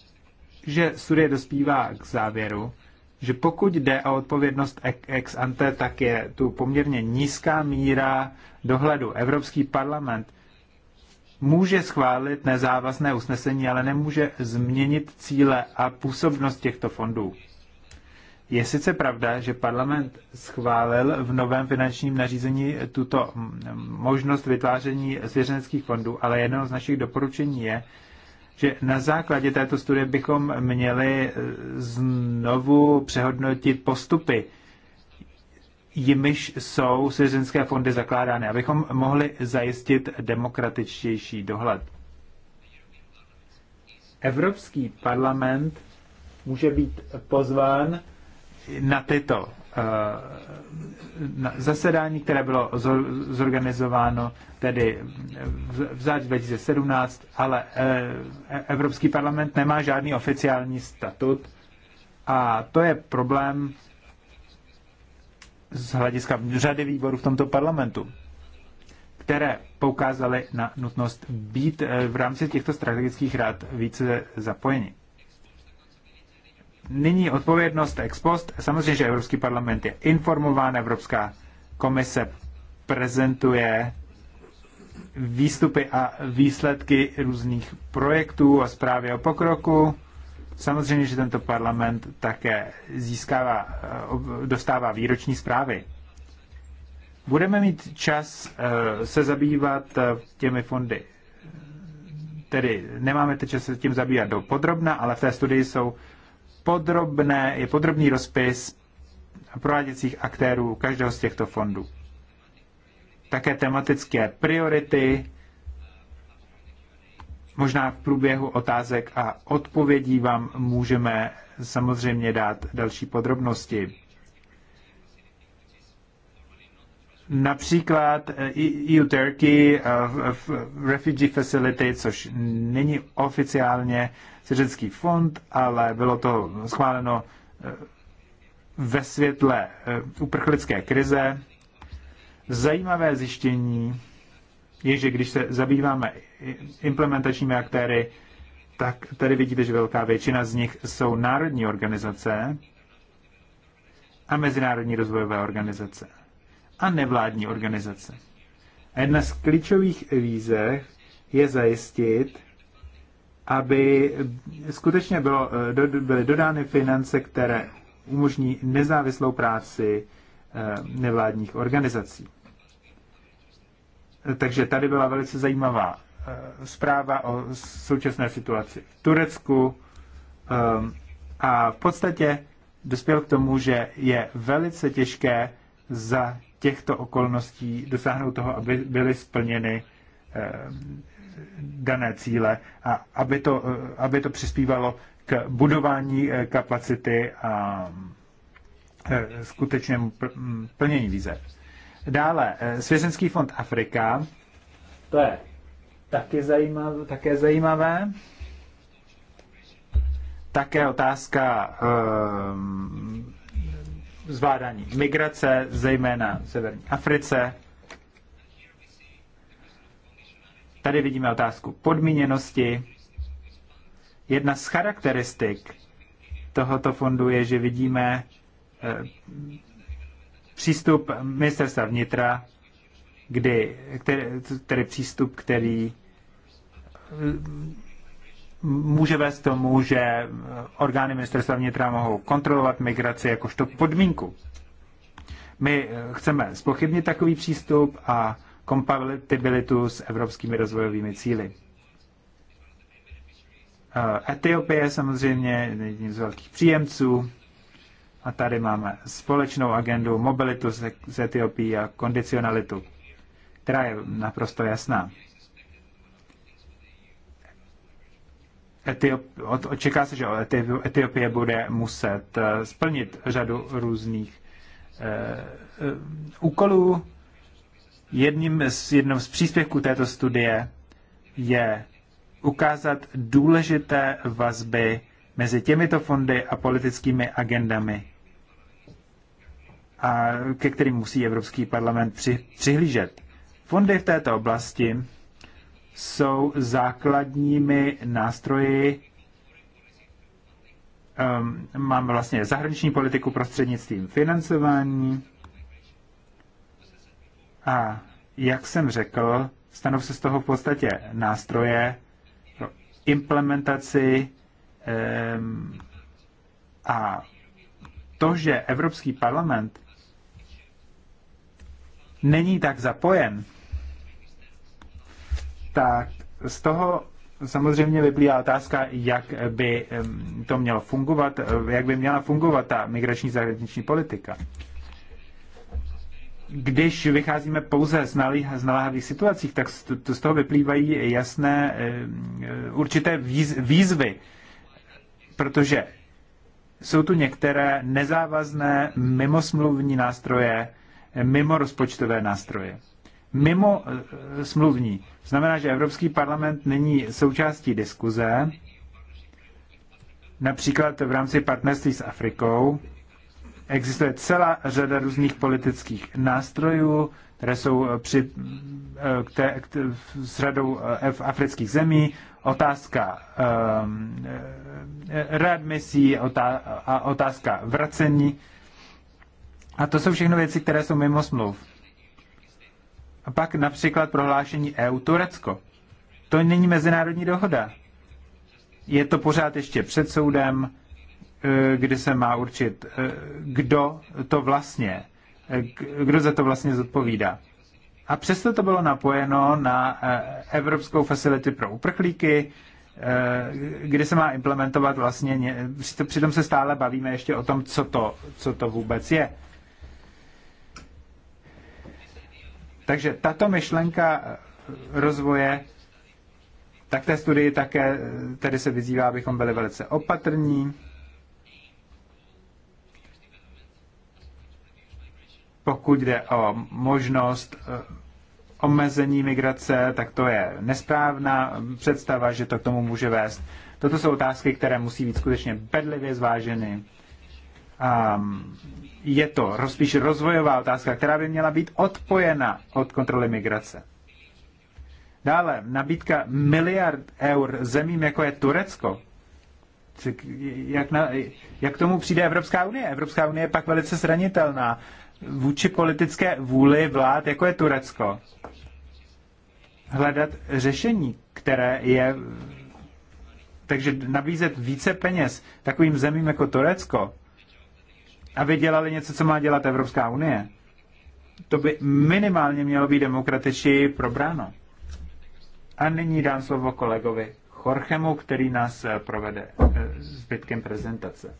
že studie dospívá k závěru, že pokud jde o odpovědnost ex ante, tak je tu poměrně nízká míra dohledu. Evropský parlament může schválit nezávazné usnesení, ale nemůže změnit cíle a působnost těchto fondů. Je sice pravda, že parlament schválil v novém finančním nařízení tuto možnost vytváření svěřenských fondů, ale jedno z našich doporučení je, že na základě této studie bychom měli eh, znovu přehodnotit postupy, jimiž jsou svěřenské fondy zakládány, abychom mohli zajistit demokratičtější dohled. Evropský parlament může být pozván na tyto Eh, zasedání, které bylo zorganizováno tedy v září 2017, ale eh, Evropský parlament nemá žádný oficiální statut a to je problém z hlediska řady výborů v tomto parlamentu, které poukázaly na nutnost být eh, v rámci těchto strategických rád více zapojeni nyní odpovědnost ex post. Samozřejmě, že Evropský parlament je informován, Evropská komise prezentuje výstupy a výsledky různých projektů a zprávy o pokroku. Samozřejmě, že tento parlament také získává, eh, dostává výroční zprávy. Budeme mít čas eh, se zabývat eh, těmi fondy. Tedy nemáme teď čas se tím zabývat do podrobna, ale v té studii jsou podrobné, je podrobný rozpis prováděcích aktérů každého z těchto fondů. Také tematické priority, možná v průběhu otázek a odpovědí vám můžeme samozřejmě dát další podrobnosti. Například EU eh, e Turkey eh, Refugee Facility, což není oficiálně Syřecký fond, ale bylo to schváleno eh, ve světle eh, uprchlické krize. Zajímavé zjištění je, že když se zabýváme implementačními aktéry, tak tady vidíte, že velká většina z nich jsou národní organizace a mezinárodní rozvojové organizace a nevládní organizace. A jedna z klíčových výzev je zajistit, aby skutečně bylo, eh, do, byly dodány finance, které umožní nezávislou práci eh, nevládních organizací. Takže tady byla velice zajímavá eh, zpráva o současné situaci v Turecku a v podstatě dospěl k tomu, že je velice těžké za těchto okolností dosáhnout toho, aby byly splněny dané cíle a aby to, eh, aby to přispívalo k budování eh, kapacity a eh, skutečnému mm, plnění výzev. Dále, Svěřenský fond Afrika, to je taky zajímavé, také zajímavé. Také otázka um, zvládání migrace, zejména v Severní Africe. Tady vidíme otázku podmíněnosti. Jedna z charakteristik tohoto fondu je, že vidíme eh, přístup ministerstva vnitra, kdy, který, který přístup, který eh, může vést tomu, že orgány ministerstva vnitra mohou kontrolovat migraci jakožto podmínku. My eh, chceme spochybnit takový přístup a kompatibilitu s evropskými rozvojovými cíly. Etiopie je samozřejmě jedním z velkých příjemců a tady máme společnou agendu mobilitu z Etiopii a kondicionalitu, která je naprosto jasná. očeká se, že Etiopie bude muset eh, splnit řadu různých eh, eh, úkolů, Jedním z, jedním z příspěvků této studie je ukázat důležité vazby mezi těmito fondy a politickými agendami, a ke kterým musí Evropský parlament při, přihlížet. Fondy v této oblasti jsou základními nástroji um, máme vlastně zahraniční politiku prostřednictvím financování, a jak jsem řekl, stanou se z toho v podstatě nástroje pro implementaci um, a to, že Evropský parlament není tak zapojen, tak z toho samozřejmě vyplývá otázka, jak by to mělo fungovat, jak by měla fungovat ta migrační zahraniční politika když vycházíme pouze z, z naléhavých situacích, tak to z toho vyplývají jasné eh, eh, určité výzvy, protože jsou tu některé nezávazné mimosmluvní nástroje, eh, mimo rozpočtové nástroje. Mimo smluvní. Znamená, že Evropský parlament není součástí diskuze, například v rámci partnerství s Afrikou, Existuje celá řada různých politických nástrojů, které jsou eh, při, eh, které, s řadou eh, afrických zemí. Otázka um, ehm, readmisí a otázka vracení. A to jsou všechno věci, které jsou mimo smluv. A pak například prohlášení EU Turecko. To není mezinárodní dohoda. Je to pořád ještě před soudem, Eh, kdy se má určit, eh, kdo to vlastně, eh, kdo za to vlastně zodpovídá. A přesto to bylo napojeno na Evropskou facility pro uprchlíky, kdy se má implementovat vlastně, přitom se stále bavíme ještě o tom, co to, co to vůbec je. Takže tato myšlenka rozvoje, tak té studii také, tedy se vyzývá, abychom byli velice opatrní, pokud jde o možnost eh, omezení migrace, tak to je nesprávná představa, že to k tomu může vést. Toto jsou otázky, které musí být skutečně bedlivě zváženy. Um, je to spíš rozvojová otázka, která by měla být odpojena od kontroly migrace. Dále, nabídka miliard eur zemím, jako je Turecko. Jak, na, jak tomu přijde Evropská unie? Evropská unie je pak velice zranitelná vůči politické vůli vlád, jako je Turecko, hledat řešení, které je. Takže nabízet více peněz takovým zemím jako Turecko, aby dělali něco, co má dělat Evropská unie, to by minimálně mělo být demokratičtěji probráno. A nyní dám slovo kolegovi Chorchemu, který nás eh, provede eh, zbytkem prezentace.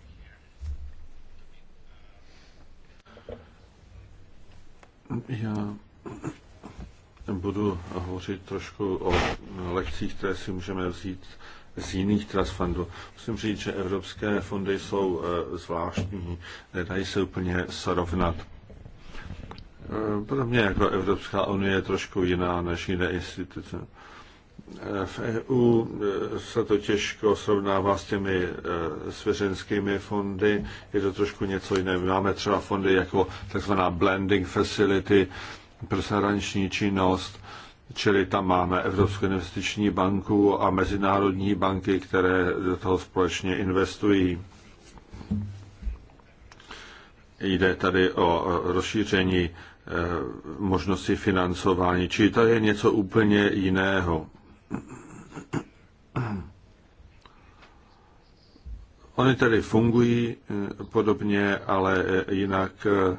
Já budu hovořit trošku o lekcích, které si můžeme vzít z jiných trust fundů. Musím říct, že evropské fondy jsou eh, zvláštní, nedají se úplně srovnat. Eh, Podobně jako Evropská unie je trošku jiná než jiné instituce. V EU e, se to těžko srovnává s těmi e, svěřenskými fondy. Je to trošku něco jiného. Máme třeba fondy jako takzvaná blending facility pro zahraniční činnost, čili tam máme Evropskou investiční banku a mezinárodní banky, které do toho společně investují. Jde tady o rozšíření e, možnosti financování, čili to je něco úplně jiného. Oni tedy fungují eh, podobně, ale eh, jinak eh,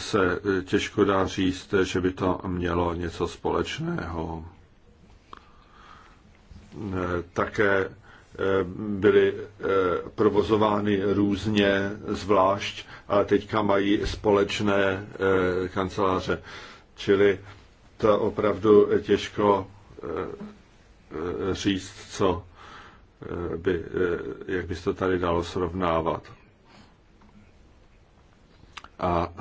se těžko dá říct, že by to mělo něco společného. Také byly provozovány různě, zvlášť, ale teďka mají společné kanceláře. Čili to opravdu těžko Eh, říct, co eh, by, eh, jak by se to tady dalo srovnávat. A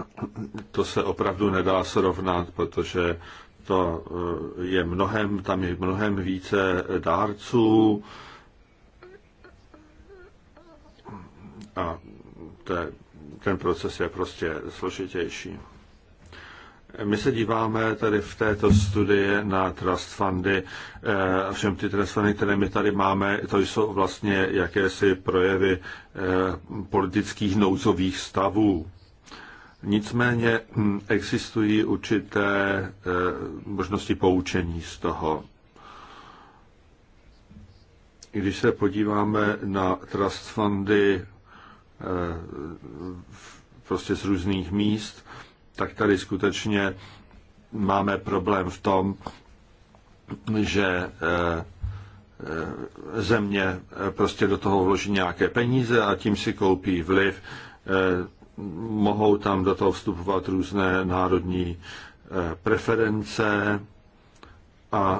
to se opravdu nedá srovnat, protože to je mnohem, tam je mnohem více dárců a te, ten proces je prostě složitější. My se díváme tady v této studii na trust fundy. Eh, všem ty trust fundy, které my tady máme, to jsou vlastně jakési projevy eh, politických nouzových stavů. Nicméně hm, existují určité eh, možnosti poučení z toho. Když se podíváme na trust fundy prostě z různých míst, tak tady skutečně máme problém v tom, že eh, země prostě do toho vloží nějaké peníze a tím si koupí vliv. Eh, mohou tam do toho vstupovat různé národní eh, preference a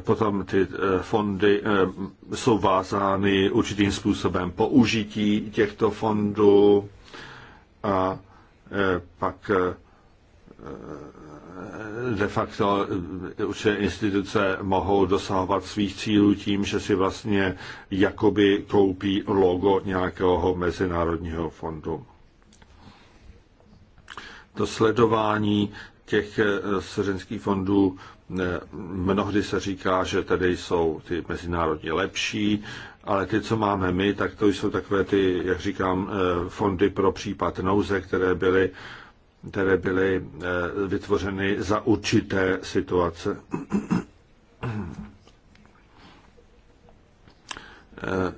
potom ty fondy jsou vázány určitým způsobem použití těchto fondů a pak eh, eh, de facto eh, určité instituce mohou dosahovat svých cílů tím, že si vlastně jakoby koupí logo nějakého mezinárodního fondu. To sledování těch seřenských fondů mnohdy se říká, že tady jsou ty mezinárodně lepší, ale ty, co máme my, tak to jsou takové ty, jak říkám, eh, fondy pro případ nouze, které byly, které byly eh, vytvořeny za určité situace. Eh,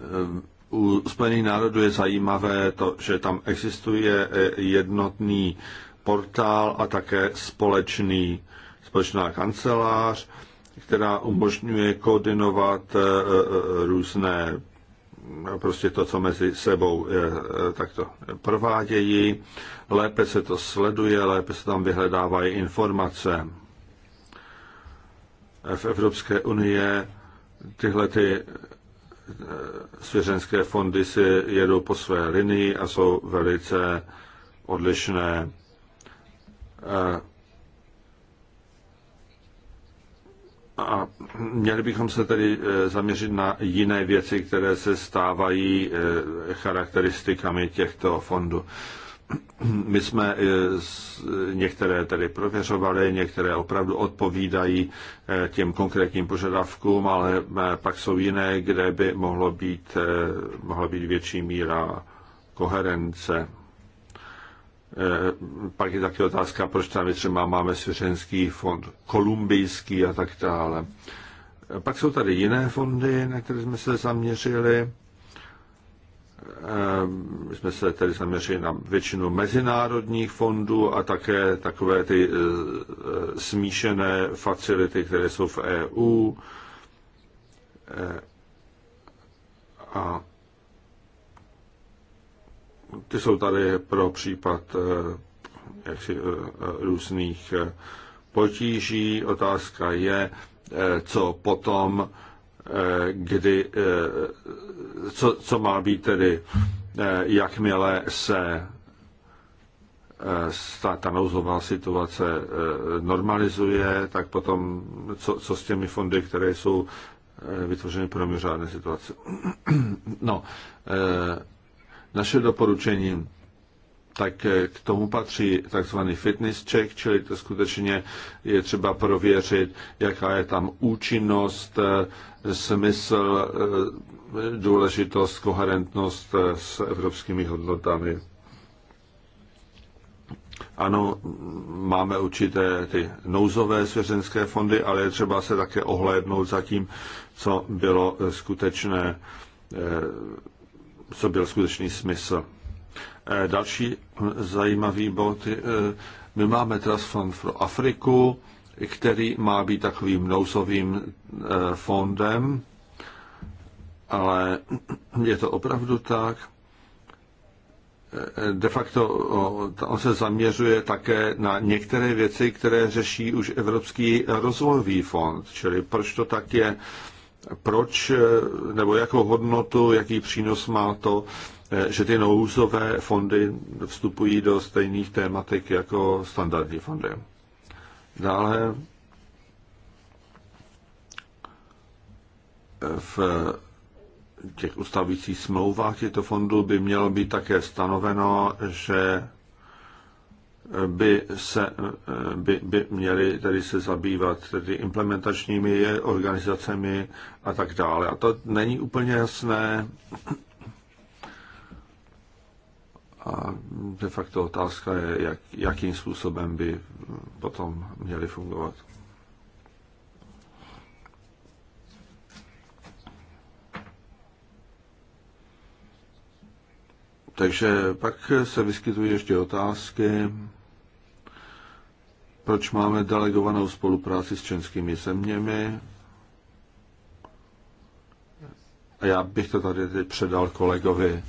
u Spojených národů je zajímavé to, že tam existuje jednotný portál a také společný, společná kancelář která umožňuje koordinovat eh, eh, různé prostě to, co mezi sebou eh, takto provádějí. Lépe se to sleduje, lépe se tam vyhledávají informace. V Evropské unii tyhle ty svěřenské fondy si jedou po své linii a jsou velice odlišné. A měli bychom se tedy eh, zaměřit na jiné věci, které se stávají eh, charakteristikami těchto fondů. My jsme eh, některé tedy prověřovali, některé opravdu odpovídají těm konkrétním požadavkům, ale pak jsou jiné, kde by mohlo být, mohla být větší míra koherence Eh, pak je taky otázka, proč tam je, třeba máme svěřenský fond kolumbijský a tak dále. Eh, pak jsou tady jiné fondy, na které jsme se zaměřili. Eh, my jsme se tedy zaměřili na většinu mezinárodních fondů a také takové ty smíšené facility, které jsou v EU. A ty jsou tady pro případ eh, jaksi, eh, různých eh, potíží. Otázka je, co potom, kdy, co, co má být tedy, jakmile se ta, ta nouzová situace normalizuje, tak potom co, co s těmi fondy, které jsou vytvořeny pro mimořádné situace. No, naše doporučení tak eh, k tomu patří takzvaný fitness check, čili to skutečně je třeba prověřit, jaká je tam účinnost, eh, smysl, eh, důležitost, koherentnost s evropskými hodnotami. Ano, máme určité ty nouzové svěřenské fondy, ale je třeba se také ohlédnout za tím, co bylo skutečné co byl skutečný smysl. Eh, další zajímavý bod, eh, my máme Trust Fund pro Afriku, který má být takovým nouzovým eh, fondem, ale je to opravdu tak. De facto on se zaměřuje také na některé věci, které řeší už Evropský rozvojový fond, čili proč to tak je, proč eh, nebo jakou hodnotu, jaký přínos má to, eh, že ty nouzové fondy vstupují do stejných tématik jako standardní fondy. Dále eh, v těch ustavících smlouvách těchto fondů by mělo být také stanoveno, že by, se, by, by měli tedy se zabývat tedy implementačními organizacemi a tak dále. A to není úplně jasné. A de facto otázka je, jak, jakým způsobem by potom měli fungovat. Takže pak se vyskytují ještě otázky, proč máme delegovanou spolupráci s českými zeměmi. A já bych to tady předal kolegovi.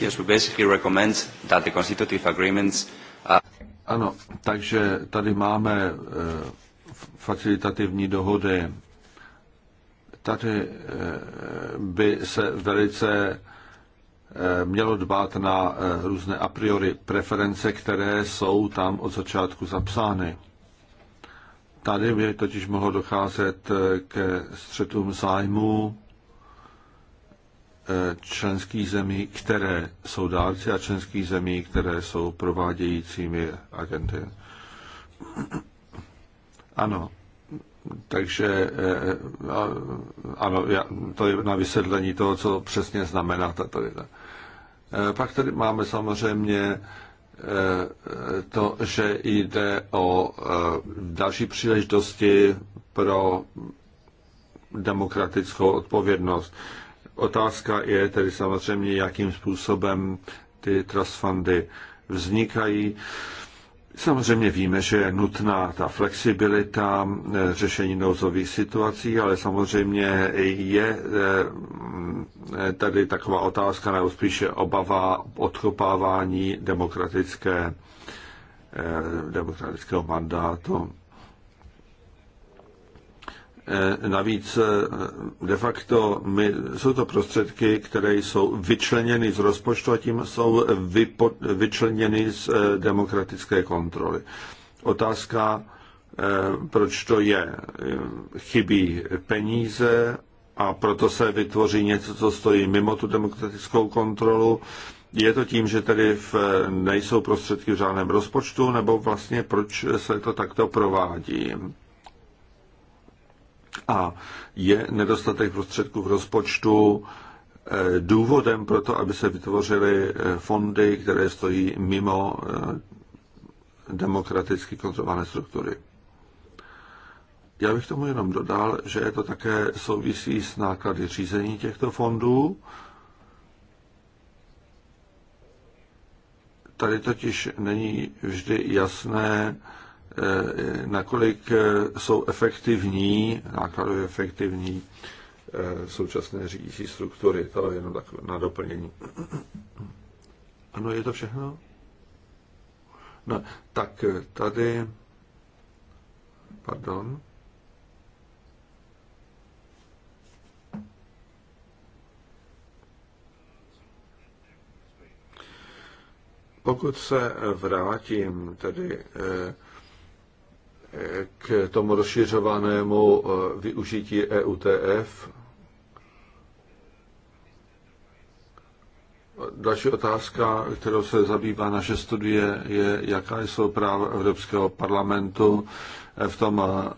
Yes, we basically recommend that the constitutive agreements are... Uh, ano, takže tady máme eh, facilitativní dohody. Tady eh, by se velice mělo dbát na eh, různé a priori preference, které jsou tam od začátku zapsány. Tady by totiž mohlo docházet eh, ke střetům zájmu eh, členských zemí, které jsou dárci a členských zemí, které jsou provádějícími agenty. Ano, takže ano, to je na vysvětlení toho, co přesně znamená tato věda. Eh, pak tady máme samozřejmě eh, to, že jde o eh, další příležitosti pro demokratickou odpovědnost. Otázka je tedy samozřejmě, jakým způsobem ty trust fundy vznikají. Samozřejmě víme, že je nutná ta flexibilita eh, řešení nouzových situací, ale samozřejmě je eh, eh, tady taková otázka, nebo spíše obava odkopávání demokratické, demokratického mandátu. Eh, navíc eh, de facto my, jsou to prostředky, které jsou vyčleněny z rozpočtu a tím jsou vypo, vyčleněny z eh, demokratické kontroly. Otázka, proč to je. Chybí peníze a proto se vytvoří něco, co stojí mimo tu demokratickou kontrolu. Je to tím, že tedy v, nejsou prostředky v žádném rozpočtu, nebo vlastně proč se to takto provádí? a je nedostatek prostředků v rozpočtu eh, důvodem pro to, aby se vytvořily eh, fondy, které stojí mimo eh, demokraticky kontrolované struktury. Já bych tomu jenom dodal, že je to také souvisí s náklady řízení těchto fondů. Tady totiž není vždy jasné, Eh, nakolik eh, jsou efektivní, nákladově efektivní eh, současné řídící struktury. To je jenom tak na doplnění. Ano, je to všechno? No, tak tady, pardon, Pokud se vrátím tedy k tomu rozšiřovanému eh, využití EUTF. Další otázka, kterou se zabývá naše studie, je, jaká jsou práva Evropského parlamentu eh, v tom eh,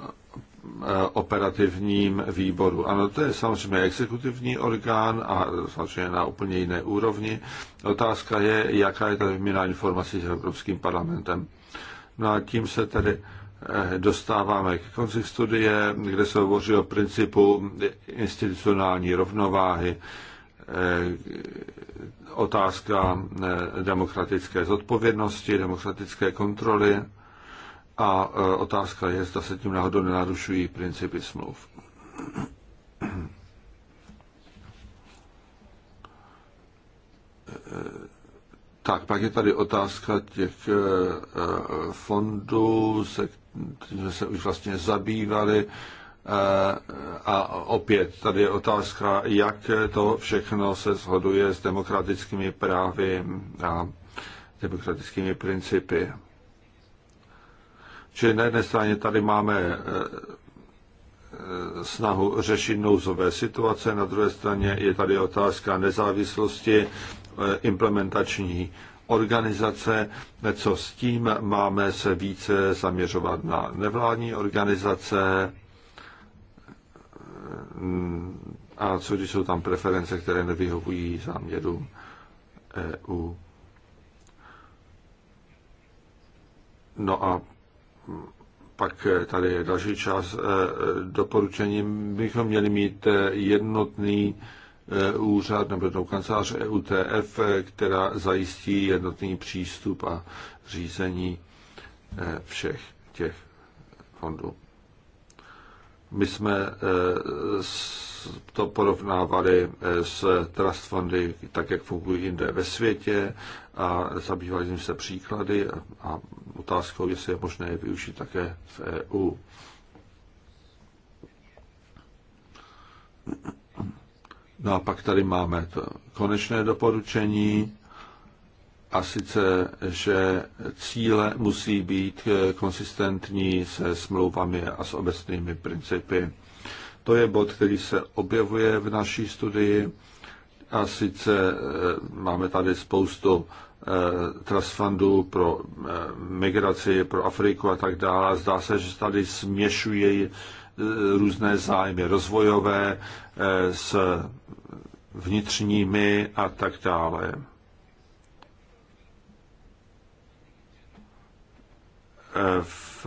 operativním výboru. Ano, to je samozřejmě exekutivní orgán a samozřejmě na úplně jiné úrovni. Otázka je, jaká je ta výměna informací s Evropským parlamentem. No a tím se tedy Eh, dostáváme k konci studie, kde se hovoří o principu institucionální rovnováhy, eh, otázka eh, demokratické zodpovědnosti, demokratické kontroly a otázka je, zda se tím náhodou nenarušují principy smluv. Tak, pak je tady otázka těch eh, eh, fondů, se kterými se už vlastně zabývali. Eh, a opět tady je otázka, jak to všechno se shoduje s demokratickými právy a demokratickými principy. Čili na jedné straně tady máme snahu řešit nouzové situace, na druhé straně je tady otázka nezávislosti Eh, implementační organizace, co s tím máme se více zaměřovat na nevládní organizace eh, a co když jsou tam preference, které nevyhovují záměrům EU. No a pak tady je další čas eh, doporučení. Bychom měli mít jednotný Eh, úřad nebo jednou kancelář EUTF, eh, která zajistí jednotný přístup a řízení eh, všech těch fondů. My jsme to porovnávali s trust fondy, tak jak fungují jinde ve světě a zabývali jsme se příklady a otázkou, jestli je možné je využít také v EU. No a pak tady máme to konečné doporučení, a sice, že cíle musí být eh, konsistentní se smlouvami a s obecnými principy. To je bod, který se objevuje v naší studii. A sice eh, máme tady spoustu eh, trust fundů pro migraci, pro Afriku a tak dále. Zdá se, že tady směšují Eh, různé zájmy rozvojové eh, s vnitřními a tak dále. Eh, v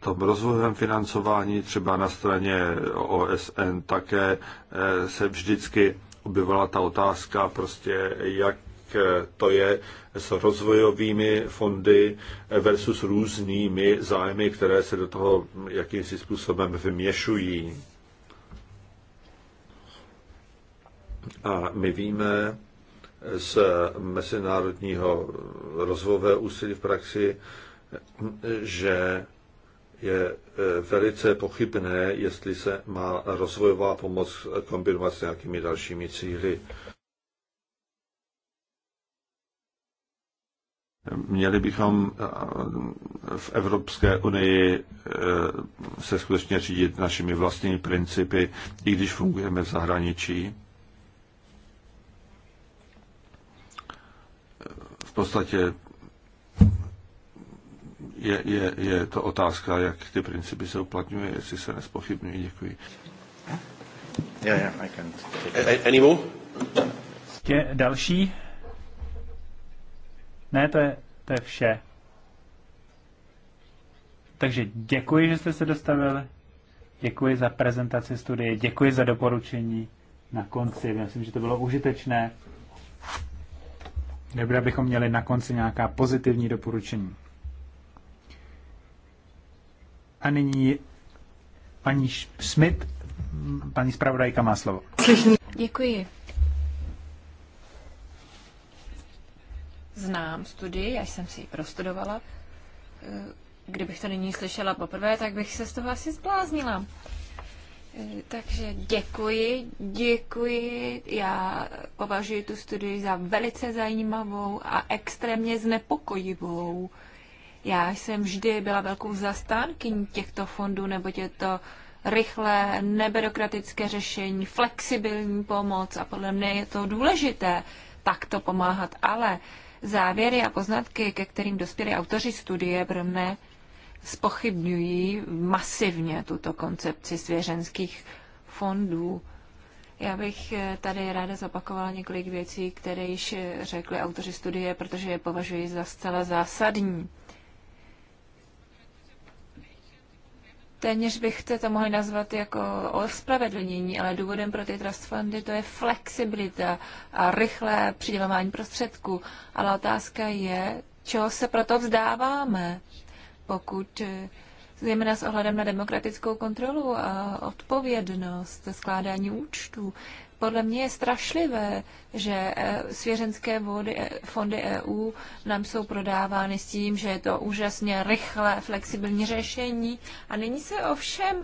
tom rozvojovém financování třeba na straně OSN také se vždycky objevila ta otázka, prostě jak Eh, to je s rozvojovými fondy versus různými zájmy, které se do toho jakýmsi způsobem vměšují. A my víme z mezinárodního rozvojové úsilí v praxi, že je eh, velice pochybné, jestli se má rozvojová pomoc kombinovat s nějakými dalšími cíly. Měli bychom eh, v Evropské unii eh, se skutečně řídit našimi vlastními principy, i když fungujeme v zahraničí. V podstatě je, je, je to otázka, jak ty principy se uplatňují, jestli se nespochybňují. Děkuji. Yeah, yeah, I can't take Any more? Je další? Ne, to je, to je vše. Takže děkuji, že jste se dostavili. Děkuji za prezentaci studie, děkuji za doporučení na konci. Myslím, že to bylo užitečné. Nebude, abychom měli na konci nějaká pozitivní doporučení. A nyní paní Schmidt, paní zpravodajka má slovo. Děkuji. znám studii, já jsem si ji prostudovala. Eh, kdybych to nyní slyšela poprvé, tak bych se z toho asi zbláznila. Eh, takže děkuji, děkuji. Já považuji tu studii za velice zajímavou a extrémně znepokojivou. Já jsem vždy byla velkou zastánkyní těchto fondů, nebo je to rychlé, nebyrokratické řešení, flexibilní pomoc a podle mě je to důležité takto pomáhat, ale závěry a poznatky, ke kterým dospěli autoři studie, pro spochybňují masivně tuto koncepci svěřenských fondů. Já bych eh, tady ráda zopakovala několik věcí, které již eh, řekli autoři studie, protože je považuji za zcela zásadní. téměř bych to mohli nazvat jako ospravedlnění, ale důvodem pro ty trust fundy to je flexibilita a rychlé přidělování prostředků. Ale otázka je, čeho se proto vzdáváme, pokud eh, zejména s ohledem na demokratickou kontrolu a odpovědnost skládání účtů. Podle mě je strašlivé, že eh, svěřenské vody, eh, fondy EU nám jsou prodávány s tím, že je to úžasně rychlé, flexibilní řešení a nyní se ovšem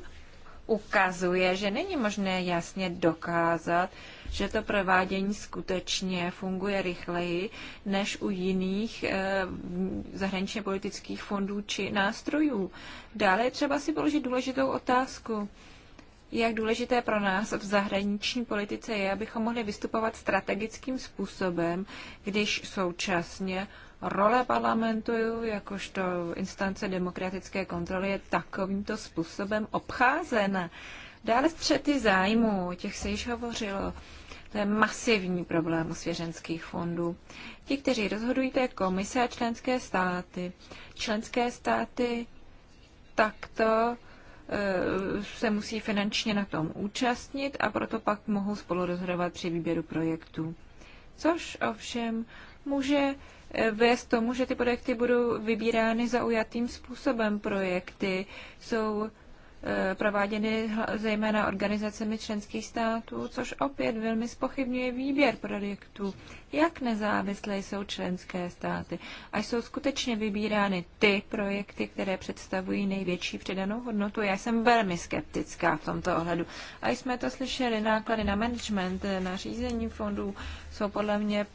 ukazuje, že není možné jasně dokázat, že to provádění skutečně funguje rychleji než u jiných e, zahraničně politických fondů či nástrojů. Dále je třeba si položit důležitou otázku jak důležité pro nás v zahraniční politice je, abychom mohli vystupovat strategickým způsobem, když současně role parlamentu jakožto instance demokratické kontroly je takovýmto způsobem obcházena. Dále střety zájmu, o těch se již hovořilo. To je masivní problém u svěřenských fondů. Ti, kteří rozhodují, to je komise a členské státy. Členské státy takto Eh, se musí finančně na tom účastnit a proto pak mohou spolu rozhodovat při výběru projektů. Což ovšem může eh, vést tomu, že ty projekty budou vybírány zaujatým způsobem. Projekty jsou Eh, prováděny zejména organizacemi členských států, což opět velmi spochybňuje výběr projektů. Jak nezávislé jsou členské státy? A jsou skutečně vybírány ty projekty, které představují největší přidanou hodnotu? Já jsem velmi skeptická v tomto ohledu. A jsme to slyšeli, náklady na management, eh, na řízení fondů jsou podle mě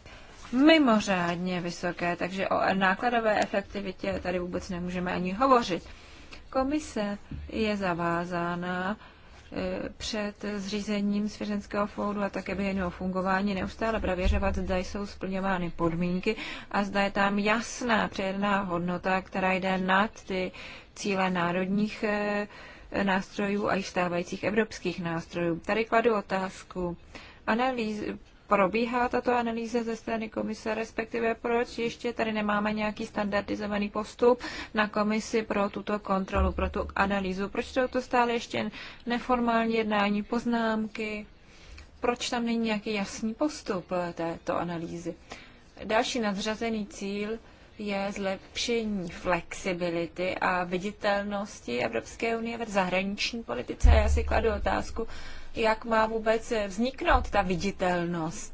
mimořádně vysoké, takže o nákladové efektivitě tady vůbec nemůžeme ani hovořit. Komise je zavázána e, před zřízením svěřenského fondu a také během jeho fungování neustále prověřovat, zda jsou splňovány podmínky a zda je tam jasná přejedná hodnota, která jde nad ty cíle národních e, nástrojů a i stávajících evropských nástrojů. Tady kladu otázku. Analýz, probíhá tato analýza ze strany komise, respektive proč ještě tady nemáme nějaký standardizovaný postup na komisi pro tuto kontrolu, pro tu analýzu. Proč jsou to stále ještě neformální jednání, poznámky? Proč tam není nějaký jasný postup této analýzy? Další nadřazený cíl je zlepšení flexibility a viditelnosti Evropské unie v zahraniční politice. Já si kladu otázku, jak má vůbec vzniknout ta viditelnost.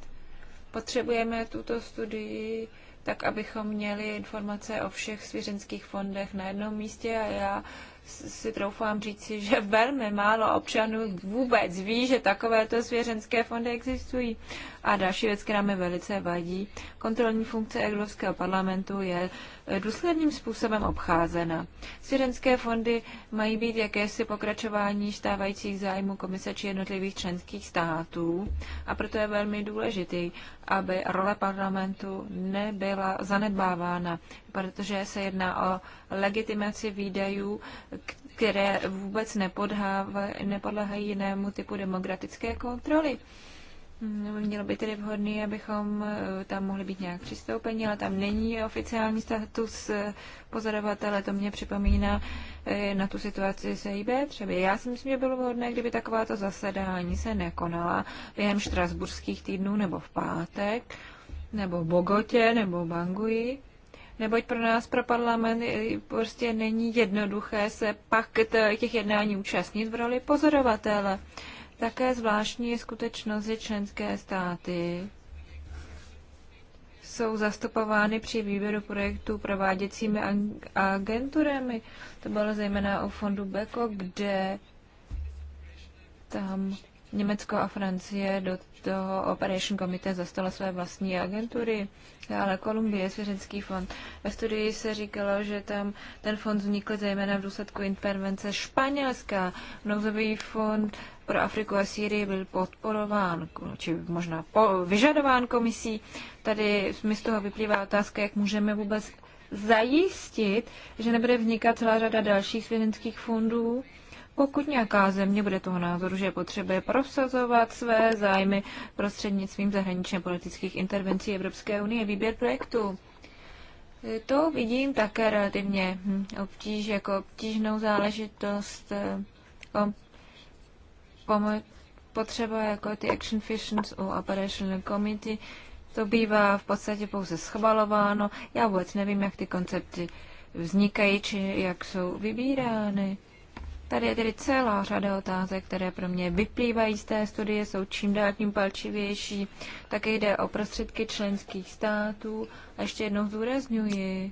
Potřebujeme tuto studii tak, abychom měli informace o všech svěřenských fondech na jednom místě a já si troufám říci, že velmi málo občanů vůbec ví, že takovéto svěřenské fondy existují. A další věc, která mi velice vadí, kontrolní funkce Evropského parlamentu je důsledným způsobem obcházena. Syrenské fondy mají být jakési pokračování stávajících zájmů komise či jednotlivých členských států a proto je velmi důležitý, aby role parlamentu nebyla zanedbávána, protože se jedná o legitimaci výdajů, které vůbec nepodhávají, nepodlehají jinému typu demokratické kontroly. Nebo mělo by tedy vhodné, abychom eh, tam mohli být nějak přistoupeni, ale tam není oficiální status eh, pozorovatele, to mě připomíná eh, na tu situaci se EIB třeba. Já si myslím, že bylo vhodné, kdyby takováto zasedání se nekonala během štrasburských týdnů nebo v pátek, nebo v Bogotě, nebo v Bangui, neboť pro nás, pro parlament, prostě není jednoduché se pak těch jednání účastnit v roli pozorovatele. Také zvláštní je skutečnost, že členské státy jsou zastupovány při výběru projektů prováděcími agenturami. To bylo zejména o fondu BECO, kde tam Německo a Francie do toho Operation Committee zastala své vlastní agentury, ale Kolumbie, Svěřenský fond. Ve studii se říkalo, že tam ten fond vznikl zejména v důsledku intervence Španělská. Nouzový fond pro Afriku a Sýrii byl podporován, či možná po, vyžadován komisí. Tady mi z toho vyplývá otázka, jak můžeme vůbec zajistit, že nebude vznikat celá řada dalších svěřenských fondů, pokud nějaká země bude toho názoru, že potřebuje prosazovat své zájmy prostřednictvím zahraničně politických intervencí Evropské unie, výběr projektu. To vidím také relativně obtíž, jako obtížnou záležitost, eh, pomoc, potřeba jako ty Action Fissions u Operational Committee, to bývá v podstatě pouze schvalováno. Já vůbec nevím, jak ty koncepty vznikají, či jak jsou vybírány. Tady je tedy celá řada otázek, které pro mě vyplývají z té studie, jsou čím dál tím palčivější. Také jde o prostředky členských států. A ještě jednou zúraznuju,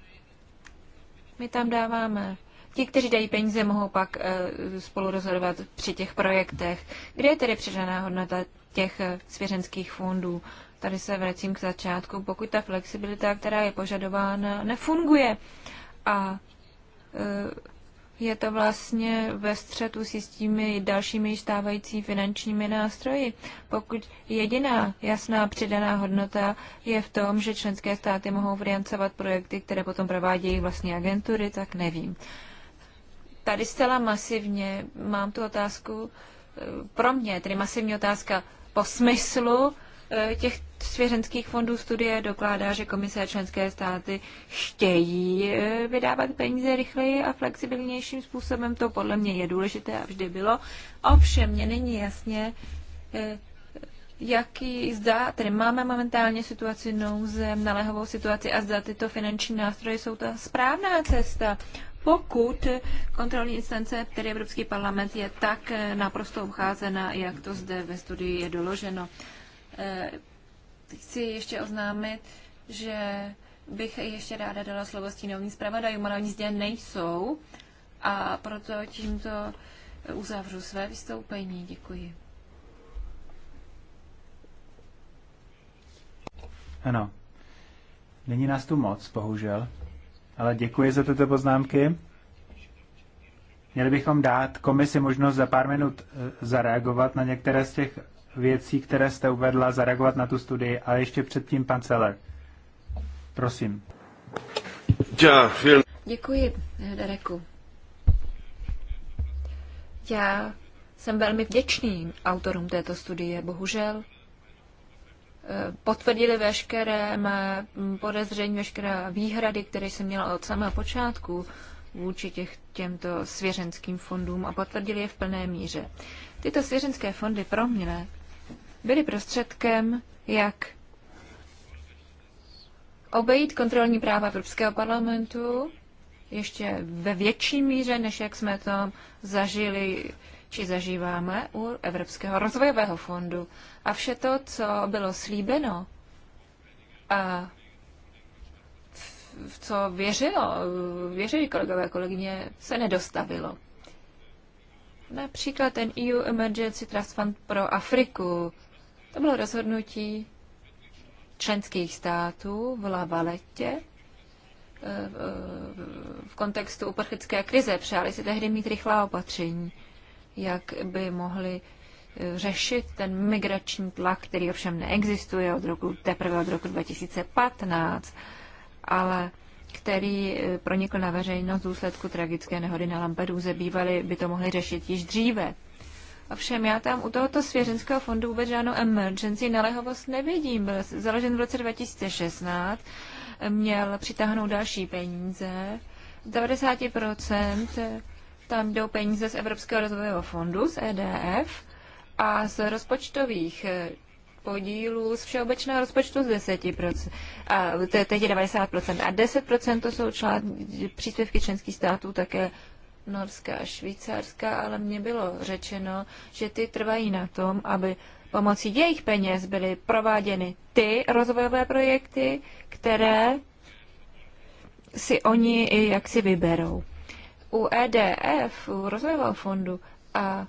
my tam dáváme Ti, kteří dají peníze, mohou pak eh, spolu rozhodovat při těch projektech. Kde je tedy přidaná hodnota těch eh, svěřenských fondů? Tady se vracím k začátku. Pokud ta flexibilita, která je požadována, nefunguje a eh, je to vlastně ve střetu s těmi dalšími stávající finančními nástroji. Pokud jediná jasná přidaná hodnota je v tom, že členské státy mohou financovat projekty, které potom provádějí vlastní agentury, tak nevím tady zcela masivně mám tu otázku eh, pro mě, tedy masivní otázka po smyslu eh, těch svěřenských fondů studie dokládá, že komise a členské státy chtějí eh, vydávat peníze rychleji a flexibilnějším způsobem. To podle mě je důležité a vždy bylo. Ovšem, mě není jasně, jaký zda, tedy máme momentálně situaci nouze, naléhovou situaci a zda tyto finanční nástroje jsou ta správná cesta pokud kontrolní instance, tedy Evropský parlament, je tak eh, naprosto obcházena, jak to zde ve studii je doloženo. Eh, chci ještě oznámit, že bych ještě ráda dala slovo stínovým zpravodajům, ale oni zde nejsou a proto tímto uzavřu své vystoupení. Děkuji. Ano. Není nás tu moc, bohužel ale děkuji za tyto poznámky. Měli bychom dát komisi možnost za pár minut eh, zareagovat na některé z těch věcí, které jste uvedla, zareagovat na tu studii, ale ještě předtím pan Celer. Prosím. Děkuji, Dereku. Já jsem velmi vděčný autorům této studie. Bohužel potvrdili veškeré mé podezření, veškeré výhrady, které jsem měla od samého počátku vůči těch, těmto svěřenským fondům a potvrdili je v plné míře. Tyto svěřenské fondy pro mě byly prostředkem, jak obejít kontrolní práva Evropského parlamentu ještě ve větší míře, než jak jsme to zažili či zažíváme u Evropského rozvojového fondu. A vše to, co bylo slíbeno a v co věřilo, věřili kolegové a kolegyně, se nedostavilo. Například ten EU Emergency Trust Fund pro Afriku. To bylo rozhodnutí členských států v Valette eh, eh, v kontextu uprchlické krize. Přáli si tehdy mít rychlá opatření jak by mohli eh, řešit ten migrační tlak, který ovšem neexistuje od roku, teprve od roku 2015, ale který eh, pronikl na veřejnost v důsledku tragické nehody na Lampeduze. Bývali by to mohli řešit již dříve. Ovšem já tam u tohoto svěřenského fondu vůbec žádnou emergency nalehovost nevidím. Byl založen v roce 2016, měl přitáhnout další peníze. 90 tam jdou peníze z Evropského rozvojového fondu, z EDF a z rozpočtových eh, podílů z všeobecného rozpočtu z 10%, a teď je 90%, a 10% to jsou člá, příspěvky členských států, také Norska a Švýcarska, ale mně bylo řečeno, že ty trvají na tom, aby pomocí jejich peněz byly prováděny ty rozvojové projekty, které si oni jak si vyberou u EDF, u rozvojového fondu a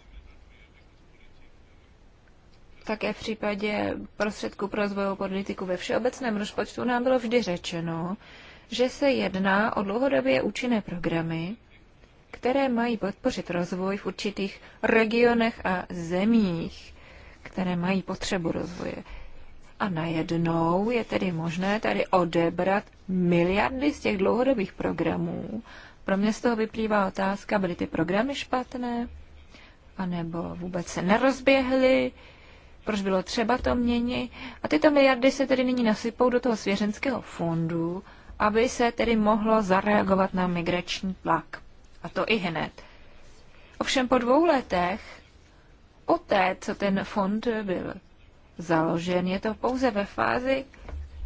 také v případě prostředků pro rozvojovou politiku ve všeobecném rozpočtu nám bylo vždy řečeno, že se jedná o dlouhodobě účinné programy, které mají podpořit rozvoj v určitých regionech a zemích, které mají potřebu rozvoje. A najednou je tedy možné tady odebrat miliardy z těch dlouhodobých programů pro mě z toho vyplývá otázka, byly ty programy špatné, anebo vůbec se nerozběhly, proč bylo třeba to měnit. A tyto miliardy se tedy nyní nasypou do toho svěřenského fondu, aby se tedy mohlo zareagovat na migrační tlak. A to i hned. Ovšem po dvou letech, poté, co ten fond byl založen, je to pouze ve fázi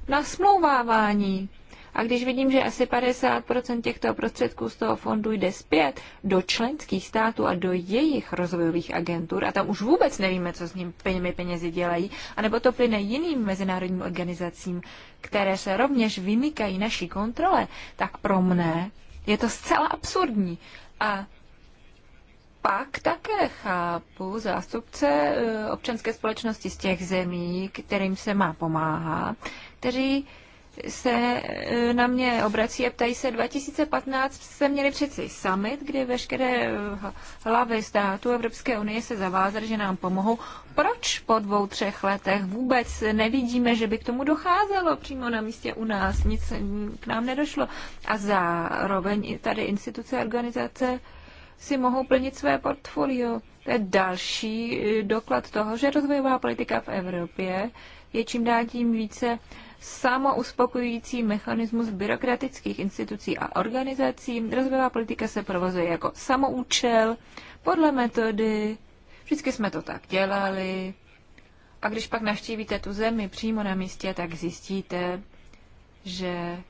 nasmlouvávání. A když vidím, že asi 50% těchto prostředků z toho fondu jde zpět do členských států a do jejich rozvojových agentur, a tam už vůbec nevíme, co s nimi peněmi penězi dělají, anebo to plyne jiným mezinárodním organizacím, které se rovněž vymykají naší kontrole, tak pro mne je to zcela absurdní. A pak také chápu zástupce e, občanské společnosti z těch zemí, kterým se má pomáhat, kteří se e, na mě obrací a ptají se, 2015 jste měli přeci summit, kdy veškeré hlavy států Evropské unie se zavázaly, že nám pomohou. Proč po dvou, třech letech vůbec nevidíme, že by k tomu docházelo přímo na místě u nás? Nic k nám nedošlo. A zároveň tady instituce a organizace si mohou plnit své portfolio. To je další e, doklad toho, že rozvojová politika v Evropě je čím dál tím více uh, samouspokojující mechanismus byrokratických institucí a organizací. Rozvojová politika se provozuje jako samoučel, podle metody, vždycky jsme to tak dělali. A když pak navštívíte tu zemi přímo na místě, tak zjistíte, že e,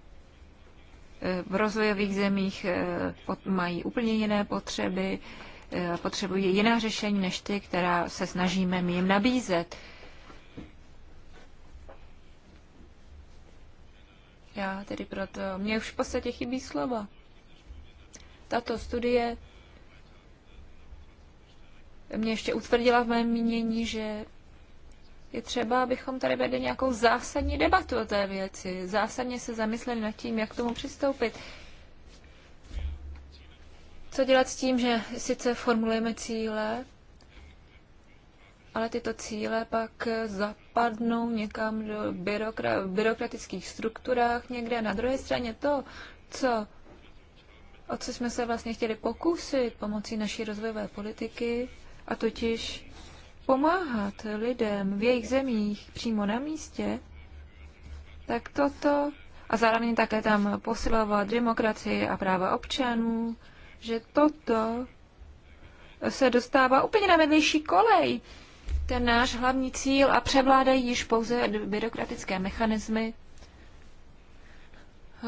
v rozvojových zemích e, mají úplně jiné potřeby, e, potřebují jiná řešení než ty, která se snažíme jim nabízet. Já tedy proto, mě už v podstatě chybí slova. Tato studie mě ještě utvrdila v mém mínění, že je třeba, abychom tady vedli nějakou zásadní debatu o té věci, zásadně se zamysleli nad tím, jak k tomu přistoupit. Co dělat s tím, že sice formulujeme cíle, ale tyto cíle pak zapadnou někam do byrokra- byrokratických strukturách někde. Na druhé straně to, co, o co jsme se vlastně chtěli pokusit pomocí naší rozvojové politiky, a totiž pomáhat lidem v jejich zemích přímo na místě, tak toto a zároveň také tam posilovat demokracii a práva občanů, že toto se dostává úplně na vedlejší kolej ten náš hlavní cíl a převládají již pouze byrokratické mechanismy,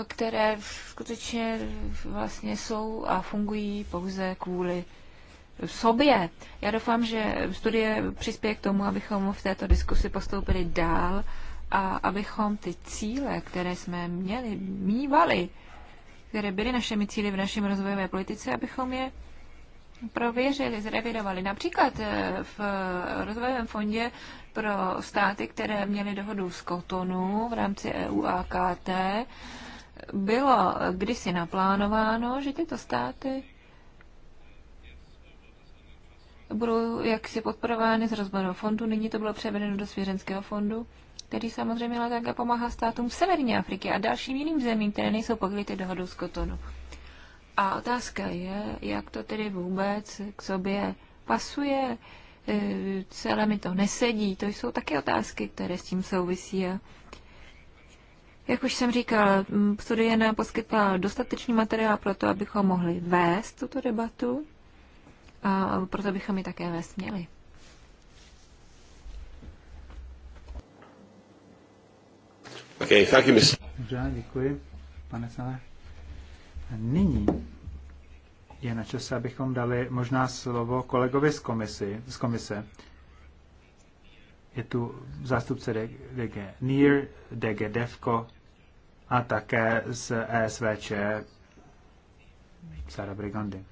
které skutečně vlastně jsou a fungují pouze kvůli sobě. Já doufám, že studie přispěje k tomu, abychom v této diskusi postoupili dál a abychom ty cíle, které jsme měli, mývali, které byly našimi cíly v našem rozvojové politice, abychom je prověřili, zrevidovali. Například eh, v rozvojovém fondě pro státy, které měly dohodu z Kotonu v rámci EU a KT, bylo kdysi naplánováno, že tyto státy budou jaksi podporovány z rozvojového fondu. Nyní to bylo převedeno do svěřenského fondu, který samozřejmě také pomáhá státům v Severní Afriky a dalším jiným zemím, které nejsou pokryty dohodou z Kotonu. A otázka je, jak to tedy vůbec k sobě pasuje, e, celé mi to nesedí. To jsou také otázky, které s tím souvisí. A jak už jsem říkal, studie nám poskytla dostatečný materiál pro to, abychom mohli vést tuto debatu a proto bychom ji také vést měli. Okay, thank you, Mr. Dobře, děkuji, pane Sale nyní je na čase, abychom dali možná slovo kolegovi z, komisi, z komise. Je tu zástupce DG NIR, DG DEVCO a také z ESVČ Sara Brigandy.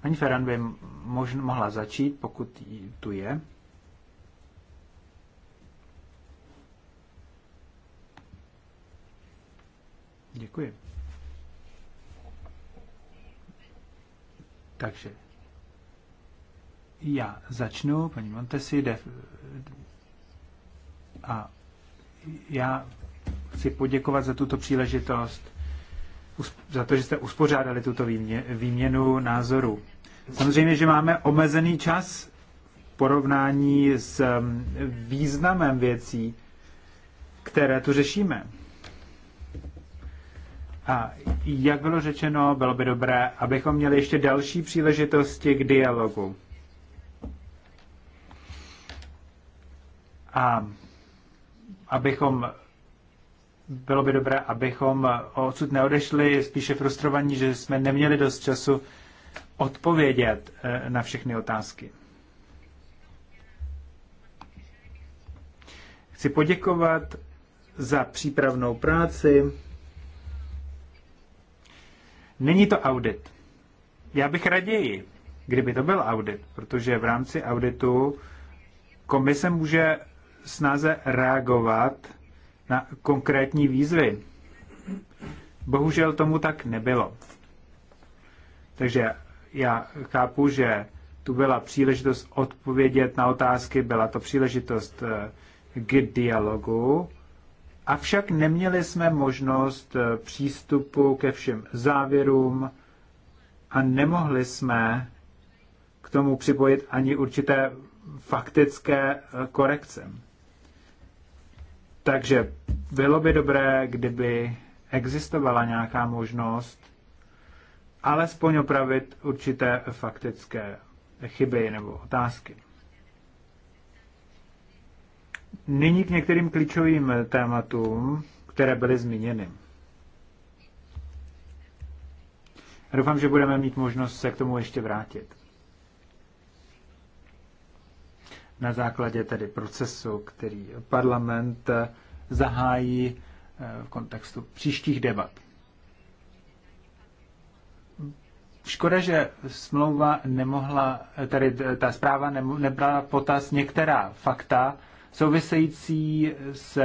Paní Ferran by možná mohla začít, pokud tu je. Děkuji. Takže já začnu, paní Montesi, jde a já chci poděkovat za tuto příležitost, za to, že jste uspořádali tuto výmě, výměnu názorů. Samozřejmě, že máme omezený čas v porovnání s mm, významem věcí, které tu řešíme. A jak bylo řečeno, bylo by dobré, abychom měli ještě další příležitosti k dialogu. A abychom bylo by dobré, abychom odsud neodešli, spíše frustrovaní, že jsme neměli dost času odpovědět eh, na všechny otázky. Chci poděkovat za přípravnou práci. Není to audit. Já bych raději, kdyby to byl audit, protože v rámci auditu komise může snáze reagovat na konkrétní výzvy. Bohužel tomu tak nebylo. Takže já chápu, že tu byla příležitost odpovědět na otázky, byla to příležitost eh, k dialogu, Avšak neměli jsme možnost eh, přístupu ke všem závěrům a nemohli jsme k tomu připojit ani určité faktické eh, korekce. Takže bylo by dobré, kdyby existovala nějaká možnost alespoň opravit určité faktické chyby nebo otázky. Nyní k některým klíčovým eh, tématům, které byly zmíněny. Já doufám, že budeme mít možnost se k tomu ještě vrátit. Na základě tedy procesu, který parlament eh, zahájí eh, v kontextu příštích debat. Škoda, že smlouva nemohla, tedy ta zpráva nebrala potaz některá fakta, související se,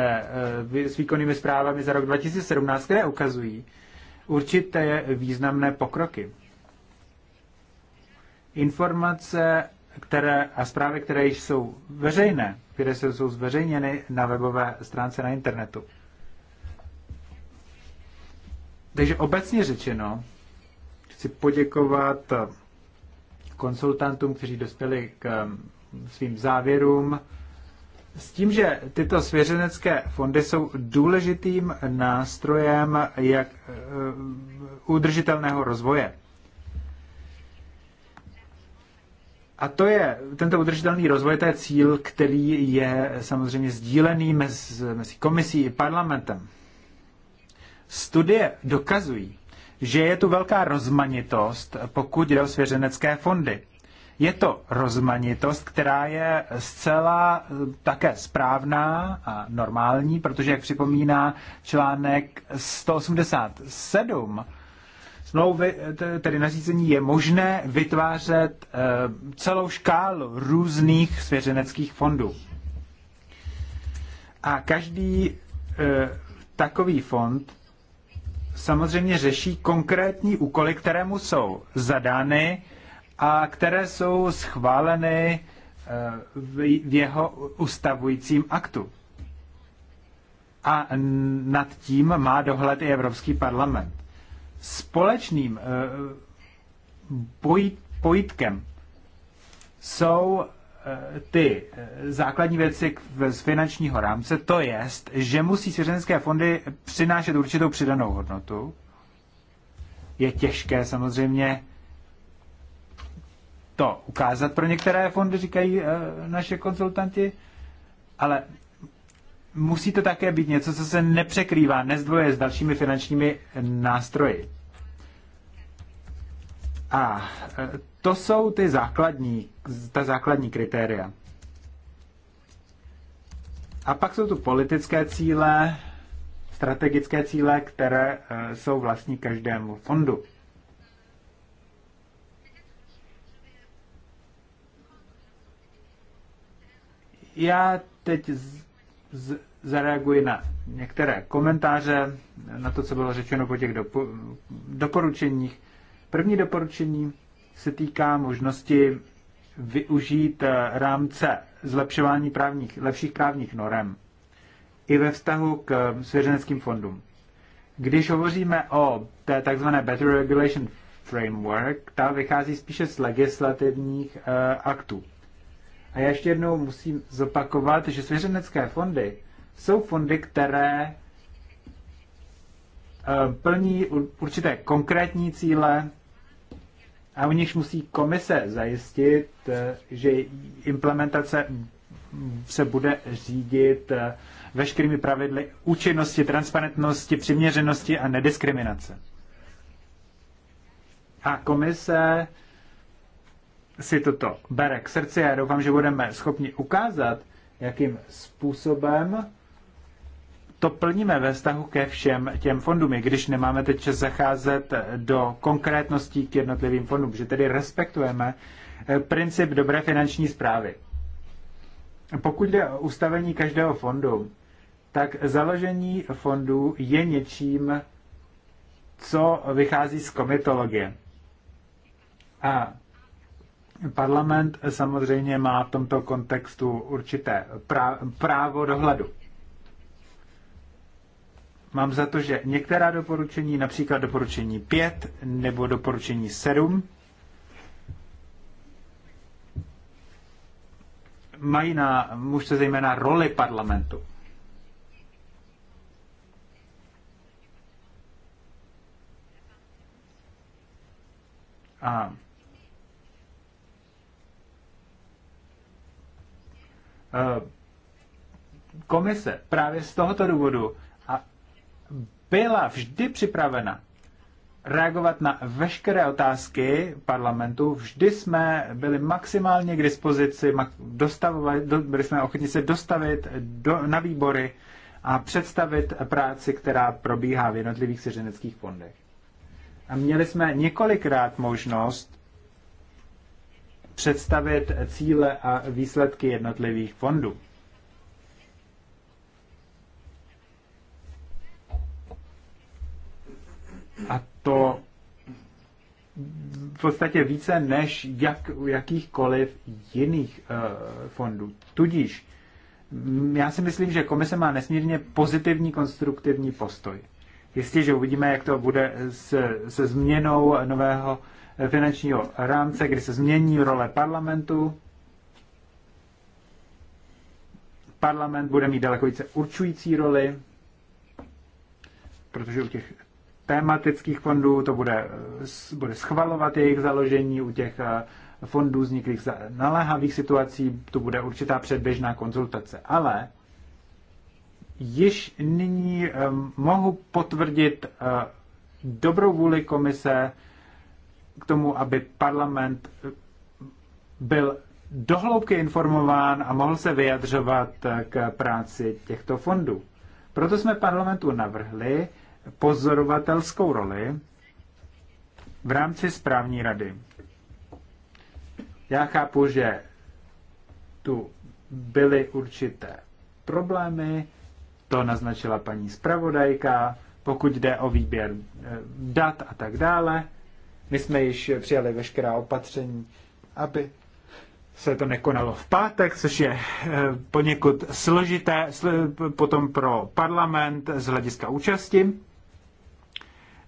eh, s výkonnými zprávami za rok 2017, které ukazují určité významné pokroky. Informace které, a zprávy, které již jsou veřejné, které jsou zveřejněny na webové stránce na internetu. Takže obecně řečeno, chci poděkovat eh, konsultantům, kteří dospěli k eh, svým závěrům, s tím, že tyto svěřenecké fondy jsou důležitým nástrojem jak eh, udržitelného rozvoje. A to je, tento udržitelný rozvoj, to je cíl, který je samozřejmě sdílený mezi, komisí i parlamentem. Studie dokazují, že je tu velká rozmanitost, pokud jde o svěřenecké fondy. Je to rozmanitost, která je zcela eh, také správná a normální, protože, jak připomíná článek 187, smlouvy, eh, tedy nařízení, je možné vytvářet eh, celou škálu různých svěřeneckých fondů. A každý takový fond samozřejmě řeší konkrétní úkoly, kterému jsou zadány a které jsou schváleny eh, v jeho ustavujícím aktu. A nad tím má dohled i Evropský parlament. Společným eh, pojitkem jsou eh, ty základní věci z finančního rámce, to jest, že musí svěřenské fondy přinášet určitou přidanou hodnotu. Je těžké samozřejmě to ukázat. Pro některé fondy říkají eh, naše konzultanti, ale musí to také být něco, co se nepřekrývá, nezdvoje s dalšími finančními nástroji. A eh, to jsou ty základní, ta základní kritéria. A pak jsou tu politické cíle, strategické cíle, které eh, jsou vlastní každému fondu. Já teď z, z, zareaguji na některé komentáře, na to, co bylo řečeno po těch dopo, doporučeních. První doporučení se týká možnosti využít eh, rámce zlepšování právních, lepších právních norem i ve vztahu k eh, svěřeneckým fondům. Když hovoříme o té takzvané Better Regulation Framework, ta vychází spíše z legislativních uh, aktů. A já ještě jednou musím zopakovat, že svěřenecké fondy jsou fondy, které eh, plní určité konkrétní cíle a u nichž musí komise zajistit, eh, že implementace se bude řídit eh, veškerými pravidly účinnosti, transparentnosti, přiměřenosti a nediskriminace. A komise si toto bere k srdci. a doufám, že budeme schopni ukázat, jakým způsobem to plníme ve vztahu ke všem těm fondům, i když nemáme teď čas zacházet do konkrétností k jednotlivým fondům, že tedy respektujeme eh, princip dobré finanční zprávy. Pokud jde o ustavení každého fondu, tak založení fondu je něčím, co vychází z komitologie. A Parlament samozřejmě má v tomto kontextu určité právo dohledu. Mám za to, že některá doporučení, například doporučení 5 nebo doporučení 7, mají na mužce zejména roli parlamentu. A Eh, komise právě z tohoto důvodu a byla vždy připravena reagovat na veškeré otázky parlamentu. Vždy jsme byli maximálně k dispozici, byli jsme ochotni se dostavit do, na výbory a představit práci, která probíhá v jednotlivých seřeneckých fondech. A měli jsme několikrát možnost představit cíle a výsledky jednotlivých fondů. A to v podstatě více než jak jakýchkoliv jiných uh, fondů. Tudíž mm, já si myslím, že komise má nesmírně pozitivní konstruktivní postoj. Jistě, že uvidíme, jak to bude se, se změnou nového finančního rámce, kdy se změní role parlamentu. Parlament bude mít daleko více určující roli, protože u těch tématických fondů to bude, bude schvalovat jejich založení, u těch eh, fondů vzniklých za naléhavých situací to bude určitá předběžná konzultace. Ale již nyní eh, mohu potvrdit eh, dobrou vůli komise k tomu, aby parlament eh, byl dohloubky informován a mohl se vyjadřovat eh, k práci těchto fondů. Proto jsme parlamentu navrhli pozorovatelskou roli v rámci správní rady. Já chápu, že tu byly určité problémy, to naznačila paní zpravodajka, pokud jde o výběr eh, dat a tak dále. My jsme již přijali veškerá opatření, aby se to nekonalo v pátek, což je eh, poněkud složité potom pro parlament z hlediska účasti.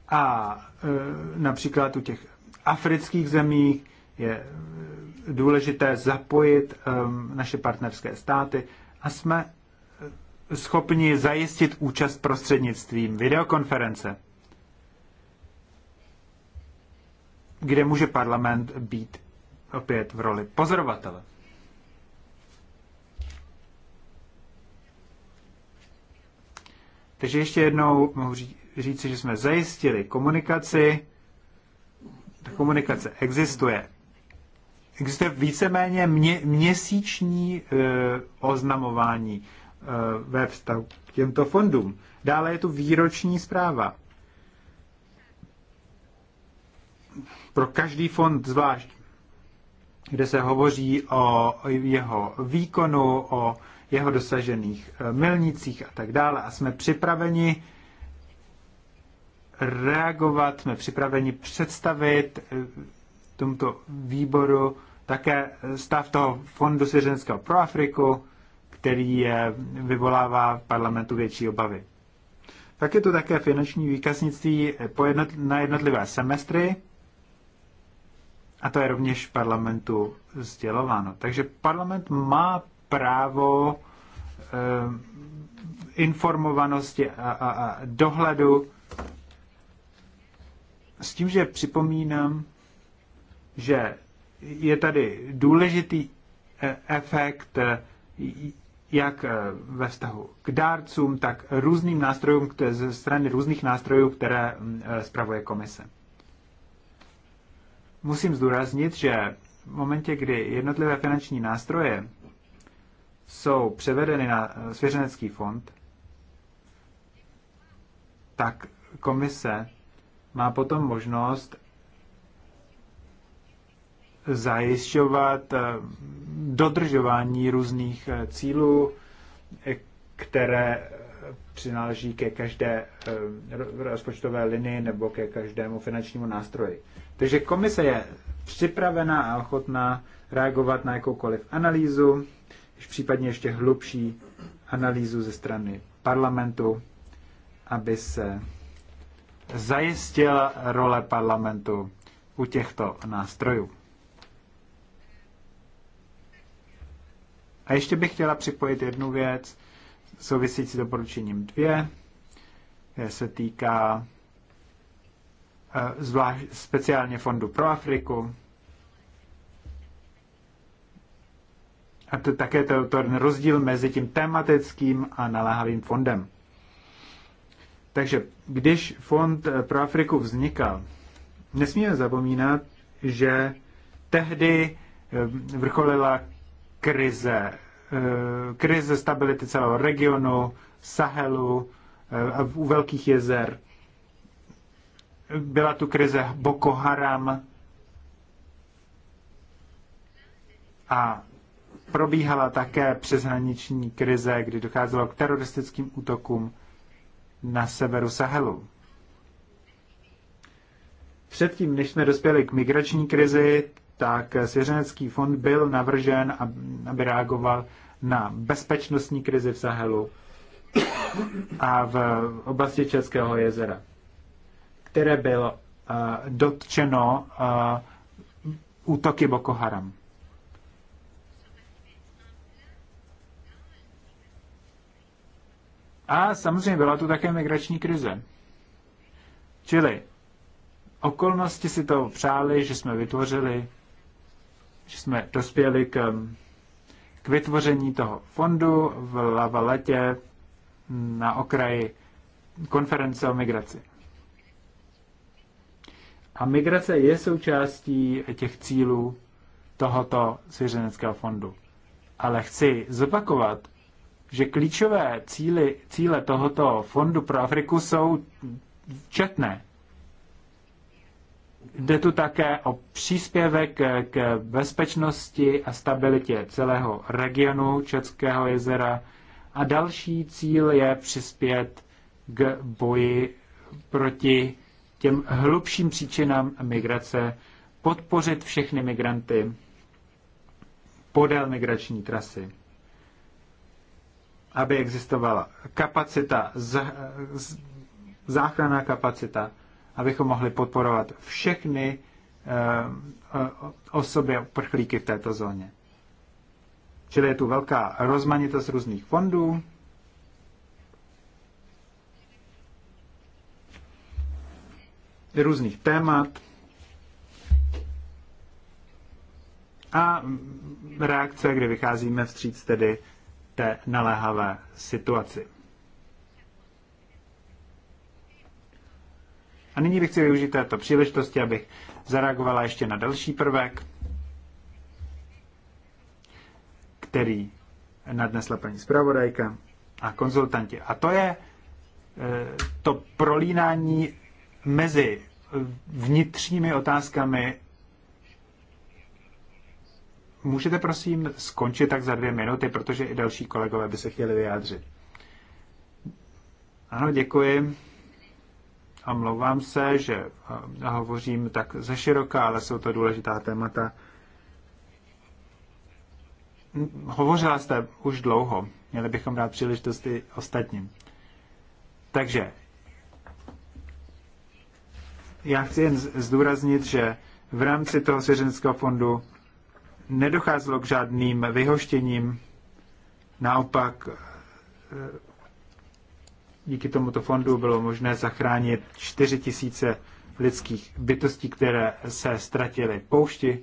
A eh, například u těch afrických zemí je eh, důležité zapojit naše partnerské státy a jsme schopni zajistit účast prostřednictvím videokonference. kde může parlament být opět v roli pozorovatele. Takže ještě jednou mohu říci, že jsme zajistili komunikaci. Ta komunikace existuje. Existuje víceméně mě, měsíční e, oznamování e, ve vztahu k těmto fondům. Dále je tu výroční zpráva. pro každý fond zvlášť, kde se hovoří o jeho výkonu, o jeho dosažených eh, milnicích a tak dále. A jsme připraveni reagovat, jsme připraveni představit eh, tomto výboru také eh, stav toho fondu svěřenského pro Afriku, který je, vyvolává v parlamentu větší obavy. Pak je to také finanční výkaznictví na jednotlivé semestry, a to je rovněž parlamentu sdělováno. Takže parlament má právo eh, informovanosti a, a, a dohledu s tím, že připomínám, že je tady důležitý eh, efekt eh, jak eh, ve vztahu k dárcům, tak různým nástrojům ze strany různých nástrojů, které mm, spravuje komise musím zdůraznit, že v momentě, kdy jednotlivé finanční nástroje jsou převedeny na eh, svěřenecký fond, tak komise má potom možnost zajišťovat eh, dodržování různých eh, cílů, které přináleží ke každé rozpočtové linii nebo ke každému finančnímu nástroji. Takže komise je připravená a ochotná reagovat na jakoukoliv analýzu, případně ještě hlubší analýzu ze strany parlamentu, aby se zajistila role parlamentu u těchto nástrojů. A ještě bych chtěla připojit jednu věc související s doporučením dvě, se týká zvlášť speciálně Fondu pro Afriku. A to také to, to rozdíl mezi tím tematickým a naléhavým fondem. Takže když Fond eh, pro Afriku vznikal, nesmíme zapomínat, že tehdy eh, vrcholila krize. Eh, krize stability celého regionu, Sahelu, a u velkých jezer – byla tu krize Boko Haram a probíhala také přeshraniční krize, kdy docházelo k teroristickým útokům na severu Sahelu. Předtím, než jsme dospěli k migrační krizi, tak Svěřenecký fond byl navržen, aby reagoval na bezpečnostní krizi v Sahelu a v oblasti Českého jezera které bylo uh, dotčeno uh, útoky Boko Haram. A samozřejmě byla tu také migrační krize. Čili okolnosti si to přáli, že jsme vytvořili, že jsme dospěli k, k vytvoření toho fondu v Lavaletě na okraji konference o migraci. A migrace je součástí těch cílů tohoto svěřeneckého fondu. Ale chci zopakovat, že klíčové cíly, cíle tohoto fondu pro Afriku jsou četné. Jde tu také o příspěvek k bezpečnosti a stabilitě celého regionu Českého jezera a další cíl je přispět k boji proti těm hlubším příčinám migrace, podpořit všechny migranty podél migrační trasy, aby existovala kapacita, záchranná kapacita, abychom mohli podporovat všechny eh, eh, osoby prchlíky v této zóně. Čili je tu velká rozmanitost různých fondů, různých témat a reakce, kde vycházíme vstříc tedy té naléhavé situaci. A nyní bych chci využít této příležitosti, abych zareagovala ještě na další prvek, který nadnesla paní zpravodajka a konzultanti. A to je eh, to prolínání mezi vnitřními otázkami. Můžete prosím skončit tak za dvě minuty, protože i další kolegové by se chtěli vyjádřit. Ano, děkuji. A mluvám se, že eh, hovořím tak ze široka, ale jsou to důležitá témata. Hovořila jste už dlouho, měli bychom dát příležitost i ostatním. Takže já chci jen zdůraznit, že v rámci toho svěřenského fondu nedocházelo k žádným vyhoštěním. Naopak eh, díky tomuto fondu bylo možné zachránit 4 tisíce lidských bytostí, které se ztratily poušti.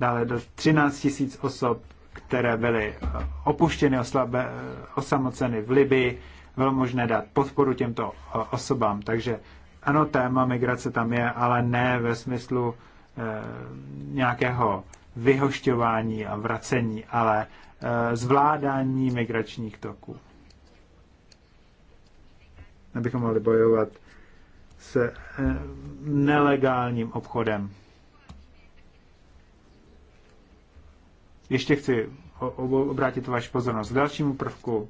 Dále do 13 tisíc osob, které byly opuštěny, oslabé, osamoceny v Libii bylo možné dát podporu těmto osobám. Takže ano, téma migrace tam je, ale ne ve smyslu e, nějakého vyhošťování a vracení, ale e, zvládání migračních toků. Abychom mohli bojovat s e, nelegálním obchodem. Ještě chci obrátit vaši pozornost k dalšímu prvku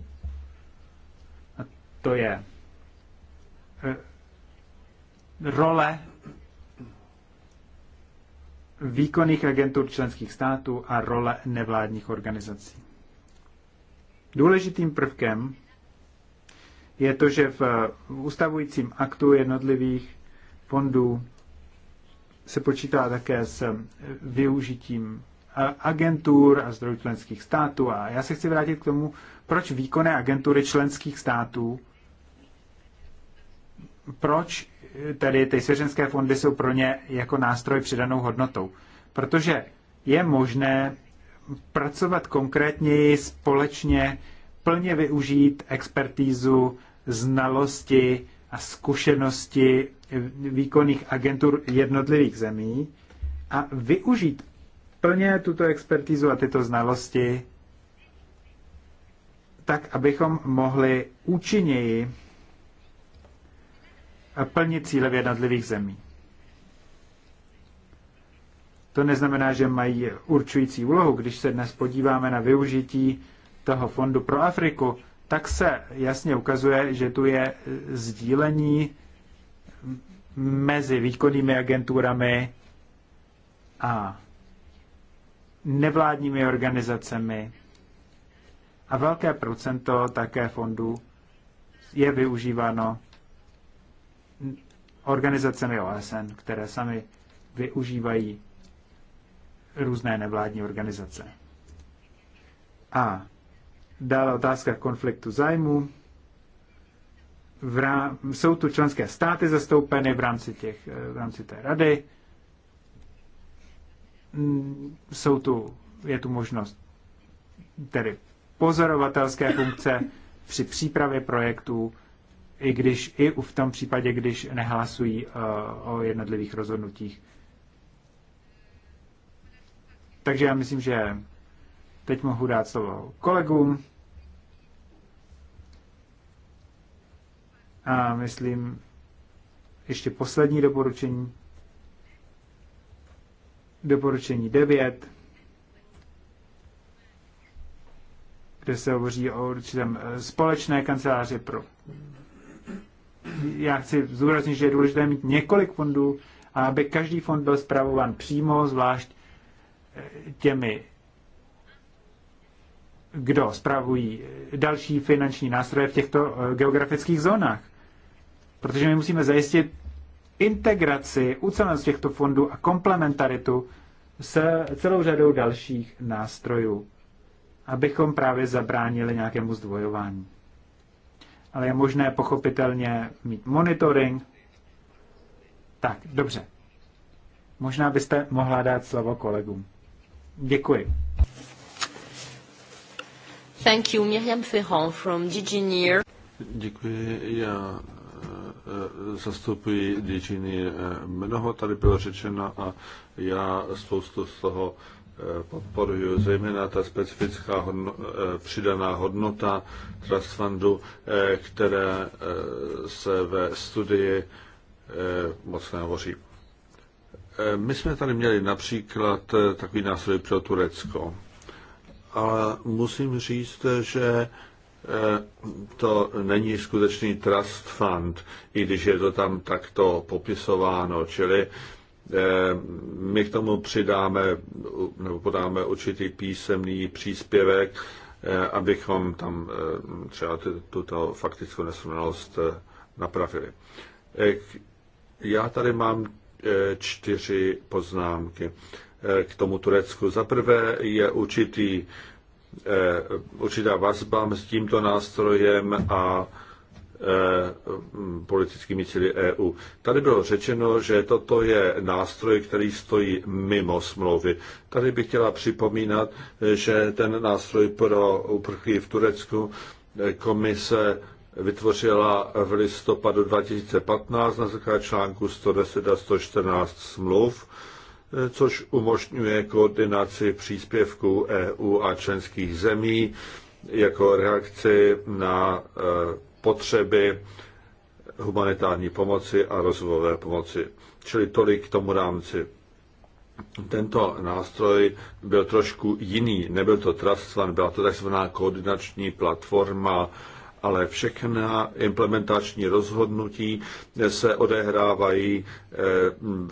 to je eh, role výkonných agentur členských států a role nevládních organizací. Důležitým prvkem je to, že v eh, ustavujícím aktu jednotlivých fondů se počítá také s eh, využitím agentur a zdrojů členských států. A já se chci vrátit k tomu, proč výkonné agentury členských států proč tedy ty svěřenské fondy jsou pro ně jako nástroj přidanou hodnotou? Protože je možné pracovat konkrétněji, společně, plně využít expertízu, znalosti a zkušenosti výkonných agentur jednotlivých zemí a využít plně tuto expertízu a tyto znalosti tak, abychom mohli účinněji plnit cíle v jednotlivých zemí. To neznamená, že mají určující úlohu. Když se dnes podíváme na využití toho fondu pro Afriku, tak se jasně ukazuje, že tu je sdílení mezi výkonnými agenturami a nevládními organizacemi a velké procento také fondů je využíváno organizacemi OSN, které sami využívají různé nevládní organizace. A dále otázka konfliktu zájmu. Rá... Jsou tu členské státy zastoupeny v rámci, těch, v rámci té rady. Mm, jsou tu, je tu možnost tedy pozorovatelské funkce při přípravě projektů i když i v tom případě, když nehlasují eh, o jednotlivých rozhodnutích. Takže já myslím, že teď mohu dát slovo kolegům. A myslím, ještě poslední doporučení. Doporučení 9, kde se hovoří o určitém eh, společné kanceláři pro já chci zúraznit, že je důležité mít několik fondů, a aby každý fond byl zpravován přímo, zvlášť eh, těmi, kdo spravují eh, další finanční nástroje v těchto eh, geografických zónách. Protože my musíme zajistit integraci, ucelenost těchto fondů a komplementaritu s celou řadou dalších nástrojů, abychom právě zabránili nějakému zdvojování ale je možné pochopitelně mít monitoring. Tak, dobře. Možná byste mohla dát slovo kolegům. Děkuji. Thank you, Miriam Ferron from Digineer. Děkuji, já eh, zastupuji Digineer. Eh, mnoho tady bylo řečeno a já spoustu z toho podporuju, zejména ta specifická hodno, eh, přidaná hodnota Trust Fundu, eh, které eh, se ve studii moc nehovoří. My jsme tady měli například takový nástroj pro Turecko, ale musím říct, že to není skutečný trust fund, i když je to tam takto popisováno, čili eh, Eh, my k tomu přidáme nebo podáme určitý písemný příspěvek, eh, abychom tam eh, třeba tuto faktickou nesrovnalost napravili. Já tady mám čtyři poznámky k tomu Turecku. Za prvé je určitý, určitá vazba mezi tímto nástrojem a Eh, politickými cíly EU. Tady bylo řečeno, že toto je nástroj, který stojí mimo smlouvy. Tady bych chtěla připomínat, že ten nástroj pro uprchlí v Turecku eh, komise vytvořila v listopadu 2015 na základě článku 110 a 114 smluv, eh, což umožňuje koordinaci příspěvků EU a členských zemí jako reakci na potřeby humanitární pomoci a rozvojové pomoci. Čili tolik k tomu rámci. Tento nástroj byl trošku jiný, nebyl to Trust Fund, byla to takzvaná koordinační platforma, ale všechna implementační rozhodnutí se odehrávají eh,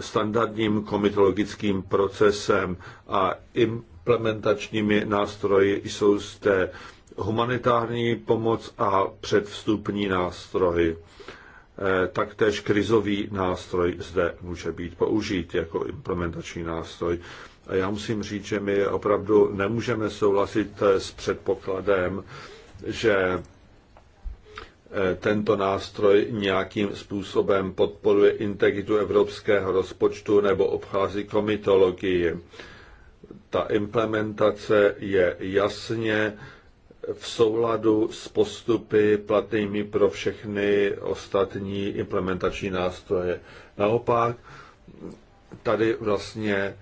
standardním komitologickým procesem a implementačními nástroji jsou zde humanitární pomoc a předvstupní nástroj. Eh, taktéž krizový nástroj zde může být použít jako implementační nástroj. A já musím říct, že my opravdu nemůžeme souhlasit eh, s předpokladem, že eh, tento nástroj nějakým způsobem podporuje integritu evropského rozpočtu nebo obchází komitologii. Ta implementace je jasně v souladu s postupy platnými pro všechny ostatní implementační nástroje. Naopak, tady vlastně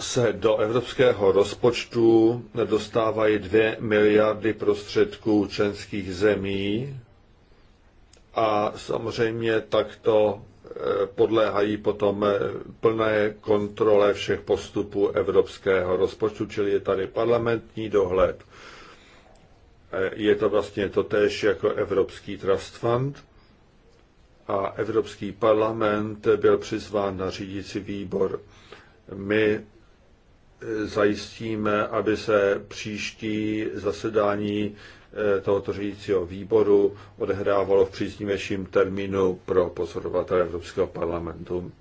se do evropského rozpočtu dostávají 2 miliardy prostředků členských zemí a samozřejmě takto podléhají potom eh, plné kontrole všech postupů evropského rozpočtu, čili je tady parlamentní dohled. Eh, je to vlastně to též jako Evropský Trust Fund a Evropský parlament byl přizván na řídící výbor. My eh, zajistíme, aby se příští zasedání Eh, tohoto řídícího výboru odehrávalo v příznivějším termínu pro pozorovatele Evropského parlamentu.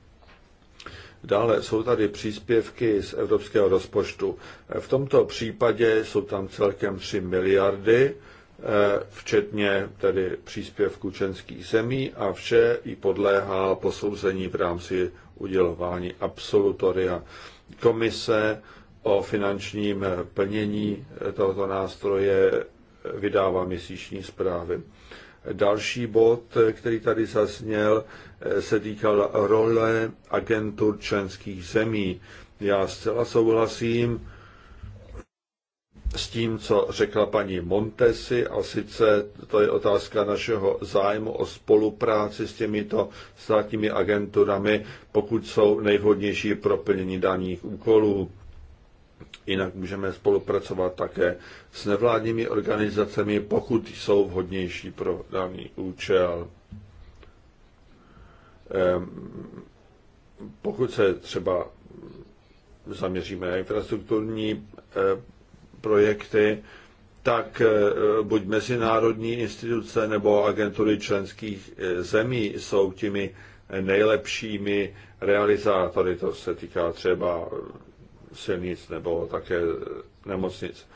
Dále jsou tady příspěvky z evropského rozpočtu. Eh, v tomto případě jsou tam celkem 3 miliardy, eh, včetně tedy příspěvku členských zemí a vše i podléhá posouzení v rámci udělování absolutoria komise o finančním plnění tohoto nástroje vydává měsíční zprávy. Další bod, který tady zazněl, se týkal role agentur členských zemí. Já zcela souhlasím s tím, co řekla paní Montesi, a sice to je otázka našeho zájmu o spolupráci s těmito státními agenturami, pokud jsou nejvhodnější pro plnění daných úkolů. Jinak můžeme spolupracovat také s nevládními organizacemi, pokud jsou vhodnější pro daný účel. Ehm, pokud se třeba zaměříme na infrastrukturní ehm, projekty, tak eh, buď mezinárodní instituce nebo agentury členských eh, zemí jsou těmi nejlepšími realizátory. To se týká třeba silnic nebo také nemocnic.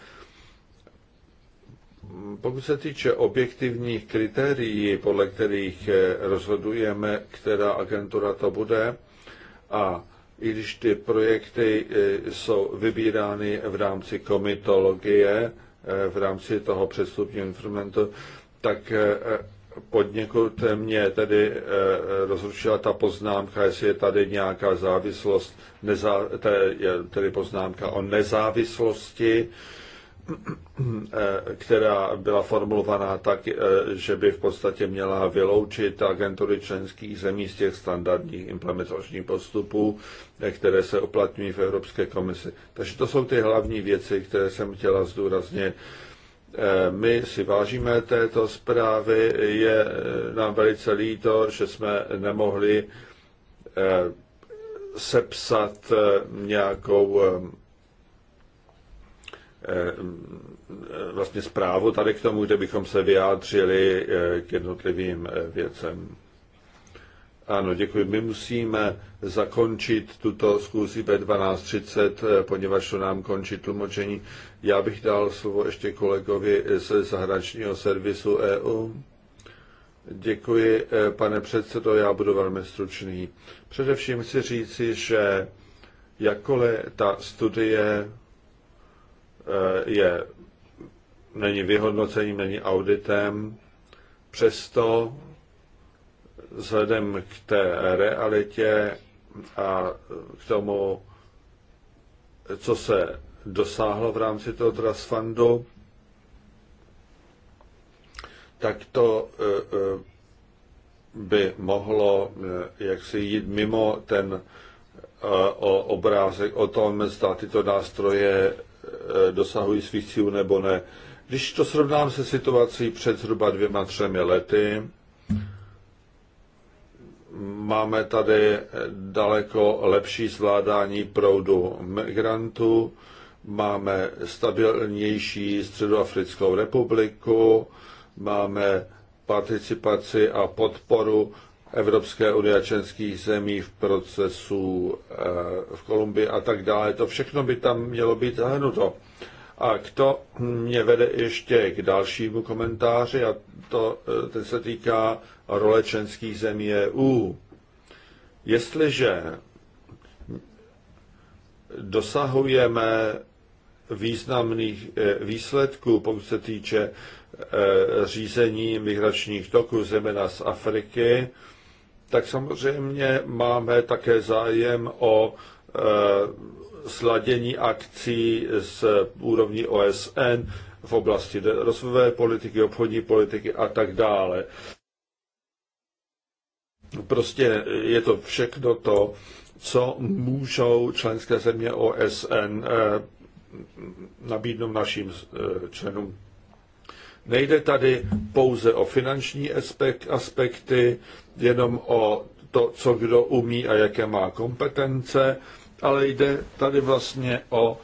Pokud se týče objektivních kritérií, podle kterých eh, rozhodujeme, která agentura to bude, a i když ty projekty eh, jsou vybírány v rámci komitologie, eh, v rámci toho přestupního instrumentu, tak poněkud mě tedy eh, eh, rozrušila ta poznámka, jestli je tady nějaká závislost, nezá, tedy poznámka o nezávislosti, eh, která byla formulovaná tak, že by v podstatě měla vyloučit agentury členských zemí z těch standardních implementačních postupů, které se uplatňují v Evropské komisi. Takže to jsou ty hlavní věci, které jsem chtěla zdůraznit Eh, my si vážíme této zprávy, je eh, nám velice líto, že jsme nemohli eh, sepsat nějakou vlastně zprávu tady k tomu, kde bychom se vyjádřili k jednotlivým věcem. Ano, děkuji. My musíme zakončit tuto schůzi ve 12.30, eh, poněvadž to nám končí tlumočení. Já bych dal slovo ještě kolegovi ze zahraničního servisu EU. Děkuji, eh, pane předsedo, já budu velmi stručný. Především chci říci, že jakkoliv ta studie eh, je, není vyhodnocením, není auditem, přesto vzhledem k té realitě a k tomu, co se dosáhlo v rámci toho trasfandu, tak to eh, eh, by mohlo eh, jaksi jít mimo ten obrázek o tom, zda tyto nástroje dosahují svých cílů nebo ne. Když to srovnám se situací před zhruba dvěma, třemi lety, máme tady daleko lepší zvládání proudu migrantů, máme stabilnější Středoafrickou republiku, máme participaci a podporu Evropské unie a členských zemí v procesu eh, v Kolumbii a tak dále. To všechno by tam mělo být zahrnuto. A k to mě vede ještě k dalšímu komentáři a to e, to se týká role členských zemí EU. Jestliže dosahujeme významných e, výsledků, pokud se týče e, řízení migračních toků, zejména z Afriky, tak samozřejmě máme také zájem o Eh, sladění akcí z úrovní OSN v oblasti rozvojové politiky, obchodní politiky a tak dále. Prostě je to všechno to, co můžou členské země OSN eh, nabídnout našim eh, členům. Nejde tady pouze o finanční aspekty, jenom o to, co kdo umí a jaké má kompetence, ale jde tady vlastně o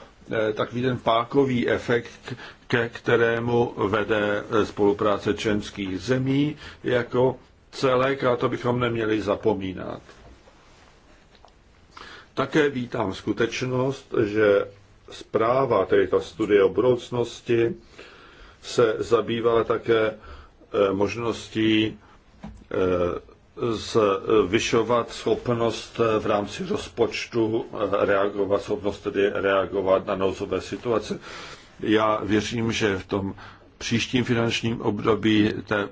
eh, takový ten pákový efekt, ke kterému vede eh, spolupráce členských zemí jako celek a to bychom neměli zapomínat. Také vítám skutečnost, že zpráva, tedy ta studie o budoucnosti, se zabývala také eh, možností zvyšovat schopnost eh, v rámci rozpočtu eh, reagovat, schopnost tedy reagovat na nouzové situace. Já věřím, že v tom příštím finančním období te,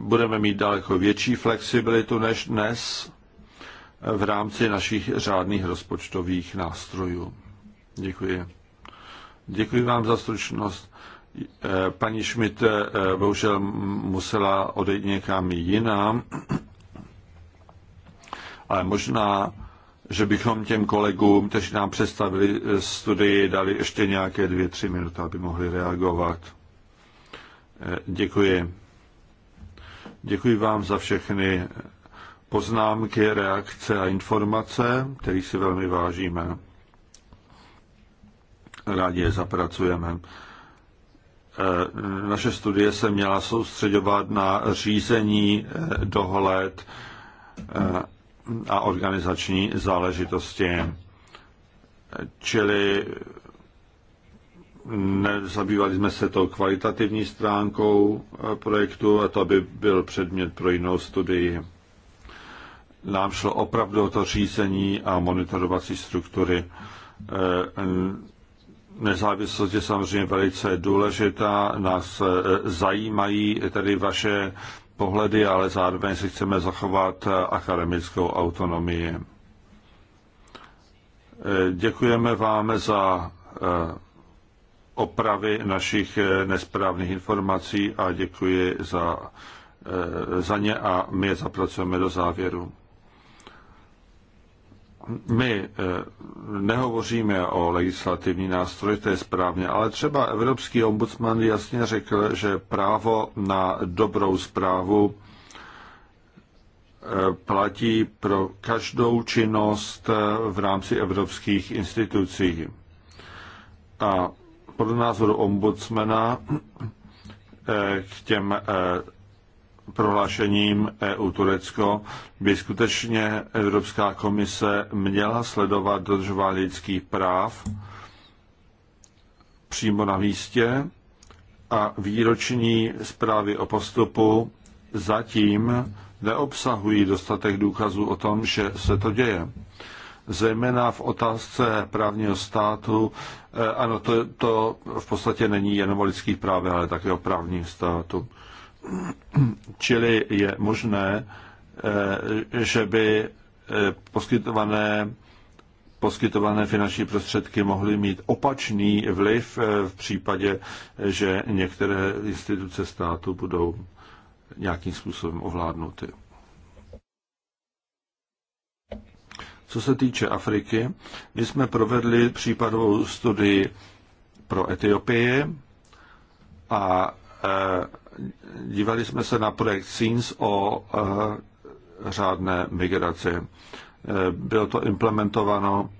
budeme mít daleko větší flexibilitu než dnes eh, v rámci našich řádných rozpočtových nástrojů. Děkuji. Děkuji vám za stručnost. Paní Schmidt bohužel musela odejít někam jinam ale možná, že bychom těm kolegům, kteří nám představili eh, studii, dali ještě nějaké dvě, tři minuty, aby mohli reagovat. Eh, děkuji. Děkuji vám za všechny eh, poznámky, reakce a informace, které si velmi vážíme. Rádi je zapracujeme. Naše studie se měla soustředovat na řízení, dohled a organizační záležitosti. Čili nezabývali jsme se to kvalitativní stránkou eh, projektu a to by byl předmět pro jinou studii. Nám šlo opravdu o to řízení a monitorovací struktury. Eh, nezávislost je samozřejmě velice důležitá. Nás eh, zajímají tedy vaše pohledy, ale zároveň si chceme zachovat eh, akademickou autonomii. Eh, děkujeme vám za eh, opravy našich nesprávných informací a děkuji za, za ně a my je zapracujeme do závěru my eh, nehovoříme o legislativní nástroji, to je správně, ale třeba Evropský ombudsman jasně řekl, že právo na dobrou zprávu eh, platí pro každou činnost eh, v rámci evropských institucí. A podle názoru ombudsmana k těm prohlášením EU-Turecko by skutečně Evropská komise měla sledovat dodržování lidských práv přímo na místě a výroční zprávy o postupu zatím neobsahují dostatek důkazů o tom, že se to děje. Zejména v otázce právního státu, eh, ano, to, to v podstatě není jenom o lidských právech, ale také o právním státu. Čili je možné, eh, že by eh, poskytované, poskytované finanční prostředky mohly mít opačný vliv eh, v případě, že některé instituce státu budou nějakým způsobem ovládnuty. Co se týče Afriky, my jsme provedli případovou studii pro Etiopii a dívali jsme se na projekt SCENES o eh, řádné migraci. Eh, bylo to implementováno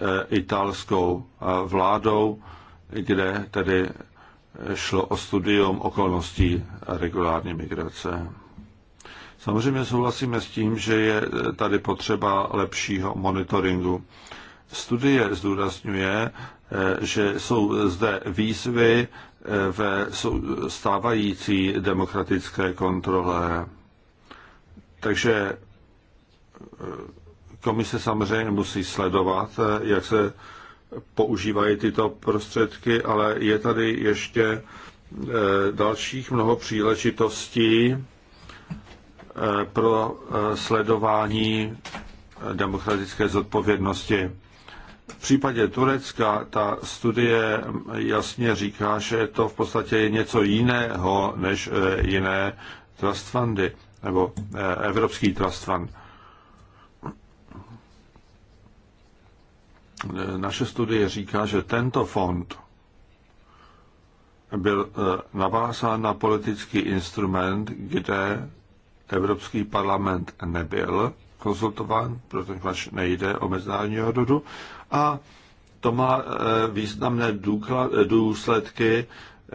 eh, italskou vládou, kde tedy šlo o studium okolností regulární migrace. Samozřejmě souhlasíme s tím, že je tady potřeba lepšího monitoringu. Studie zdůrazňuje, že jsou zde výzvy ve stávající demokratické kontrole. Takže e, komise samozřejmě musí sledovat, e, jak se používají tyto prostředky, ale je tady ještě e, dalších mnoho příležitostí pro sledování demokratické zodpovědnosti. V případě Turecka ta studie jasně říká, že to v podstatě je něco jiného než eh, jiné trust fundy, nebo eh, Evropský trust fund. Eh, naše studie říká, že tento fond byl navázán na politický instrument, kde Evropský parlament nebyl konzultován, protože nejde o mezinárodní hodnotu, a to má eh, významné eh, důsledky eh,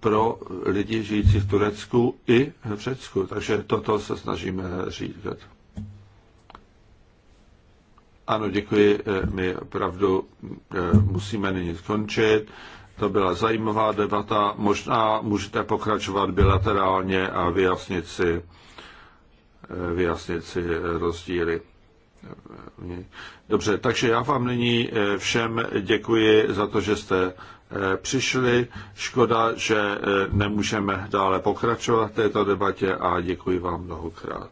pro lidi žijící v Turecku i v Řecku. Takže toto se snažíme říkat. Ano, děkuji. My opravdu musíme nyní skončit. To byla zajímavá debata. Možná můžete pokračovat bilaterálně a vyjasnit si, vyjasnit si rozdíly. Dobře, takže já vám nyní eh, všem děkuji za to, že jste eh, přišli. Škoda, že eh, nemůžeme dále pokračovat v této debatě a děkuji vám mnohokrát.